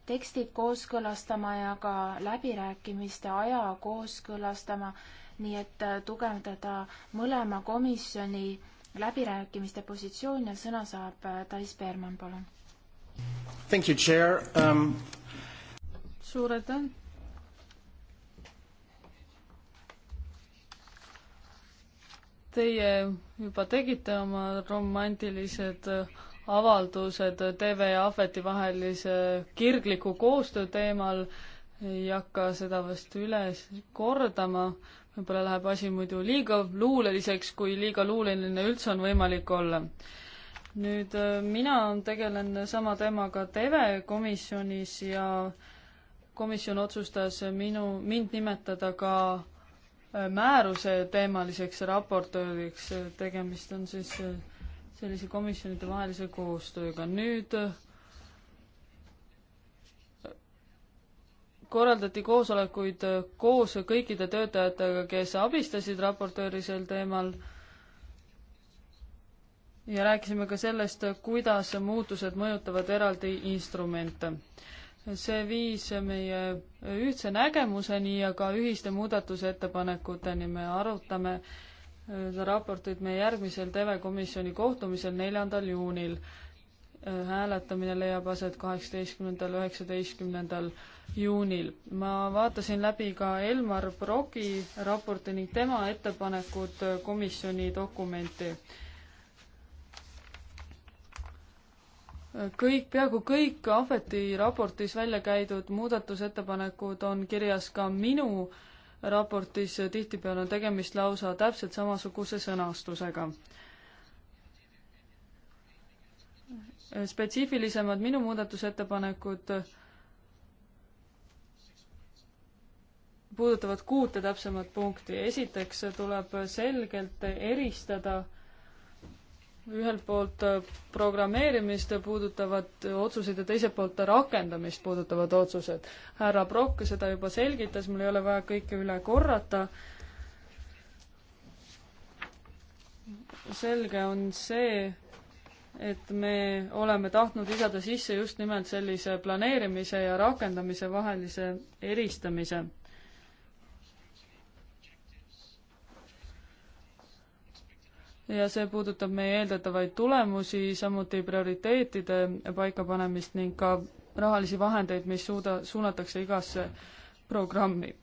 tekstid kooskõlastama ja ka läbirääkimiste aja kooskõlastama, nii et äh, tugevdada mõlema komisjoni läbirääkimiste positsioon ja sõna saab äh, Tais Berman, palun. Thank you, chair um, suur aitäh. Teie juba tegite oma romantilised avaldused TV ja Ahveti vahelise kirgliku koostöö teemal. ei hakka seda vast üle kordama. võib-olla läheb asi muidu liiga luuleliseks, kui liiga luuleline üldse on võimalik olla nüüd äh, mina tegelen sama teemaga TV komisjonis ja komisjon otsustas minu, mind nimetada ka äh, määruse teemaliseks raportööriks, tegemist on siis äh, sellise komisjonide vahelise koostööga. nüüd äh, korraldati koosolekuid koos kõikide töötajatega, kes abistasid raportööri sel teemal ja rääkisime ka sellest, kuidas muutused mõjutavad eraldi instrumente see viis meie ühtse nägemuseni ja ka ühiste muudatusettepanekuteni. me arutame äh, seda raportit meie järgmisel TV Komisjoni kohtumisel, neljandal juunil. Äh, hääletamine leiab aset kaheksateistkümnendal, üheksateistkümnendal juunil. ma vaatasin läbi ka Elmar Brogi raporti ning tema ettepanekud äh, komisjoni dokumenti kõik, peaaegu kõik Ahveti raportis välja käidud muudatusettepanekud on kirjas ka minu raportis, tihtipeale on tegemist lausa täpselt samasuguse sõnastusega. spetsiifilisemad minu muudatusettepanekud puudutavad kuute täpsemat punkti. esiteks tuleb selgelt eristada ühelt poolt äh, programmeerimist puudutavad otsused ja teiselt poolt rakendamist puudutavad otsused. härra Prokk seda juba selgitas, mul ei ole vaja kõike üle korrata. selge on see, et me oleme tahtnud lisada sisse just nimelt sellise planeerimise ja rakendamise vahelise eristamise ja see puudutab meie eeldatavaid tulemusi, samuti prioriteetide paikapanemist ning ka rahalisi vahendeid, mis suuda, suunatakse igasse programmi.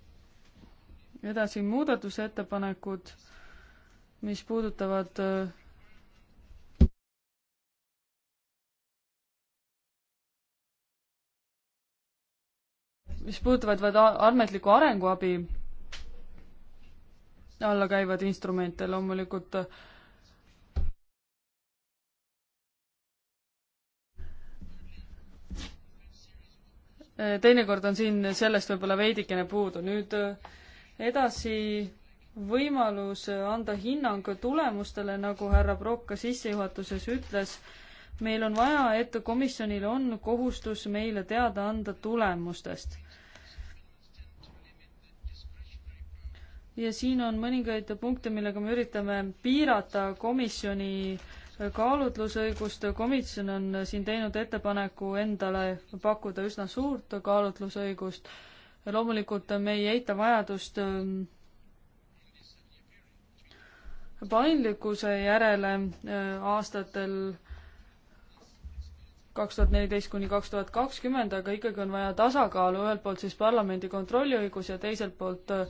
edasi muudatusettepanekud, mis puudutavad mis puudutavad vaid ametlikku arenguabi alla käivaid instrumente, loomulikult äh, Äh, teinekord on siin sellest võib-olla veidikene puudu. nüüd äh, edasi võimalus äh, anda hinnang tulemustele, nagu härra Prokk ka sissejuhatuses ütles, meil on vaja, et komisjonil on kohustus meile teada anda tulemustest. ja siin on mõningaid punkte, millega me üritame piirata komisjoni äh, kaalutlusõigust, komisjon on siin teinud ettepaneku endale pakkuda üsna suurt kaalutlusõigust. loomulikult me ei eita vajadust ähm, paindlikkuse järele äh, aastatel kaks tuhat neliteist kuni kaks tuhat kakskümmend, aga ikkagi on vaja tasakaalu, ühelt poolt siis parlamendi kontrolliõigus ja teiselt poolt äh,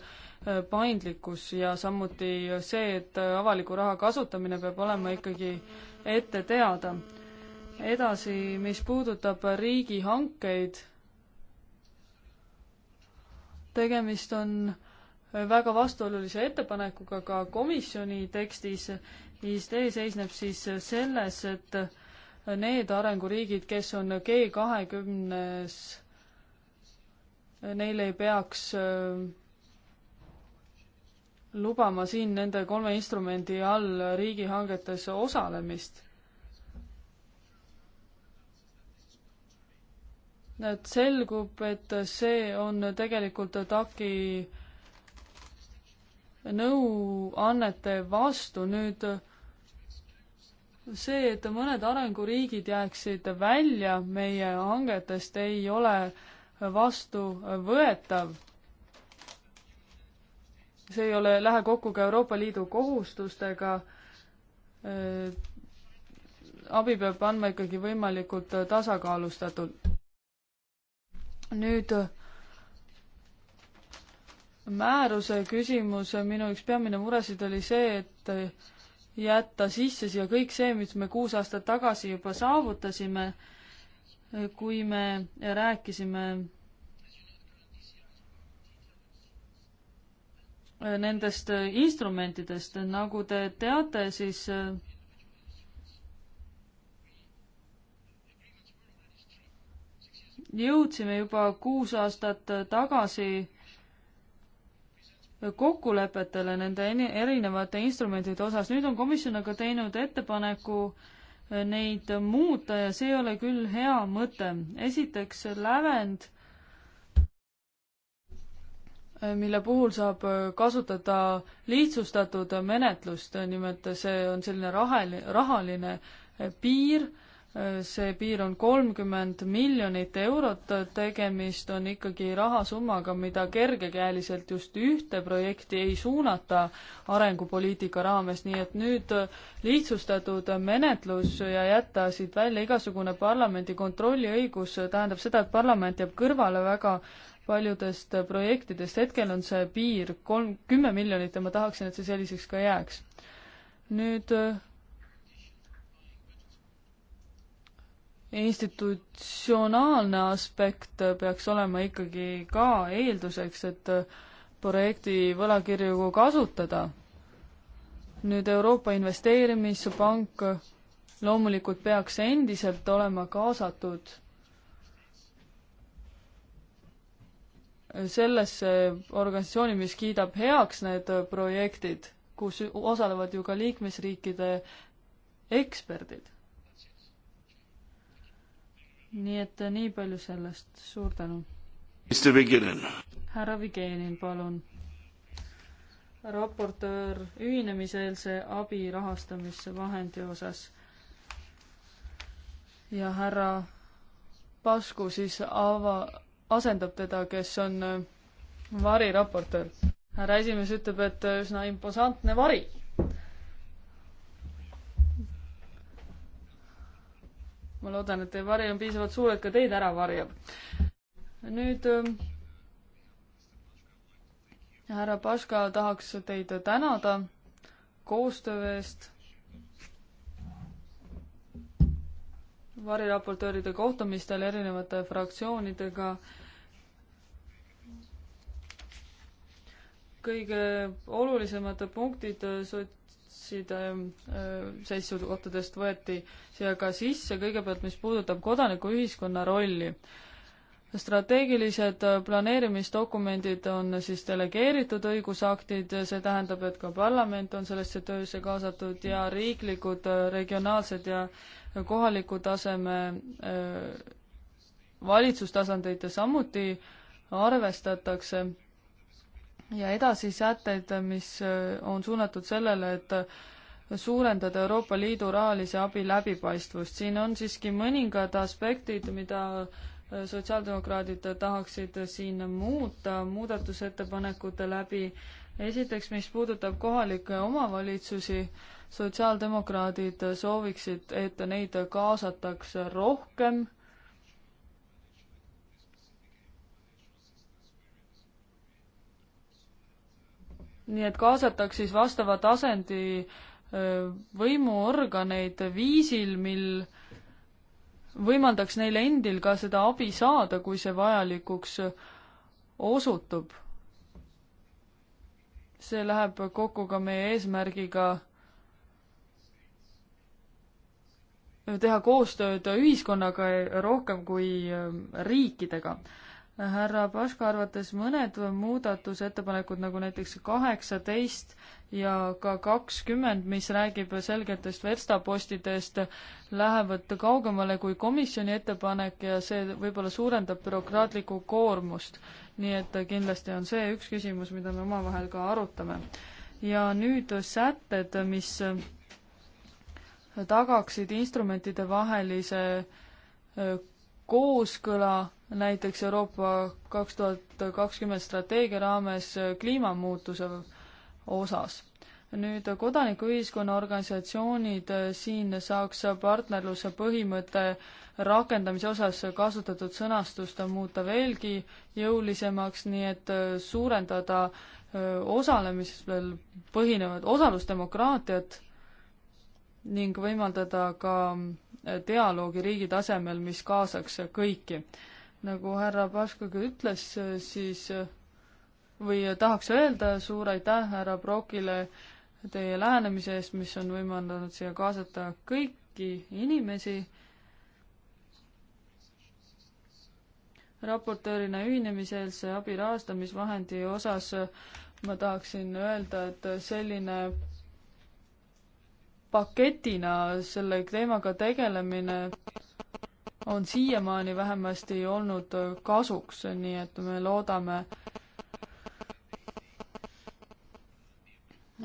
Äh, paindlikkus ja samuti see, et äh, avaliku raha kasutamine peab olema ikkagi ette teada. edasi, mis puudutab riigihankeid, tegemist on äh, väga vastuolulise ettepanekuga ka komisjoni tekstis. idee seisneb siis selles, et need arenguriigid, kes on G kahekümnes, neil ei peaks äh, lubama siin nende kolme instrumendi all riigihangetes osalemist. et selgub, et see on tegelikult TAK-i nõuannete vastu. nüüd see, et mõned arenguriigid jääksid välja meie hangetest, ei ole vastuvõetav see ei ole, lähe kokku ka Euroopa Liidu kohustustega. Äh, abi peab andma ikkagi võimalikult äh, tasakaalustatult. nüüd äh, määruse küsimus, minu üks peamine muresid oli see, et jätta sisse siia kõik see, mis me kuus aastat tagasi juba saavutasime, kui me rääkisime Äh, nendest äh, instrumentidest, nagu te teate, siis äh, jõudsime juba kuus aastat tagasi kokkulepetele nende erinevate instrumentide osas. nüüd on komisjon aga teinud ettepaneku neid muuta ja see ei ole küll hea mõte. esiteks lävend mille puhul saab äh, kasutada lihtsustatud menetlust, nimelt see on selline rahel-, rahaline äh, piir, äh, see piir on kolmkümmend miljonit eurot, tegemist on ikkagi rahasummaga, mida kergekäeliselt just ühte projekti ei suunata arengupoliitika raames, nii et nüüd lihtsustatud menetlus ja jätta siit välja igasugune parlamendi kontrolliõigus tähendab seda, et parlament jääb kõrvale väga paljudest projektidest, hetkel on see piir kolm, kümme miljonit ja ma tahaksin, et see selliseks ka jääks. nüüd äh, institutsionaalne aspekt peaks olema ikkagi ka eelduseks, et äh, projekti võlakirju kasutada. nüüd Euroopa Investeerimispank loomulikult peaks endiselt olema kaasatud sellesse organisatsiooni, mis kiidab heaks need projektid, kus osalevad ju ka liikmesriikide eksperdid. nii et nii palju sellest, suur tänu. härra Vigenin, palun. raportöör ühinemiseelse abi rahastamise vahendi osas. ja härra Pasku siis ava-, asendab teda, kes on äh, variraportöör. härra esimees ütleb, et äh, üsna imposantne vari. ma loodan, et teie vari on piisavalt suur, et ka teid ära varjab. nüüd äh, härra Paška tahaks teid tänada koostöö eest variraportööride kohtumistel erinevate fraktsioonidega. kõige olulisemad punktid sotside ähm, äh, seisukohtadest võeti siia ka sisse, kõigepealt mis puudutab kodanikuühiskonna rolli strateegilised planeerimisdokumendid on siis delegeeritud õigusaktid, see tähendab, et ka parlament on sellesse töösse kaasatud ja riiklikud, äh, regionaalsed ja kohaliku taseme valitsustasandeid samuti arvestatakse ja edasi sätteid, mis on suunatud sellele, et suurendada Euroopa Liidu rahalise abi läbipaistvust. siin on siiski mõningad aspektid, mida sotsiaaldemokraadid tahaksid siin muuta muudatusettepanekute läbi. esiteks, mis puudutab kohalikke omavalitsusi, sotsiaaldemokraadid sooviksid, et neid kaasatakse rohkem nii et kaasataks siis vastava tasandi võimuorganeid viisil, mil võimaldaks neil endil ka seda abi saada, kui see vajalikuks osutub. see läheb kokku ka meie eesmärgiga teha koostööd ühiskonnaga rohkem kui ähm, riikidega. härra Paška arvates mõned muudatusettepanekud, nagu näiteks kaheksateist ja ka kakskümmend, mis räägib selgetest verstapostidest, lähevad kaugemale kui komisjoni ettepanek ja see võib-olla suurendab bürokraatlikku koormust. nii et kindlasti on see üks küsimus, mida me omavahel ka arutame. ja nüüd sätted, mis tagaksid instrumentide vahelise kooskõla näiteks Euroopa kaks tuhat kakskümmend strateegia raames kliimamuutuse osas. nüüd kodanikuühiskonna organisatsioonid, siin saaks partnerluse põhimõte rakendamise osas kasutatud sõnastust muuta veelgi jõulisemaks, nii et suurendada osalemisel põhinevat osalusdemokraatiat ning võimaldada ka dialoogi riigi tasemel, mis kaasaks kõiki. nagu härra Paškogi ütles, siis või tahaks öelda suur aitäh härra Brokile teie lähenemise eest, mis on võimaldanud siia kaasata kõiki inimesi. raportöörina ühinemiseelse abi rahastamisvahendi osas ma tahaksin öelda, et selline paketina selle teemaga tegelemine on siiamaani vähemasti olnud kasuks, nii et me loodame,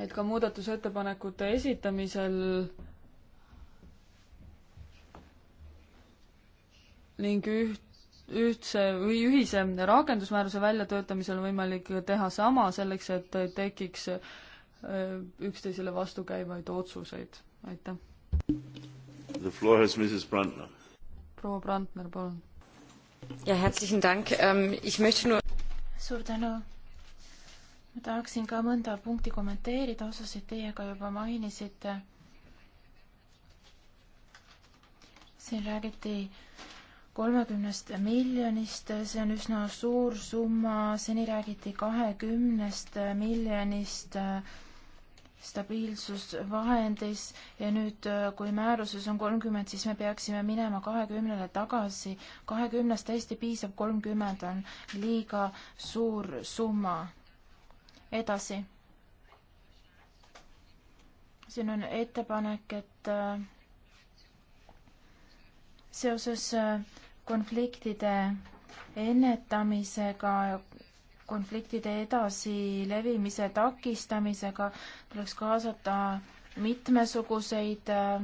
et ka muudatusettepanekute esitamisel ning üht, ühtse või ühise rakendusmääruse väljatöötamisel on võimalik teha sama selleks, et tekiks Äh, üksteisele vastukäivaid otsuseid, aitäh. The floor has Mrs Brandner. proua Brandner, palun. ja herzlichen Dank ähm,, ich möchte nur. suur tänu. ma tahaksin ka mõnda punkti kommenteerida, osasid teie ka juba mainisite. siin räägiti kolmekümnest miljonist, see on üsna suur summa, seni räägiti kahekümnest miljonist äh, stabiilsusvahendis ja nüüd, äh, kui määruses on kolmkümmend, siis me peaksime minema kahekümnele tagasi. kahekümnest täiesti piisab, kolmkümmend on liiga suur summa. edasi. siin on ettepanek, et äh, seoses äh, konfliktide ennetamisega ja konfliktide edasilevimise takistamisega tuleks kaasata mitmesuguseid äh,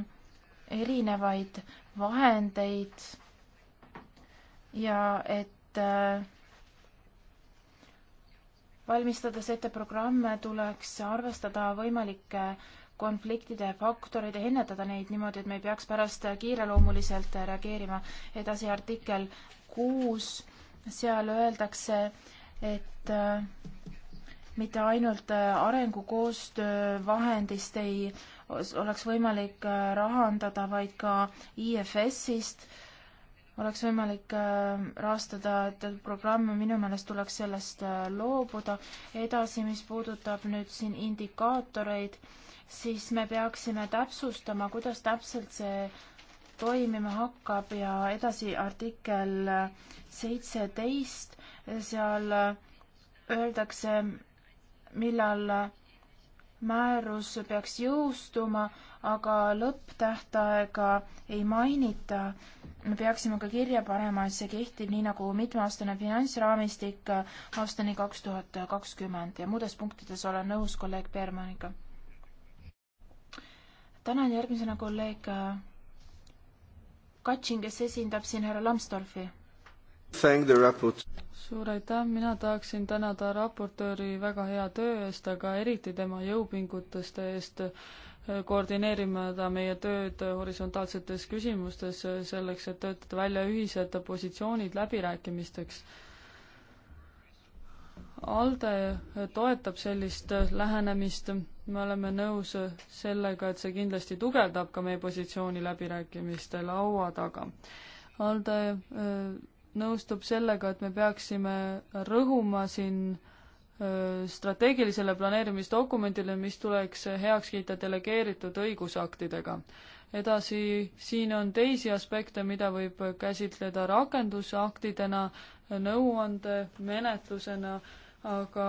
erinevaid vahendeid ja et äh, valmistades ette programme, tuleks arvestada võimalike konfliktide faktoreid ja ennetada neid niimoodi, et me ei peaks pärast kiireloomuliselt reageerima. edasi artikkel kuus, seal öeldakse, et äh, mitte ainult äh, arengukoostöö vahendist ei oleks võimalik äh, rahandada, vaid ka IFS-ist oleks võimalik rahastada teatud programme, minu meelest tuleks sellest loobuda. edasi, mis puudutab nüüd siin indikaatoreid, siis me peaksime täpsustama, kuidas täpselt see toimima hakkab ja edasi artikkel seitseteist seal äh, öeldakse, millal määrus peaks jõustuma, aga lõpptähtaega ei mainita. me peaksime ka kirja panema, et see kehtib nii nagu mitmeaastane finantsraamistik aastani kaks tuhat kakskümmend ja muudes punktides olen nõus kolleeg Bermaniga. tänan järgmisena kolleeg Katšin, kes esindab siin härra Lambsdorfi suur aitäh, mina tahaksin tänada raportööri väga hea töö eest, aga eriti tema jõupingutuste eest koordineerida meie tööd horisontaalsetes küsimustes selleks, et töötada välja ühised positsioonid läbirääkimisteks. ALDE toetab sellist lähenemist, me oleme nõus sellega, et see kindlasti tugevdab ka meie positsiooni läbirääkimiste laua taga. ALDE öö, nõustub sellega, et me peaksime rõhuma siin strateegilisele planeerimisdokumendile, mis tuleks heaks kiita delegeeritud õigusaktidega. edasi, siin on teisi aspekte, mida võib käsitleda rakendusaktidena, nõuandemenetlusena, aga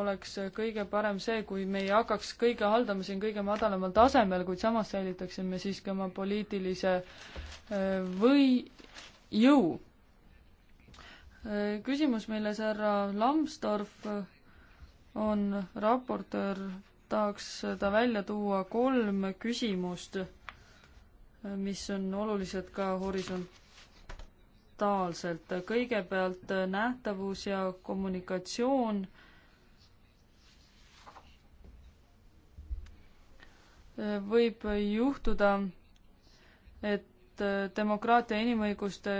oleks kõige parem see, kui me ei hakkaks kõige haldama siin kõige madalamal tasemel, kuid samas säilitaksime siiski oma poliitilise või jõu. Äh, küsimus, milles härra Lambsdorff äh, on raportöör, tahaks ta välja tuua kolm küsimust, äh, mis on olulised ka horisontaalselt. kõigepealt nähtavus ja kommunikatsioon võib juhtuda, et et äh, demokraatia ja inimõiguste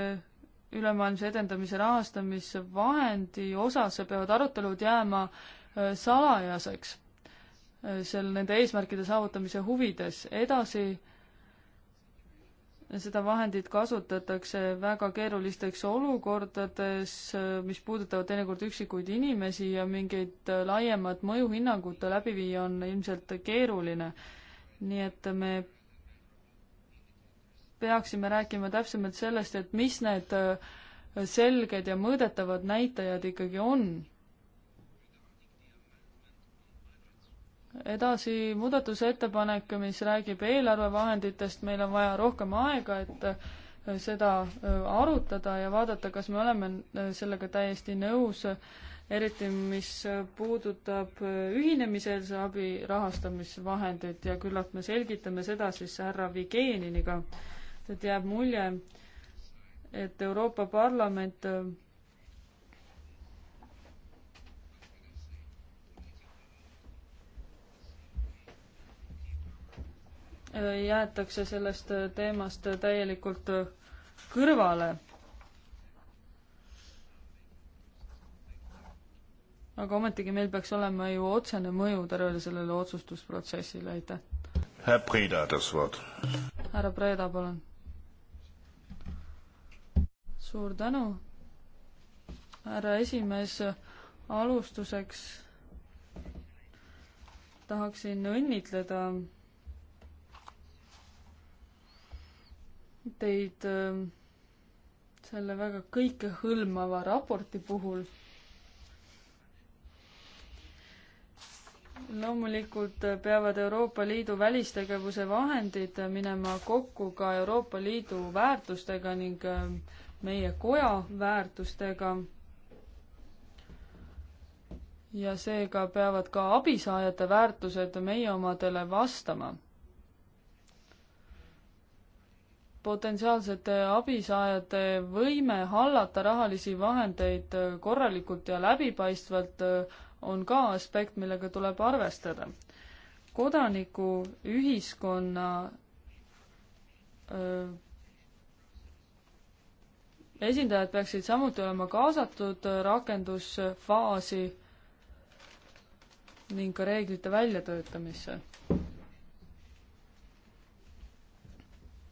ülemaailmse edendamise rahastamisvahendi osas peavad arutelud jääma äh, salajaseks äh, seal nende eesmärkide saavutamise huvides. edasi seda vahendit kasutatakse väga keerulisteks olukordades, mis puudutavad teinekord üksikuid inimesi ja mingit laiemat mõjuhinnangut läbi viia on ilmselt keeruline. nii et me peaksime rääkima täpsemalt sellest, et mis need äh, selged ja mõõdetavad näitajad ikkagi on. edasi muudatusettepanek, mis räägib eelarvevahenditest, meil on vaja rohkem aega, et äh, seda äh, arutada ja vaadata, kas me oleme sellega täiesti nõus, eriti mis puudutab ühinemiseelse abi rahastamisvahendeid ja küllap me selgitame seda siis härra Vigeniniga et jääb mulje, et Euroopa Parlament äh, jäetakse sellest teemast täielikult kõrvale. aga ometigi meil peaks olema ju otsene mõju tervele sellele otsustusprotsessile, aitäh. härra Preda, palun suur tänu, härra esimees. alustuseks tahaksin õnnitleda teid ähm, selle väga kõikehõlmava raporti puhul. loomulikult peavad Euroopa Liidu välistegevuse vahendid minema kokku ka Euroopa Liidu väärtustega ning ähm, meie koja väärtustega. ja seega peavad ka abisaajate väärtused meie omadele vastama. potentsiaalsete abisaajate võime hallata rahalisi vahendeid korralikult ja läbipaistvalt on ka aspekt, millega tuleb arvestada. kodanikuühiskonna öö, esindajad peaksid samuti olema kaasatud rakendusfaasi ning ka reeglite väljatöötamisse.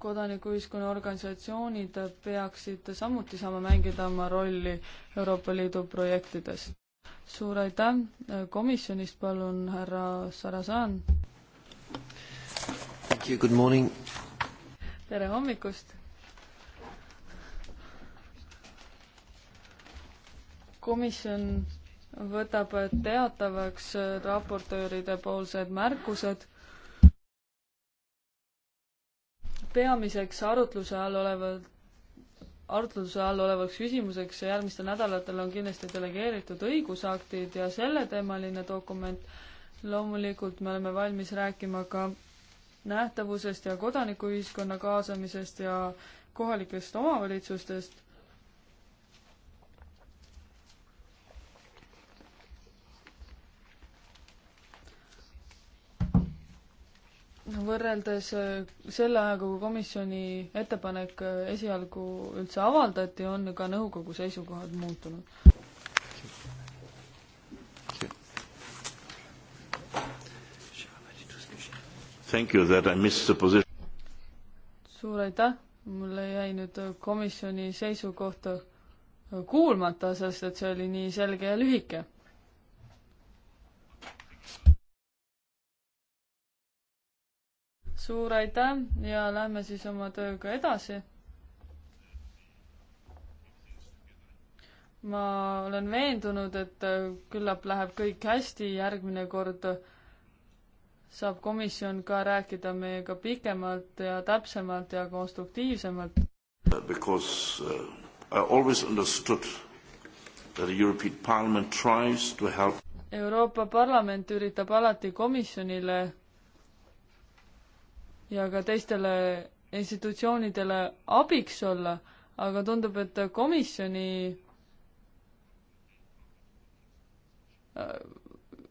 kodanikuühiskonna organisatsioonid peaksid samuti saama mängida oma rolli Euroopa Liidu projektides. suur aitäh, komisjonist palun härra Sarasan. tere hommikust komisjon võtab teatavaks raportööride poolsed märkused. peamiseks arutluse all olevat, arutluse all olevaks küsimuseks järgmistel nädalatel on kindlasti delegeeritud õigusaktid ja selleteemaline dokument. loomulikult me oleme valmis rääkima ka nähtavusest ja kodanikuühiskonna kaasamisest ja kohalikest omavalitsustest võrreldes äh, selle ajaga, kui komisjoni ettepanek äh, esialgu üldse avaldati, on ka nõukogu seisukohad muutunud. suur aitäh, mulle jäi nüüd komisjoni seisukohta kuulmata, sest et see oli nii selge ja lühike suur aitäh ja lähme siis oma tööga edasi. ma olen veendunud, et küllap läheb kõik hästi, järgmine kord saab komisjon ka rääkida meiega pikemalt ja täpsemalt ja konstruktiivsemalt. Because uh, I always understood that the European Parliament tries to help Euroopa Parlament üritab alati komisjonile ja ka teistele institutsioonidele abiks olla, aga tundub, et komisjoni äh,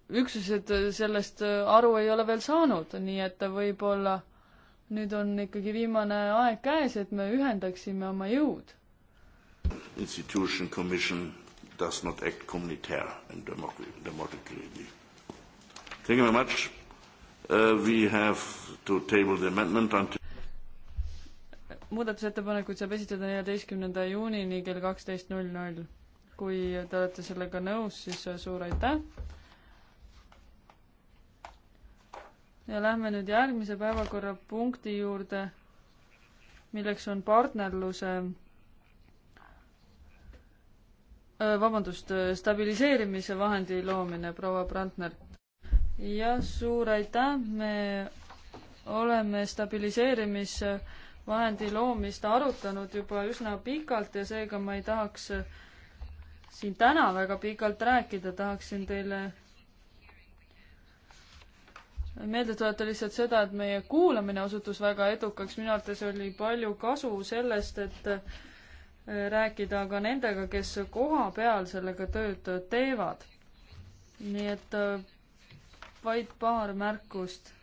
üksused sellest äh, aru ei ole veel saanud, nii et võib-olla nüüd on ikkagi viimane aeg käes, et me ühendaksime oma jõud. Institution commission does not act communitaire and democratically. Thank you very much. Uh, we have to table the amendment until muudatusettepanekuid saab esitada neljateistkümnenda juunini kell kaksteist null null. kui te olete sellega nõus, siis äh, suur aitäh. ja lähme nüüd järgmise päevakorrapunkti juurde, milleks on partnerluse äh, vabandust, äh, stabiliseerimise vahendi loomine, proua Brandner jah, suur aitäh, me oleme stabiliseerimisvahendi loomist arutanud juba üsna pikalt ja seega ma ei tahaks siin täna väga pikalt rääkida, tahaksin teile meelde tuletada lihtsalt seda, et meie kuulamine osutus väga edukaks, minu arvates oli palju kasu sellest, et äh, rääkida ka nendega, kes koha peal sellega tööd teevad. nii et äh, vaid paar märkust.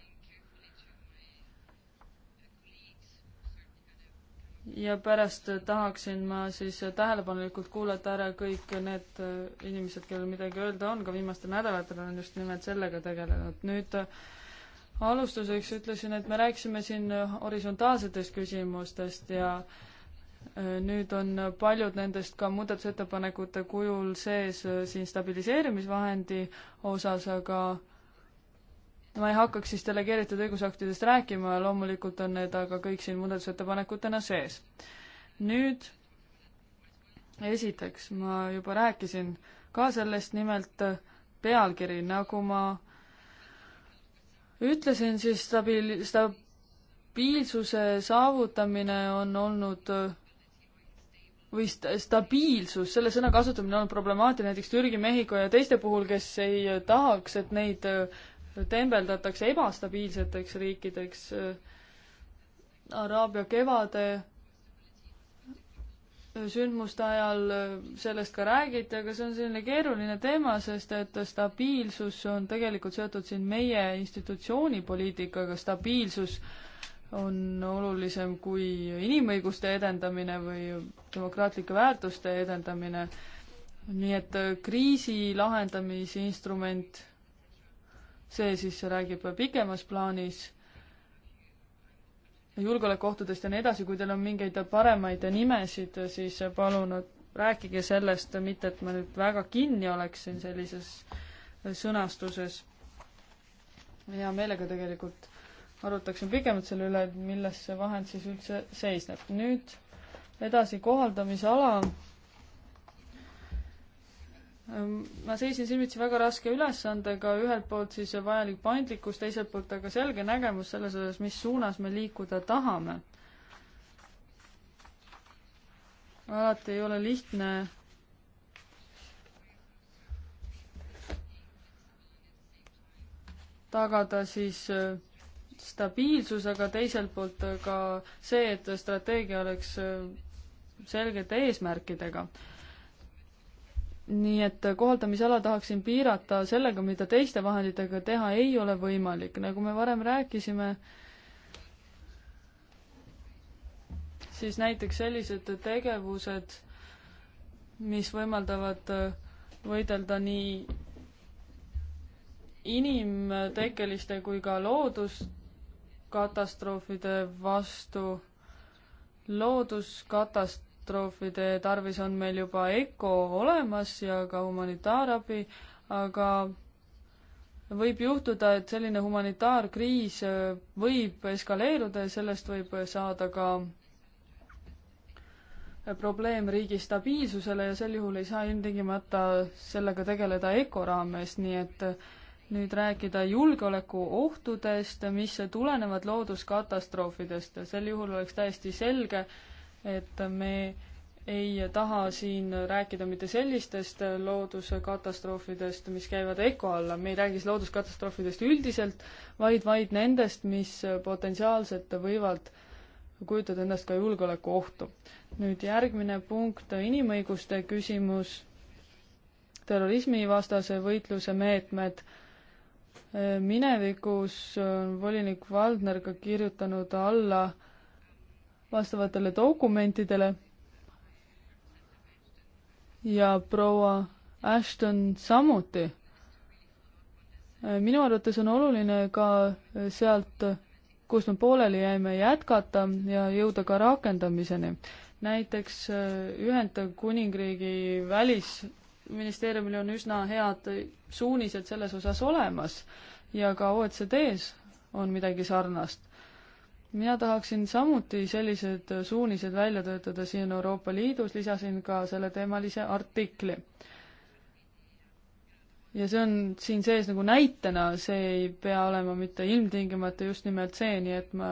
ja pärast tahaksin ma siis tähelepanelikult kuulata ära kõik need inimesed, kellel midagi öelda on, ka viimastel nädalatel olen just nimelt sellega tegelenud. nüüd alustuseks ütlesin, et me rääkisime siin horisontaalsetest küsimustest ja äh, nüüd on paljud nendest ka muudatusettepanekute kujul sees äh, siin stabiliseerimisvahendi osas, aga ma ei hakkaks siis delegeeritud õigusaktidest rääkima, loomulikult on need aga kõik siin muudatusettepanekutena sees. nüüd esiteks, ma juba rääkisin ka sellest, nimelt pealkiri, nagu ma ütlesin, siis stabiil-, stabiilsuse saavutamine on olnud või sta-, stabiilsus, selle sõna kasutamine on problemaatiline näiteks Türgi, Mehhiko ja teiste puhul, kes ei tahaks, et neid tembeldatakse ebastabiilseteks riikideks. Äh, Araabia kevade äh, sündmuste ajal äh, sellest ka räägiti, aga see on selline keeruline teema, sest et stabiilsus on tegelikult seotud siin meie institutsiooni poliitikaga, stabiilsus on olulisem kui inimõiguste edendamine või demokraatlike väärtuste edendamine. nii et kriisi lahendamise instrument see siis räägib pikemas plaanis julgeolekuohtudest ja nii edasi, kui teil on mingeid paremaid nimesid, siis palun rääkige sellest, mitte et ma nüüd väga kinni oleksin sellises sõnastuses. hea meelega tegelikult arutaksin pikemalt selle üle, et milles see vahend siis üldse seisneb. nüüd edasi kohaldamisala Ehm, ma seisin silmitsi väga raske ülesandega, ühelt poolt siis vajalik paindlikkus, teiselt poolt aga selge nägemus selles osas, mis suunas me liikuda tahame. alati ei ole lihtne tagada siis äh, stabiilsus, aga teiselt poolt ka see, et strateegia oleks äh, selgete eesmärkidega nii et kohaldamisala tahaksin piirata sellega, mida teiste vahenditega teha ei ole võimalik, nagu me varem rääkisime, siis näiteks sellised tegevused, mis võimaldavad võidelda nii inimtekkeliste kui ka looduskatastroofide vastu. looduskatast-, katastroofide tarvis on meil juba ECO olemas ja ka humanitaarabi, aga võib juhtuda, et selline humanitaarkriis äh, võib eskaleeruda ja sellest võib saada ka äh, probleem riigi stabiilsusele ja sel juhul ei saa ilmtingimata sellega tegeleda ECO raames, nii et äh, nüüd rääkida julgeolekuohtudest, mis tulenevad looduskatastroofidest ja sel juhul oleks täiesti selge, et me ei taha siin rääkida mitte sellistest looduskatastroofidest, mis käivad EKO alla, me ei räägi siis looduskatastroofidest üldiselt, vaid, vaid nendest, mis potentsiaalselt võivad kujutada endast ka julgeolekuohtu. nüüd järgmine punkt, inimõiguste küsimus, terrorismivastase võitluse meetmed, minevikus on volinik Valdner ka kirjutanud alla äh, vastavatele dokumentidele. ja proua Ashton samuti. minu arvates on oluline ka sealt, kus me pooleli jäime, jätkata ja jõuda ka rakendamiseni. näiteks äh, Ühendkuningriigi välisministeeriumil on üsna head suunised selles osas olemas ja ka OECD-s on midagi sarnast mina tahaksin samuti sellised suunised välja töötada siin Euroopa Liidus, lisasin ka selleteemalise artikli. ja see on siin sees nagu näitena, see ei pea olema mitte ilmtingimata just nimelt see, nii et ma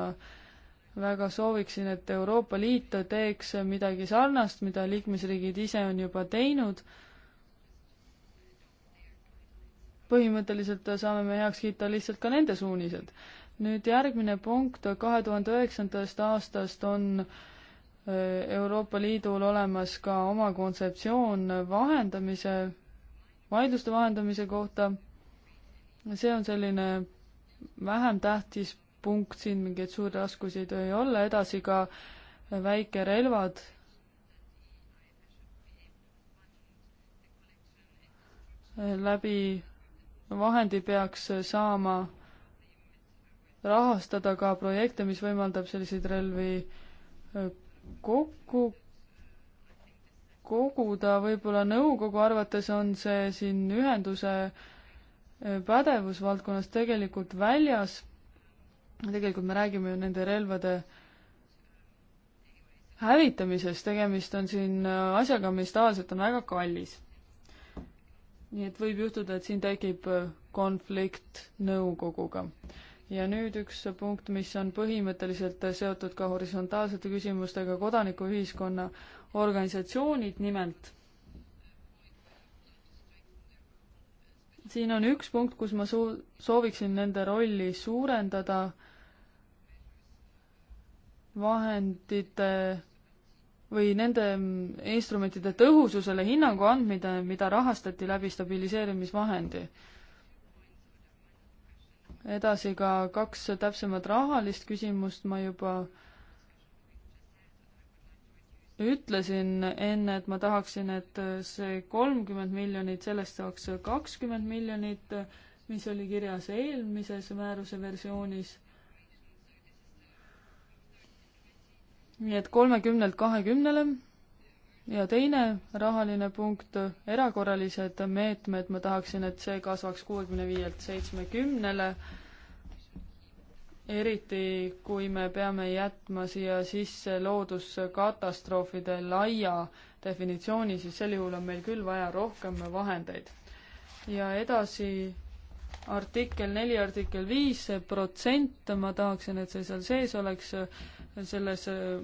väga sooviksin, et Euroopa Liit teeks midagi sarnast, mida liikmesriigid ise on juba teinud põhimõtteliselt saame me heaks kiita lihtsalt ka nende suunised. nüüd järgmine punkt, kahe tuhande üheksandast aastast on äh, Euroopa Liidul olemas ka oma kontseptsioon vahendamise, vaidluste vahendamise kohta. see on selline vähem tähtis punkt, siin mingeid suuri raskusi ei tohi olla, edasi ka äh, väikerelvad äh, läbi vahendi peaks saama rahastada ka projekte, mis võimaldab selliseid relvi äh, kokku koguda, võib-olla nõukogu arvates on see siin ühenduse äh, pädevusvaldkonnast tegelikult väljas. tegelikult me räägime ju nende relvade hävitamisest, tegemist on siin äh, asjaga, mis tavaliselt on väga kallis nii et võib juhtuda, et siin tekib äh, konflikt nõukoguga. ja nüüd üks punkt, mis on põhimõtteliselt äh, seotud ka horisontaalsete küsimustega, kodanikuühiskonna organisatsioonid nimelt. siin on üks punkt, kus ma soo-, sooviksin nende rolli suurendada vahendite või nende instrumentide tõhususele hinnangu andmine, mida rahastati läbi stabiliseerimisvahendi. edasi ka kaks täpsemat rahalist küsimust ma juba ütlesin enne, et ma tahaksin, et see kolmkümmend miljonit, sellest saaks kakskümmend miljonit, mis oli kirjas eelmises määruse versioonis nii et kolmekümnelt kahekümnele ja teine rahaline punkt, erakorralised meetmed, ma tahaksin, et see kasvaks kuuekümne viielt seitsmekümnele, eriti kui me peame jätma siia sisse looduskatastroofide laia definitsiooni, siis sel juhul on meil küll vaja rohkem vahendeid. ja edasi artikkel neli, artikkel viis, see protsent, ma tahaksin, et see seal sees oleks, selles äh,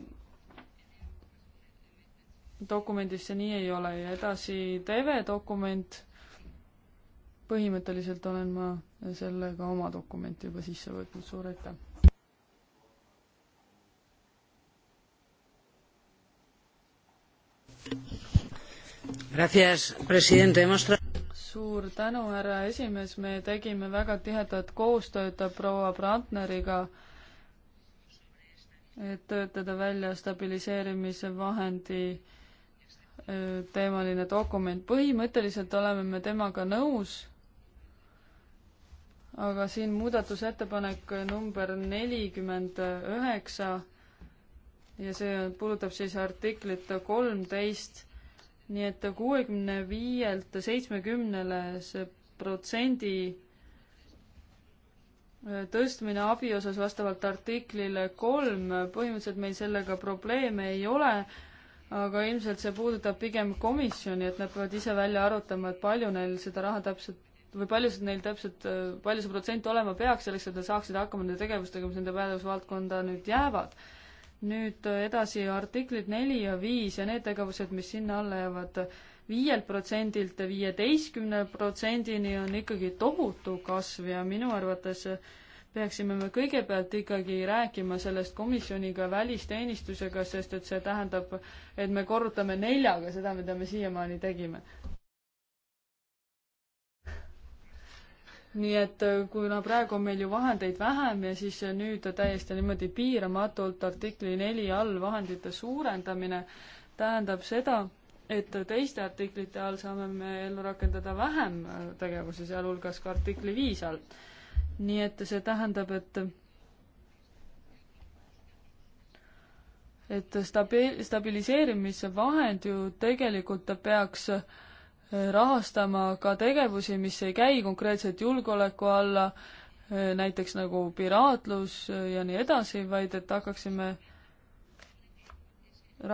dokumendis see nii ei ole ja edasi TV dokument. põhimõtteliselt olen ma sellega oma dokumenti juba sisse võtnud, suur aitäh. suur tänu, härra esimees, me tegime väga tihedat koostööd proua Brandneriga et töötada välja stabiliseerimise vahendi teemaline dokument. põhimõtteliselt oleme me temaga nõus, aga siin muudatusettepanek number nelikümmend üheksa ja see puudutab siis artiklit kolmteist, nii et kuuekümne viielt seitsmekümnele see protsendi tõstmine abi osas vastavalt artiklile kolm, põhimõtteliselt meil sellega probleeme ei ole, aga ilmselt see puudutab pigem komisjoni, et nad peavad ise välja arutama, et palju neil seda raha täpselt või palju see neil täpselt, palju see protsent olema peaks selleks, et nad saaksid hakkama nende tegevustega, mis nende pädevusvaldkonda nüüd jäävad. nüüd edasi artiklid neli ja viis ja need tegevused, mis sinna alla jäävad viielt protsendilt viieteistkümne protsendini on ikkagi tohutu kasv ja minu arvates peaksime me kõigepealt ikkagi rääkima sellest komisjoniga, välisteenistusega, sest et see tähendab, et me korrutame neljaga seda, mida me siiamaani tegime. nii et äh, kuna praegu on meil ju vahendeid vähem ja siis nüüd täiesti niimoodi piiramatult artikli neli all vahendite suurendamine tähendab seda, et teiste artiklite all saame me ellu rakendada vähem äh, tegevusi, sealhulgas ka artikli viis all. nii et see tähendab, et et stabi-, stabiliseerimisvahend ju tegelikult peaks äh, rahastama ka tegevusi, mis ei käi konkreetselt julgeoleku alla, äh, näiteks nagu piraatlus ja nii edasi, vaid et hakkaksime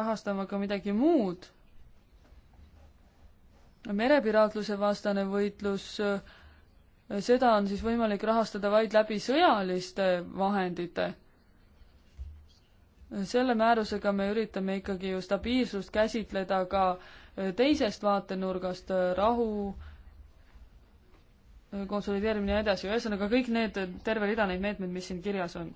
rahastama ka midagi muud merepiraatluse vastane võitlus, seda on siis võimalik rahastada vaid läbi sõjaliste vahendite. selle määrusega me üritame ikkagi ju stabiilsust käsitleda ka teisest vaatenurgast, rahu, konsolideerimine ja nii edasi, ühesõnaga kõik need, terve rida neid meetmeid, mis siin kirjas on.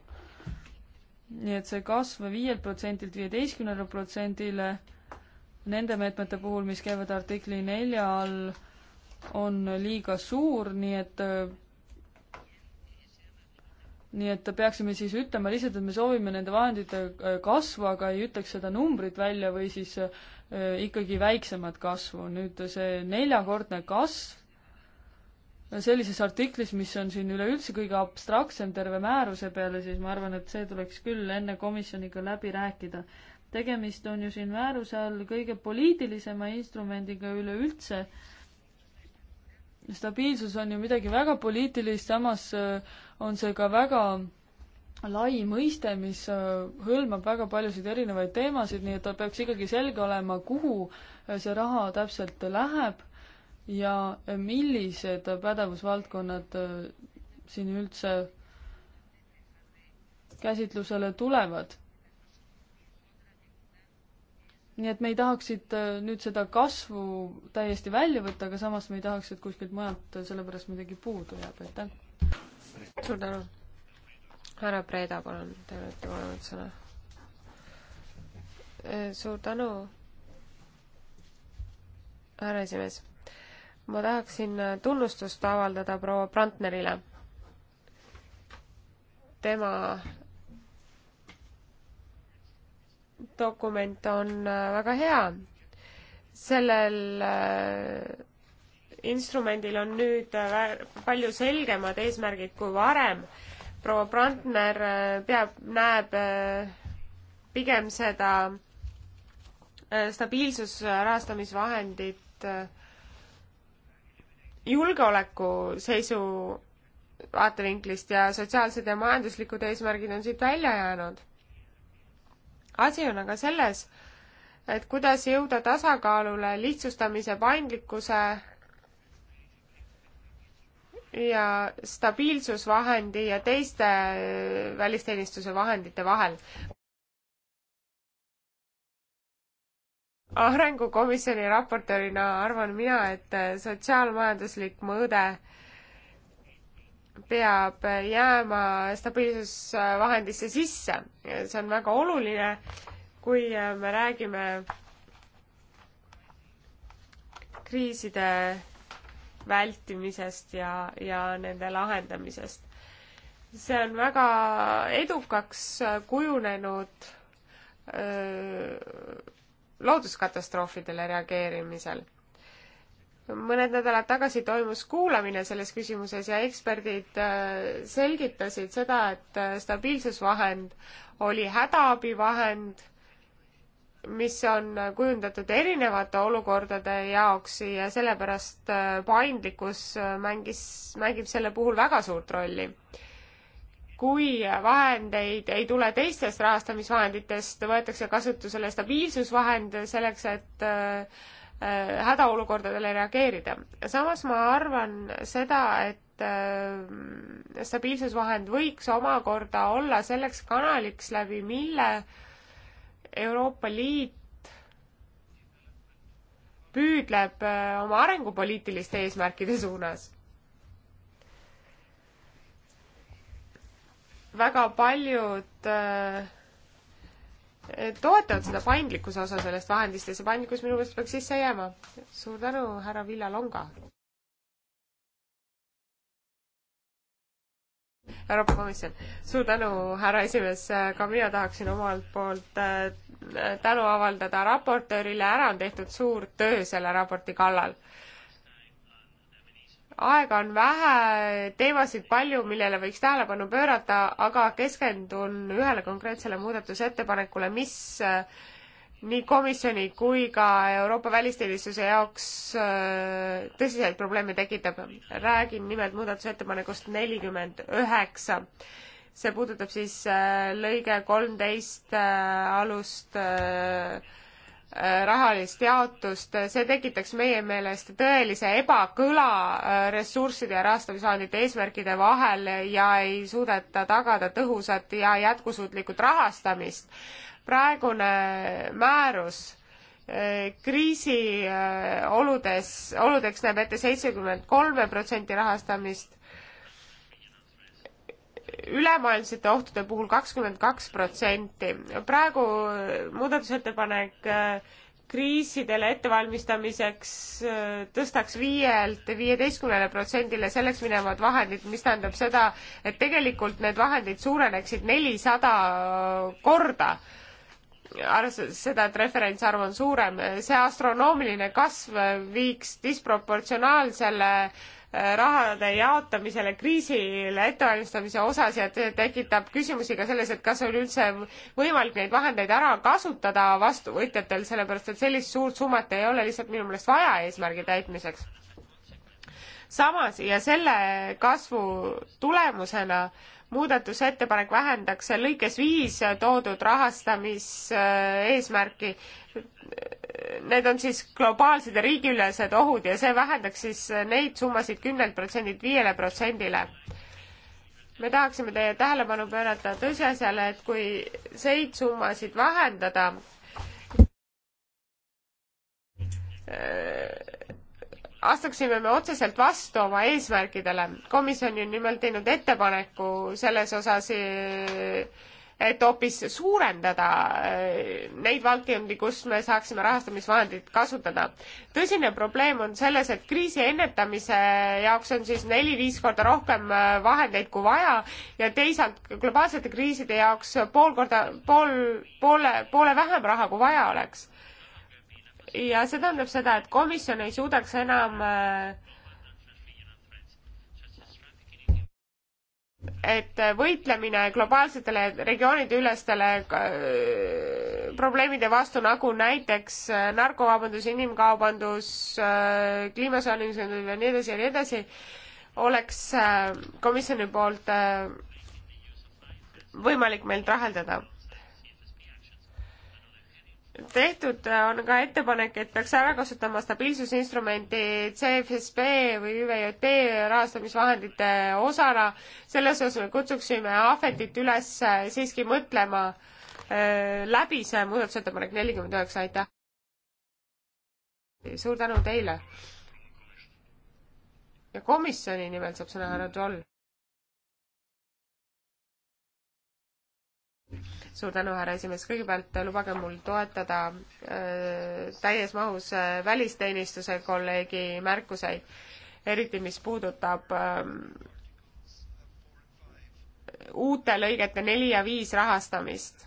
nii et see kasv viielt protsendilt viieteistkümnele protsendile nende meetmete puhul, mis käivad artikli nelja all, on liiga suur, nii et nii et peaksime siis ütlema lihtsalt, et me soovime nende vahendite äh, kasvu, aga ei ütleks seda numbrit välja või siis äh, ikkagi väiksemat kasvu. nüüd see neljakordne kasv sellises artiklis, mis on siin üleüldse kõige abstraktsem terve määruse peale, siis ma arvan, et see tuleks küll enne komisjoniga läbi rääkida tegemist on ju siin määruse all kõige poliitilisema instrumendiga üleüldse. stabiilsus on ju midagi väga poliitilist, samas äh, on see ka väga lai mõiste, mis äh, hõlmab väga paljusid erinevaid teemasid, nii et ta peaks ikkagi selge olema, kuhu äh, see raha täpselt läheb ja millised pädevusvaldkonnad siin üldse käsitlusele tulevad nii et me ei tahaks siit äh, nüüd seda kasvu täiesti välja võtta, aga samas me ei tahaks, et kuskilt mujalt äh, selle pärast midagi puudu jääb, aitäh. suur tänu. härra Preeda, palun, te olete vajanud sõna. Äh, suur tänu, härra esimees. ma tahaksin tunnustust avaldada proua Brandnerile. tema dokument on äh, väga hea. sellel äh, instrumendil on nüüd äh, palju selgemad eesmärgid kui varem. proua Brandner peab, näeb pigem seda stabiilsusrahastamisvahendit julgeoleku seisu vaatevinklist ja sotsiaalsed ja majanduslikud eesmärgid on siit välja jäänud asi on aga selles, et kuidas jõuda tasakaalule lihtsustamise, paindlikkuse ja stabiilsusvahendi ja teiste äh, välisteenistuse vahendite vahel. arengukomisjoni raportöörina arvan mina, et äh, sotsiaalmajanduslik mõõde äh, peab jääma stabiilsusvahendisse sisse. see on väga oluline, kui me räägime kriiside vältimisest ja, ja nende lahendamisest. see on väga edukaks kujunenud öö, äh, looduskatastroofidele reageerimisel mõned nädalad tagasi toimus kuulamine selles küsimuses ja eksperdid äh, selgitasid seda, et äh, stabiilsusvahend oli hädaabivahend, mis on kujundatud erinevate olukordade jaoks ja sellepärast äh, paindlikkus mängis, mängib selle puhul väga suurt rolli kui vahendeid ei tule teistest rahastamisvahenditest, võetakse kasutusele stabiilsusvahend selleks, et Äh, hädaolukordadele reageerida. samas ma arvan seda, et äh, stabiilsusvahend võiks omakorda olla selleks kanaliks, läbi mille Euroopa Liit püüdleb äh, oma arengupoliitiliste eesmärkide suunas. väga paljud äh, toetavad seda paindlikkuse osa sellest vahendist ja see paindlikkus minu meelest peaks sisse jääma. suur tänu, härra Villalonga. Euroopa Komisjon, suur tänu, härra esimees, ka mina tahaksin omalt poolt äh, tänu avaldada raportöörile, ära on tehtud suur töö selle raporti kallal aega on vähe, teemasid palju, millele võiks tähelepanu pöörata, aga keskendun ühele konkreetsele muudatusettepanekule, mis äh, nii komisjoni kui ka Euroopa välisteenistuse jaoks äh, tõsiseid probleeme tekitab. räägin nimelt muudatusettepanekust nelikümmend üheksa. see puudutab siis äh, lõige kolmteist alust rahalist jaotust, see tekitaks meie meelest tõelise ebakõla äh, ressursside ja rahastamisvahendite eesmärkide vahel ja ei suudeta tagada tõhusat ja jätkusuutlikult rahastamist. praegune määrus äh, kriisioludes, äh, oludeks näeb ette seitsekümmend kolme protsenti rahastamist ülemaailmsete ohtude puhul kakskümmend kaks protsenti. praegu muudatusettepanek äh, kriisidele ettevalmistamiseks äh, tõstaks viielt viieteistkümnele protsendile selleks minevad vahendid, mis tähendab seda, et tegelikult need vahendid suureneksid nelisada korda. arvestades seda, et referentsarv on suurem, see astronoomiline kasv viiks disproportsionaalsele äh, rahade jaotamisele kriisile ettevalmistamise osas ja tekitab küsimusi ka selles, et kas on üldse võimalik neid vahendeid ära kasutada vastuvõtjatel, sellepärast et sellist suurt summat ei ole lihtsalt minu meelest vaja eesmärgi täitmiseks. samas ja selle kasvu tulemusena muudatusettepanek vähendaks lõikes viis toodud rahastamis eesmärki need on siis globaalsed ja riigiülesed ohud ja see vähendaks siis neid summasid kümnelt protsendilt viiele protsendile. me tahaksime teie tähelepanu pöörata tõsiasjale, et kui neid summasid vähendada, äh, astuksime me otseselt vastu oma eesmärkidele. komisjon on nimelt teinud ettepaneku selles osas äh, et hoopis suurendada äh, neid valdkondi, kus me saaksime rahastamisvahendit kasutada. tõsine probleem on selles, et kriisi ennetamise jaoks on siis neli-viis korda rohkem äh, vahendeid kui vaja ja teisalt globaalsete kriiside jaoks pool korda, pool, poole, poole vähem raha, kui vaja oleks. ja see tähendab seda, et komisjon ei suudaks enam äh, et võitlemine globaalsetele regioonide ülestele äh, probleemide vastu, nagu näiteks äh, narkovabandus, inimkaubandus, äh, kliima soojenemine ja nii edasi ja nii edasi, oleks komisjoni poolt võimalik meil täheldada tehtud on ka ettepanek, et peaks ära kasutama stabiilsusinstrumenti CFSB või ÜVJT rahastamisvahendite osana. selles osas me kutsuksime Ahvetit üles äh, siiski mõtlema äh, läbi see muudatusettepanek nelikümmend üheksa, aitäh! suur tänu teile! ja komisjoni nimel saab sõna härra Troll suur tänu, härra esimees, kõigepealt lubage mul toetada öö, äh, täies mahus äh, välisteenistuse kolleegi märkuseid, eriti mis puudutab öö, ähm, uute lõigete neli ja viis rahastamist.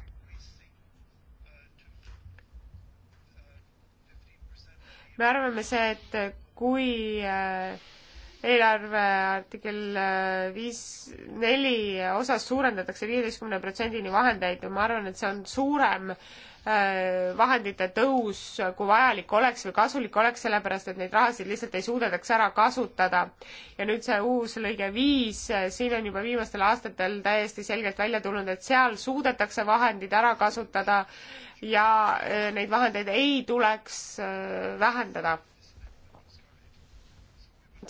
me arvame see, et kui öö, äh, eelarve artikkel äh, viis, neli osas suurendatakse viieteistkümne protsendini vahendeid ja ma arvan, et see on suurem äh, vahendite tõus, kui vajalik oleks või kasulik oleks, sellepärast et neid rahasid lihtsalt ei suudetaks ära kasutada. ja nüüd see uus lõige viis, äh, siin on juba viimastel aastatel täiesti selgelt välja tulnud, et seal suudetakse vahendid ära kasutada ja neid vahendeid ei tuleks vähendada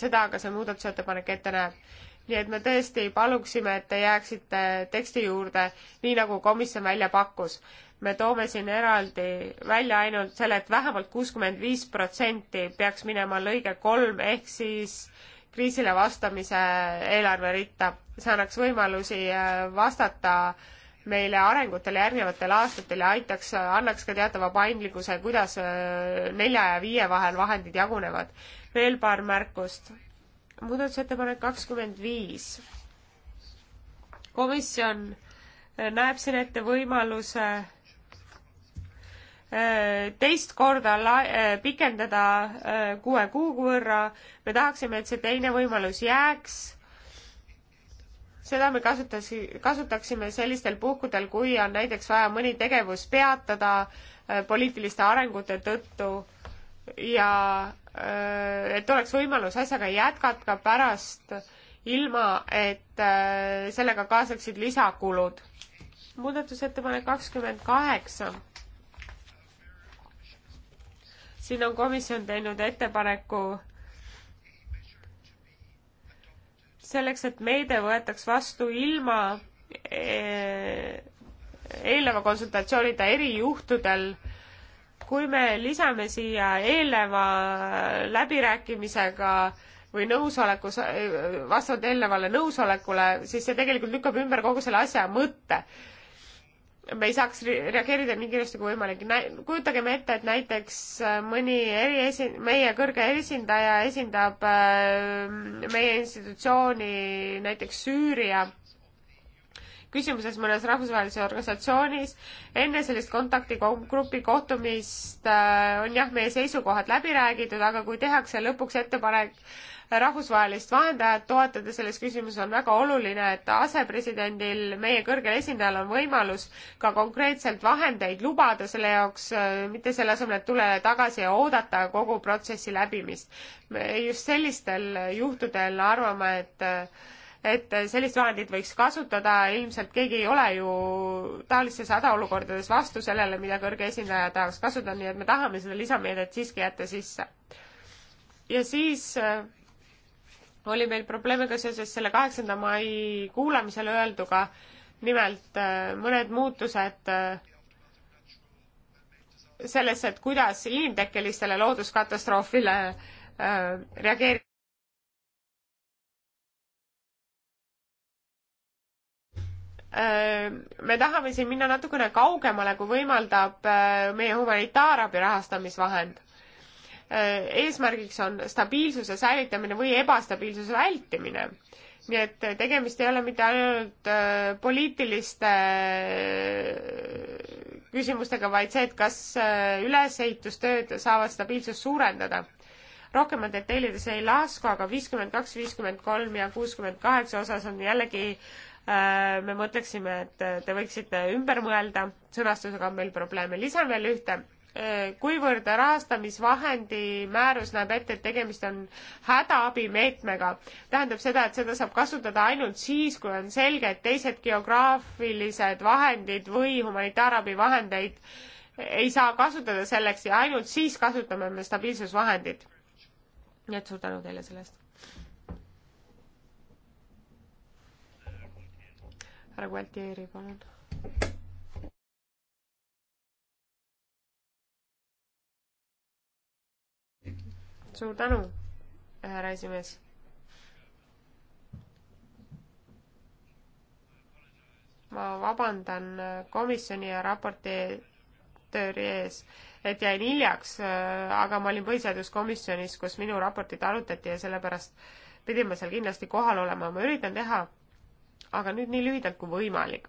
seda ka see muudatusettepanek ette näeb. nii et me tõesti paluksime, et te jääksite teksti juurde, nii nagu komisjon välja pakkus. me toome siin eraldi välja ainult selle, et vähemalt kuuskümmend viis protsenti peaks minema lõige kolm ehk siis kriisile vastamise eelarveritta. see annaks võimalusi äh, vastata meile arengutele järgnevatel aastatel ja aitaks, annaks ka teatava paindlikkuse, kuidas äh, nelja ja viie vahel vahendid jagunevad veel paar märkust. muudatusettepanek kakskümmend viis. komisjon äh, näeb siin ette võimaluse äh, teist korda la-, äh, pikendada kuue kuu võrra, me tahaksime, et see teine võimalus jääks, seda me kasutas, kasutaksime sellistel puhkudel, kui on näiteks vaja mõni tegevus peatada poliitiliste arengute tõttu ja Äh, et oleks võimalus asjaga jätkata ka pärast, ilma et äh, sellega kaasaksid lisakulud. muudatusettepanek kakskümmend kaheksa. siin on komisjon teinud ettepaneku selleks, et meede võetaks vastu ilma äh, eelneva konsultatsioonita erijuhtudel e kui me lisame siia eelneva läbirääkimisega või nõusoleku, vastavalt eelnevale nõusolekule, siis see tegelikult lükkab ümber kogu selle asja mõtte. me ei saaks reageerida nii kiiresti kui võimalik. kujutagem ette, et näiteks äh, mõni eriesi-, meie kõrge esindaja esindab äh, meie institutsiooni näiteks Süüria küsimuses mõnes rahvusvahelises organisatsioonis. enne sellist kontaktigrupi kohtumist äh, on jah, meie seisukohad läbi räägitud, aga kui tehakse lõpuks ettepanek rahvusvahelist vahendajat toetada selles küsimuses on väga oluline, et asepresidendil, meie kõrgel esindajal on võimalus ka konkreetselt vahendeid lubada selle jaoks, äh, mitte selle asemel, et tule tagasi ja oodata kogu protsessi läbimist. just sellistel juhtudel arvame, et äh, et sellist vahendit võiks kasutada, ilmselt keegi ei ole ju taolistes hädaolukordades vastu sellele, mida kõrge esindaja tahaks kasutada, nii et me tahame seda lisameedet siiski jätta sisse. ja siis äh, oli meil probleeme ka seoses selle kaheksanda mai kuulamisel öelduga, nimelt äh, mõned muutused äh, selles, et kuidas inimtekkelistele looduskatastroofile reageerida Äh, me tahame siin minna natukene kaugemale, kui võimaldab äh, meie humanitaarabi rahastamisvahend. Äh, eesmärgiks on stabiilsuse säilitamine või ebastabiilsuse vältimine. nii et tegemist ei ole mitte ainult poliitiliste küsimustega, vaid see, et kas ülesehitustööd saavad stabiilsust suurendada rohkem detailidesse ei lasku, aga viiskümmend kaks, viiskümmend kolm ja kuuskümmend kaheksa osas on jällegi äh, Äh, me mõtleksime, et te võiksite ümber mõelda, sõnastusega on meil probleeme. lisan veel ühte, äh, kuivõrd rahastamisvahendi määrus näeb ette, et tegemist on hädaabimeetmega, tähendab seda, et seda saab kasutada ainult siis, kui on selge, et teised geograafilised vahendid või humanitaarabivahendeid ei saa kasutada selleks ja ainult siis kasutame me stabiilsusvahendit. nii et suur tänu teile selle eest. härra Gualtieri, palun. suur tänu, härra esimees. ma vabandan komisjoni ja raporti direktööri ees, et jäin hiljaks, aga ma olin põhiseaduskomisjonis, kus minu raportit arutati ja sellepärast pidin ma seal kindlasti kohal olema. ma üritan teha aga nüüd nii lühidalt kui võimalik.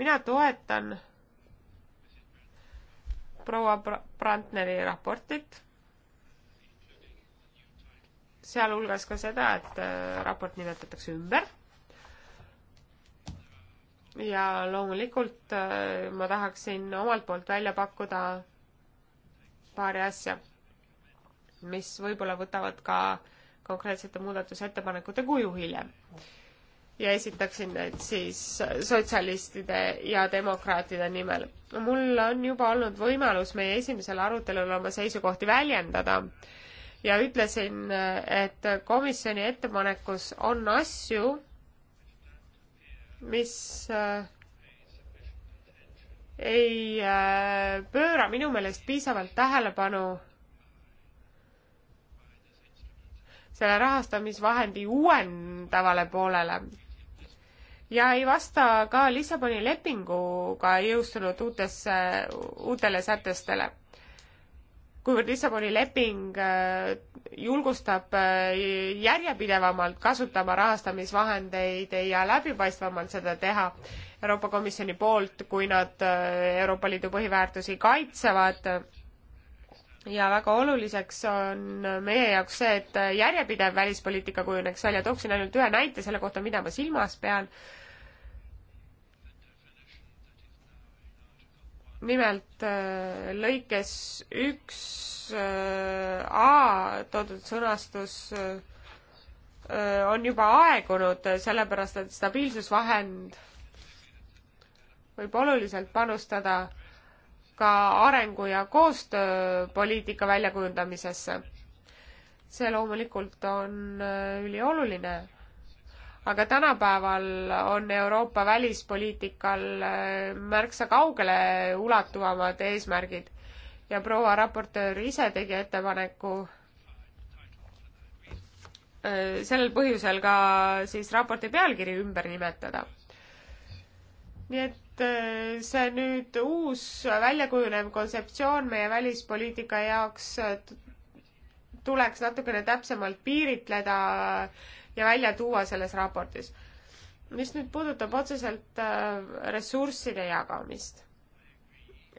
mina toetan proua Brandneri raportit, sealhulgas ka seda, et äh, raport nimetatakse ümber. ja loomulikult äh, ma tahaksin omalt poolt välja pakkuda paari asja, mis võib-olla võtavad ka äh, konkreetsete muudatusettepanekute kuju hiljem. ja esitaksin need siis sotsialistide ja demokraatide nimel. mul on juba olnud võimalus meie esimesel arutelul oma seisukohti väljendada ja ütlesin, et komisjoni ettepanekus on asju, mis äh, ei äh, pööra minu meelest piisavalt tähelepanu selle rahastamisvahendi uuendavale poolele ja ei vasta ka Lissaboni lepinguga jõustunud uutesse, uutele sätestele. kuivõrd Lissaboni leping äh, julgustab äh, järjepidevamalt kasutama rahastamisvahendeid ja läbipaistvamalt seda teha Euroopa Komisjoni poolt, kui nad äh, Euroopa Liidu põhiväärtusi kaitsevad ja väga oluliseks on meie jaoks see, et järjepidev välispoliitika kujuneks välja. tooksin ainult ühe näite selle kohta, mida ma silmas pean. nimelt äh, lõikes üks äh, A toodud sõnastus äh, on juba aegunud, sellepärast et stabiilsusvahend võib oluliselt panustada ka arengu- ja koostööpoliitika väljakujundamisesse. see loomulikult on äh, ülioluline, aga tänapäeval on Euroopa välispoliitikal äh, märksa kaugele ulatuvamad eesmärgid ja proua raportöör ise tegi ettepaneku äh, sellel põhjusel ka siis raporti pealkiri ümber nimetada. nii et Äh, see nüüd uus väljakujunev kontseptsioon meie välispoliitika jaoks äh, tuleks natukene täpsemalt piiritleda ja välja tuua selles raportis. mis nüüd puudutab otseselt äh, ressursside jagamist,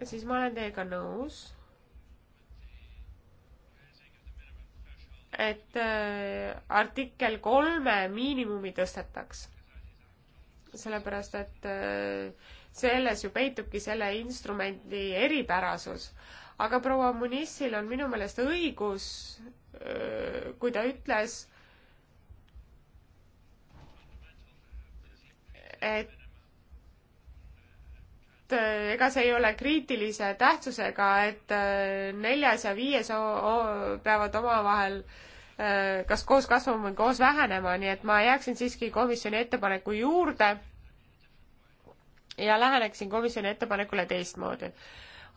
siis ma olen teiega nõus et äh, artikkel kolme miinimumi tõstetaks. sellepärast, et äh, selles ju peitubki selle instrumendi eripärasus. aga proua Munissil on minu meelest õigus, kui ta ütles, et ega see ei ole kriitilise tähtsusega, et neljas ja viies peavad omavahel kas koos kasvama või koos vähenema, nii et ma jääksin siiski komisjoni ettepaneku juurde ja läheneksin komisjoni ettepanekule teistmoodi.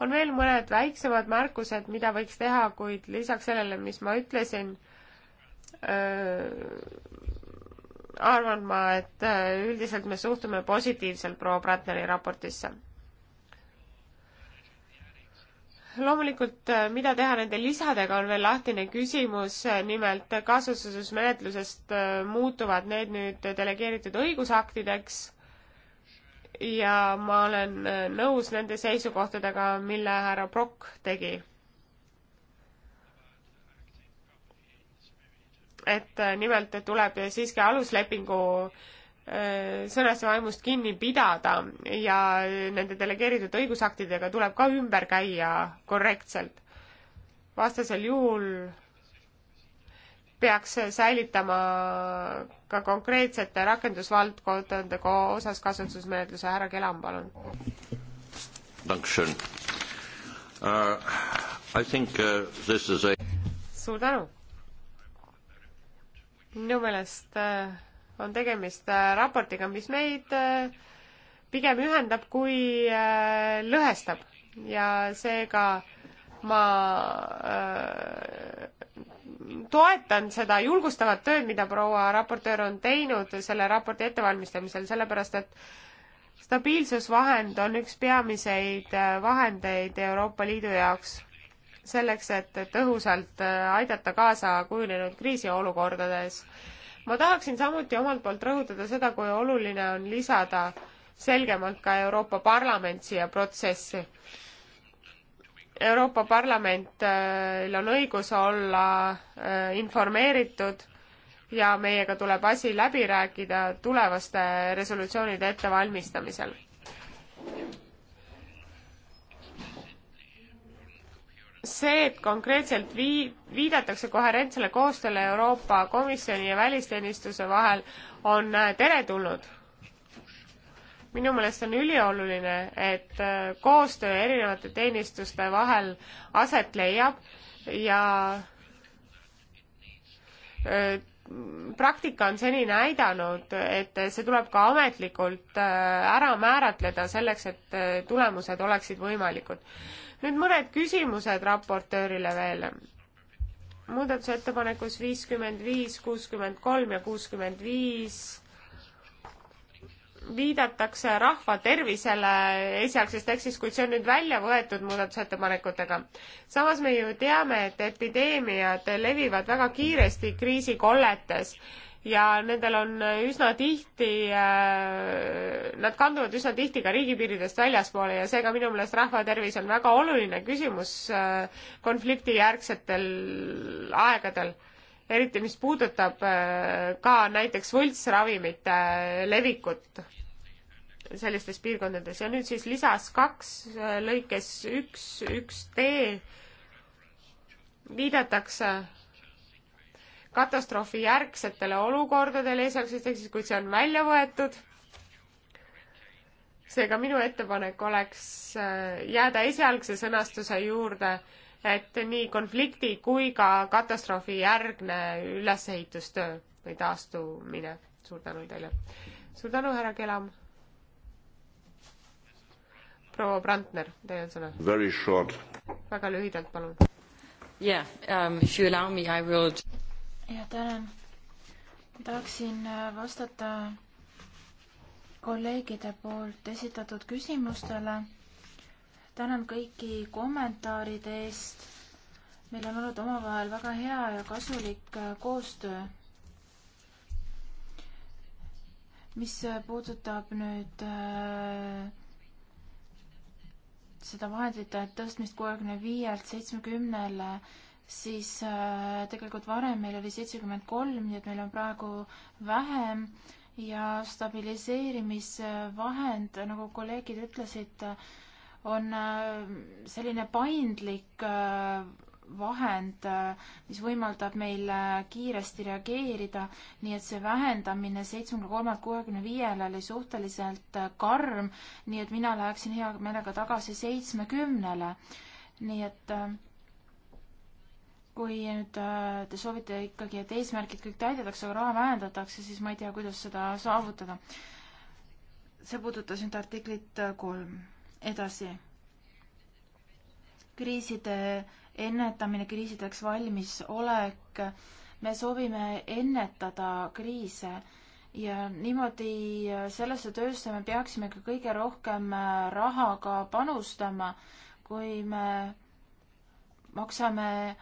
on veel mõned väiksemad märkused, mida võiks teha, kuid lisaks sellele, mis ma ütlesin, arvan ma, et üldiselt me suhtume positiivselt proua Bratneri raportisse. loomulikult, mida teha nende lisadega, on veel lahtine küsimus, nimelt kaasasutusmenetlusest muutuvad need nüüd delegeeritud õigusaktideks ja ma olen nõus nende seisukohtadega, mille härra Brock tegi. et äh, nimelt et tuleb siiski aluslepingu äh, sõnast ja vaimust kinni pidada ja nende delegeeritud õigusaktidega tuleb ka ümber käia korrektselt. vastasel juhul peaks säilitama ka konkreetsete rakendusvaldkondade osas kasutusmenetluse. härra Kelam, palun. Uh, I think uh, this is a suur tänu! minu meelest uh, on tegemist uh, raportiga, mis meid uh, pigem ühendab kui lõhestab ja seega ma toetan seda julgustavat tööd, mida proua raportöör on teinud selle raporti ettevalmistamisel, sellepärast et stabiilsusvahend on üks peamiseid äh, vahendeid Euroopa Liidu jaoks selleks, et tõhusalt äh, aidata kaasa kujunenud kriisiolukordades. ma tahaksin samuti omalt poolt rõhutada seda, kui oluline on lisada selgemalt ka Euroopa Parlament siia protsessi Euroopa Parlamentil on õigus olla äh, informeeritud ja meiega tuleb asi läbi rääkida tulevaste resolutsioonide ettevalmistamisel. see, et konkreetselt vii-, viidatakse koherentsele koostööle Euroopa Komisjoni ja välisteenistuse vahel, on äh, teretulnud minu meelest on ülioluline, et äh, koostöö erinevate teenistuste vahel aset leiab ja äh, praktika on seni näidanud, et see tuleb ka ametlikult äh, ära määratleda selleks, et tulemused oleksid võimalikud. nüüd mõned küsimused raportöörile veel. muudatusettepanekus viiskümmend viis, kuuskümmend kolm ja kuuskümmend viis viidatakse rahva tervisele esialgses tekstis, kuid see on nüüd välja võetud muudatusettepanekutega. samas me ju teame, et epideemiad levivad väga kiiresti kriisikolletes ja nendel on üsna tihti, äh, nad kanduvad üsna tihti ka riigipiiridest väljaspoole ja seega minu meelest rahvatervis on väga oluline küsimus äh, konfliktijärgsetel aegadel eriti mis puudutab äh, ka näiteks võltsravimite äh, levikut sellistes piirkondades ja nüüd siis lisas kaks äh, lõikes üks, üks D viidatakse katastroofi järgsetele olukordadele esialgsest tekstist, kuid see on välja võetud. seega minu ettepanek oleks jääda esialgse sõnastuse juurde et nii konflikti kui ka katastroofi järgne ülesehitustöö või taastumine. suur tänu teile. suur tänu, härra Kelam. proua Brandner, teil on sõna. väga lühidalt, palun. jah, um, if you allow me, I will. jah, tänan. tahaksin äh, vastata kolleegide poolt esitatud küsimustele tänan kõiki kommentaaride eest. meil on olnud omavahel väga hea ja kasulik äh, koostöö. mis äh, puudutab nüüd äh, seda vahendite tõstmist kuuekümne viielt seitsmekümnele, siis äh, tegelikult varem meil oli seitsekümmend kolm, nii et meil on praegu vähem ja stabiliseerimisvahend, nagu kolleegid ütlesid äh,, on äh, selline paindlik äh, vahend, äh, mis võimaldab meil kiiresti reageerida, nii et see vähendamine seitsmekümne kolmelt kuuekümne viiele oli suhteliselt karm, nii et mina läheksin hea meelega tagasi seitsmekümnele. nii et kui nüüd te soovite ikkagi, et eesmärgid kõik täidetakse, aga raha vähendatakse, siis ma ei tea, kuidas seda saavutada. see puudutas nüüd artiklit kolm edasi. kriiside ennetamine, kriisideks valmisolek, me soovime ennetada kriise ja niimoodi sellesse töösse me peaksime ka kõige rohkem rahaga panustama, kui me maksame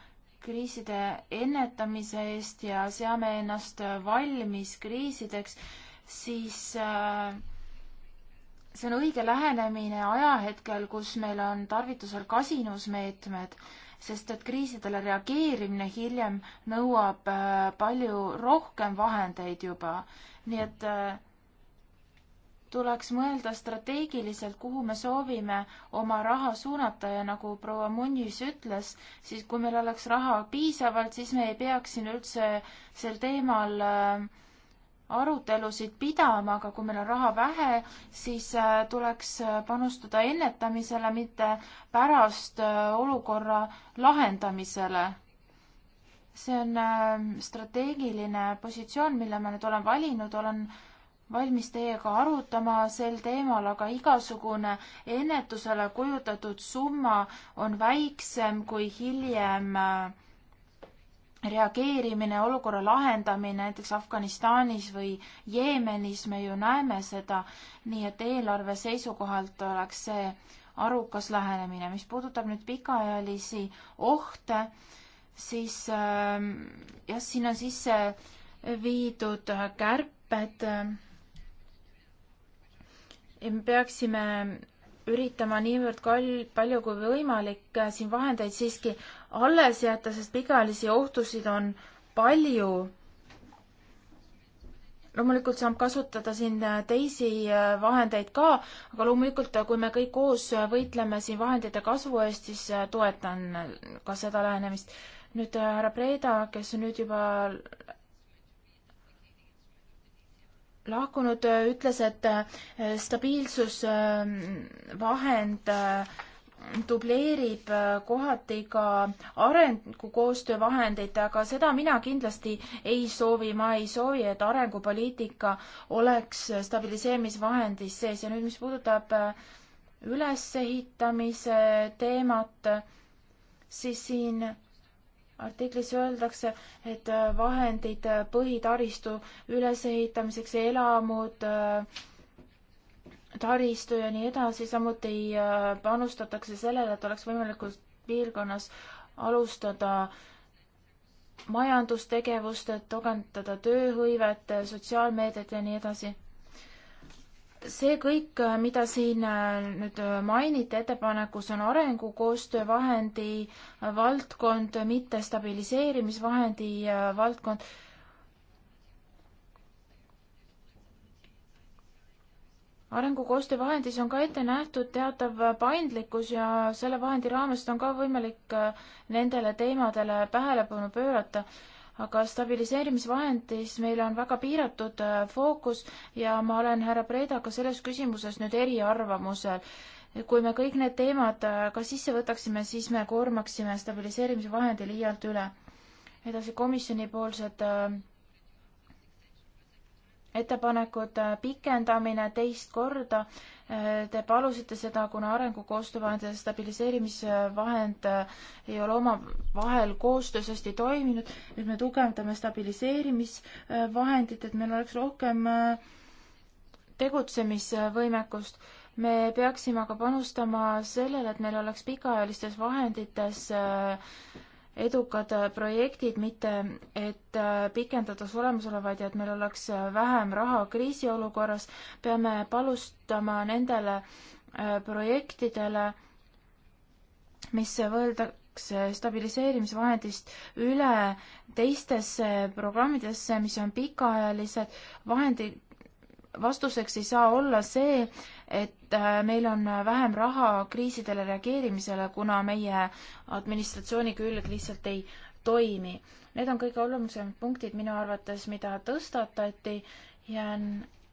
kriiside ennetamise eest ja seame ennast valmis kriisideks, siis äh, see on õige lähenemine ajahetkel, kus meil on tarvitusel kasinusmeetmed, sest et kriisidele reageerimine hiljem nõuab äh, palju rohkem vahendeid juba. nii et äh, tuleks mõelda strateegiliselt, kuhu me soovime oma raha suunata ja nagu proua Munnis ütles, siis kui meil oleks raha piisavalt, siis me ei peaks siin üldse sel teemal äh, arutelusid pidama, aga kui meil on raha vähe, siis äh, tuleks äh, panustada ennetamisele, mitte pärast äh, olukorra lahendamisele. see on strateegiline positsioon, mille ma nüüd olen valinud, olen valmis teiega arutama sel teemal, aga igasugune ennetusele kujutatud summa on väiksem kui hiljem äh, reageerimine, olukorra lahendamine näiteks Afganistanis või Jeemenis, me ju näeme seda, nii et eelarve seisukohalt oleks see arukas lähenemine. mis puudutab nüüd pikaajalisi ohte, siis ähm, jah, siin on sisse viidud kärped. ja me peaksime üritama niivõrd kal-, palju kui võimalik äh, siin vahendeid siiski alles jätta, sest pikaajalisi ohtusid on palju. loomulikult saab kasutada siin äh, teisi äh, vahendeid ka, aga loomulikult, äh, kui me kõik koos võitleme siin vahendite kasvu eest, siis toetan ka seda lähenemist. nüüd härra Breda, kes on nüüd juba lahkunud, ütles, et stabiilsusvahend äh, dubleerib äh, kohati ka arengukoostöö vahendeid, aga seda mina kindlasti ei soovi, ma ei soovi, et arengupoliitika oleks stabiliseerimisvahendis sees ja nüüd, mis puudutab äh, ülesehitamise teemat, siis siin artiklis öeldakse, et äh, vahendid põhitaristu ülesehitamiseks, elamud äh,, taristu ja nii edasi, samuti äh, panustatakse sellele, et oleks võimalikult piirkonnas alustada majandustegevust, et tugevdada tööhõivet, sotsiaalmeediat ja nii edasi. see kõik, äh, mida siin äh, nüüd mainiti ettepanekus, on arengukoostöö vahendi valdkond, mitte stabiliseerimisvahendi valdkond arengukoostöö vahendis on ka ette nähtud teatav paindlikkus ja selle vahendi raames on ka võimalik äh, nendele teemadele tähelepanu pöörata, aga stabiliseerimisvahendis meil on väga piiratud äh, fookus ja ma olen härra Predaga selles küsimuses nüüd eriarvamusel. kui me kõik need teemad äh, ka sisse võtaksime, siis me koormaksime stabiliseerimisvahendi liialt üle. edasi komisjonipoolsed äh, ettepanekud pikendamine teist korda. Te palusite seda, kuna arengukoostöövahend ja stabiliseerimisvahend ei ole omavahel koostöös hästi toiminud. nüüd me tugevdame stabiliseerimisvahendit, et meil oleks rohkem äh, tegutsemisvõimekust. me peaksime aga panustama sellele, et meil oleks pikaajalistes vahendites äh, edukad äh, projektid, mitte et äh, pikendatakse olemasolevaid ja et meil oleks äh, vähem raha kriisiolukorras, peame palustama nendele projektidele, mis võetakse stabiliseerimisvahendist üle teistesse programmidesse, mis on pikaajalised vahendid, vastuseks ei saa olla see, et äh, meil on äh, vähem raha kriisidele reageerimisele, kuna meie administratsiooni külg lihtsalt ei toimi. Need on kõige olulisemad punktid minu arvates, mida tõstatati. jään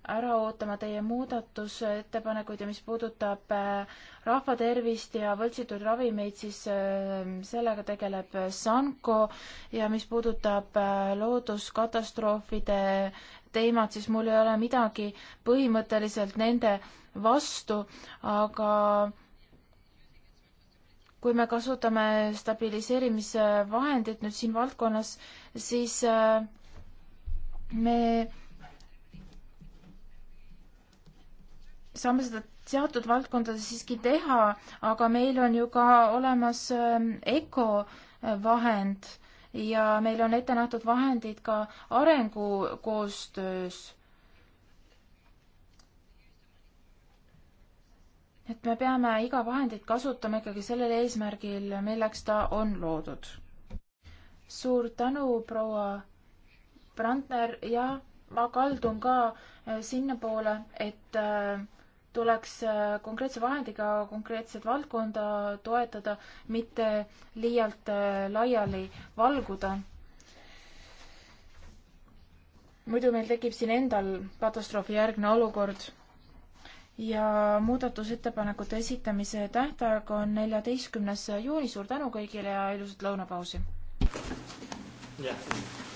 ära ootama teie muudatusettepanekuid ja mis puudutab äh, rahva tervist ja võltsitud ravimeid, siis sellega tegeleb Sanko ja mis puudutab looduskatastroofide teemat, siis mul ei ole midagi põhimõtteliselt nende vastu, aga kui me kasutame stabiliseerimisvahendit nüüd siin valdkonnas, siis äh, me saame seda seatud valdkondades siiski teha, aga meil on ju ka olemas äh, ECO vahend ja meil on ette nähtud vahendid ka arengukoostöös. et me peame iga vahendit kasutama ikkagi sellel eesmärgil, milleks ta on loodud. suur tänu, proua Brandner ja ma kaldun ka eh, sinnapoole, et äh, tuleks äh, konkreetse vahendiga konkreetset valdkonda toetada, mitte liialt äh, laiali valguda. muidu meil tekib siin endal katastroofijärgne olukord. ja muudatusettepanekute esitamise tähtaeg on neljateistkümnes juuni, suur tänu kõigile ja ilusat lõunapausi! jah.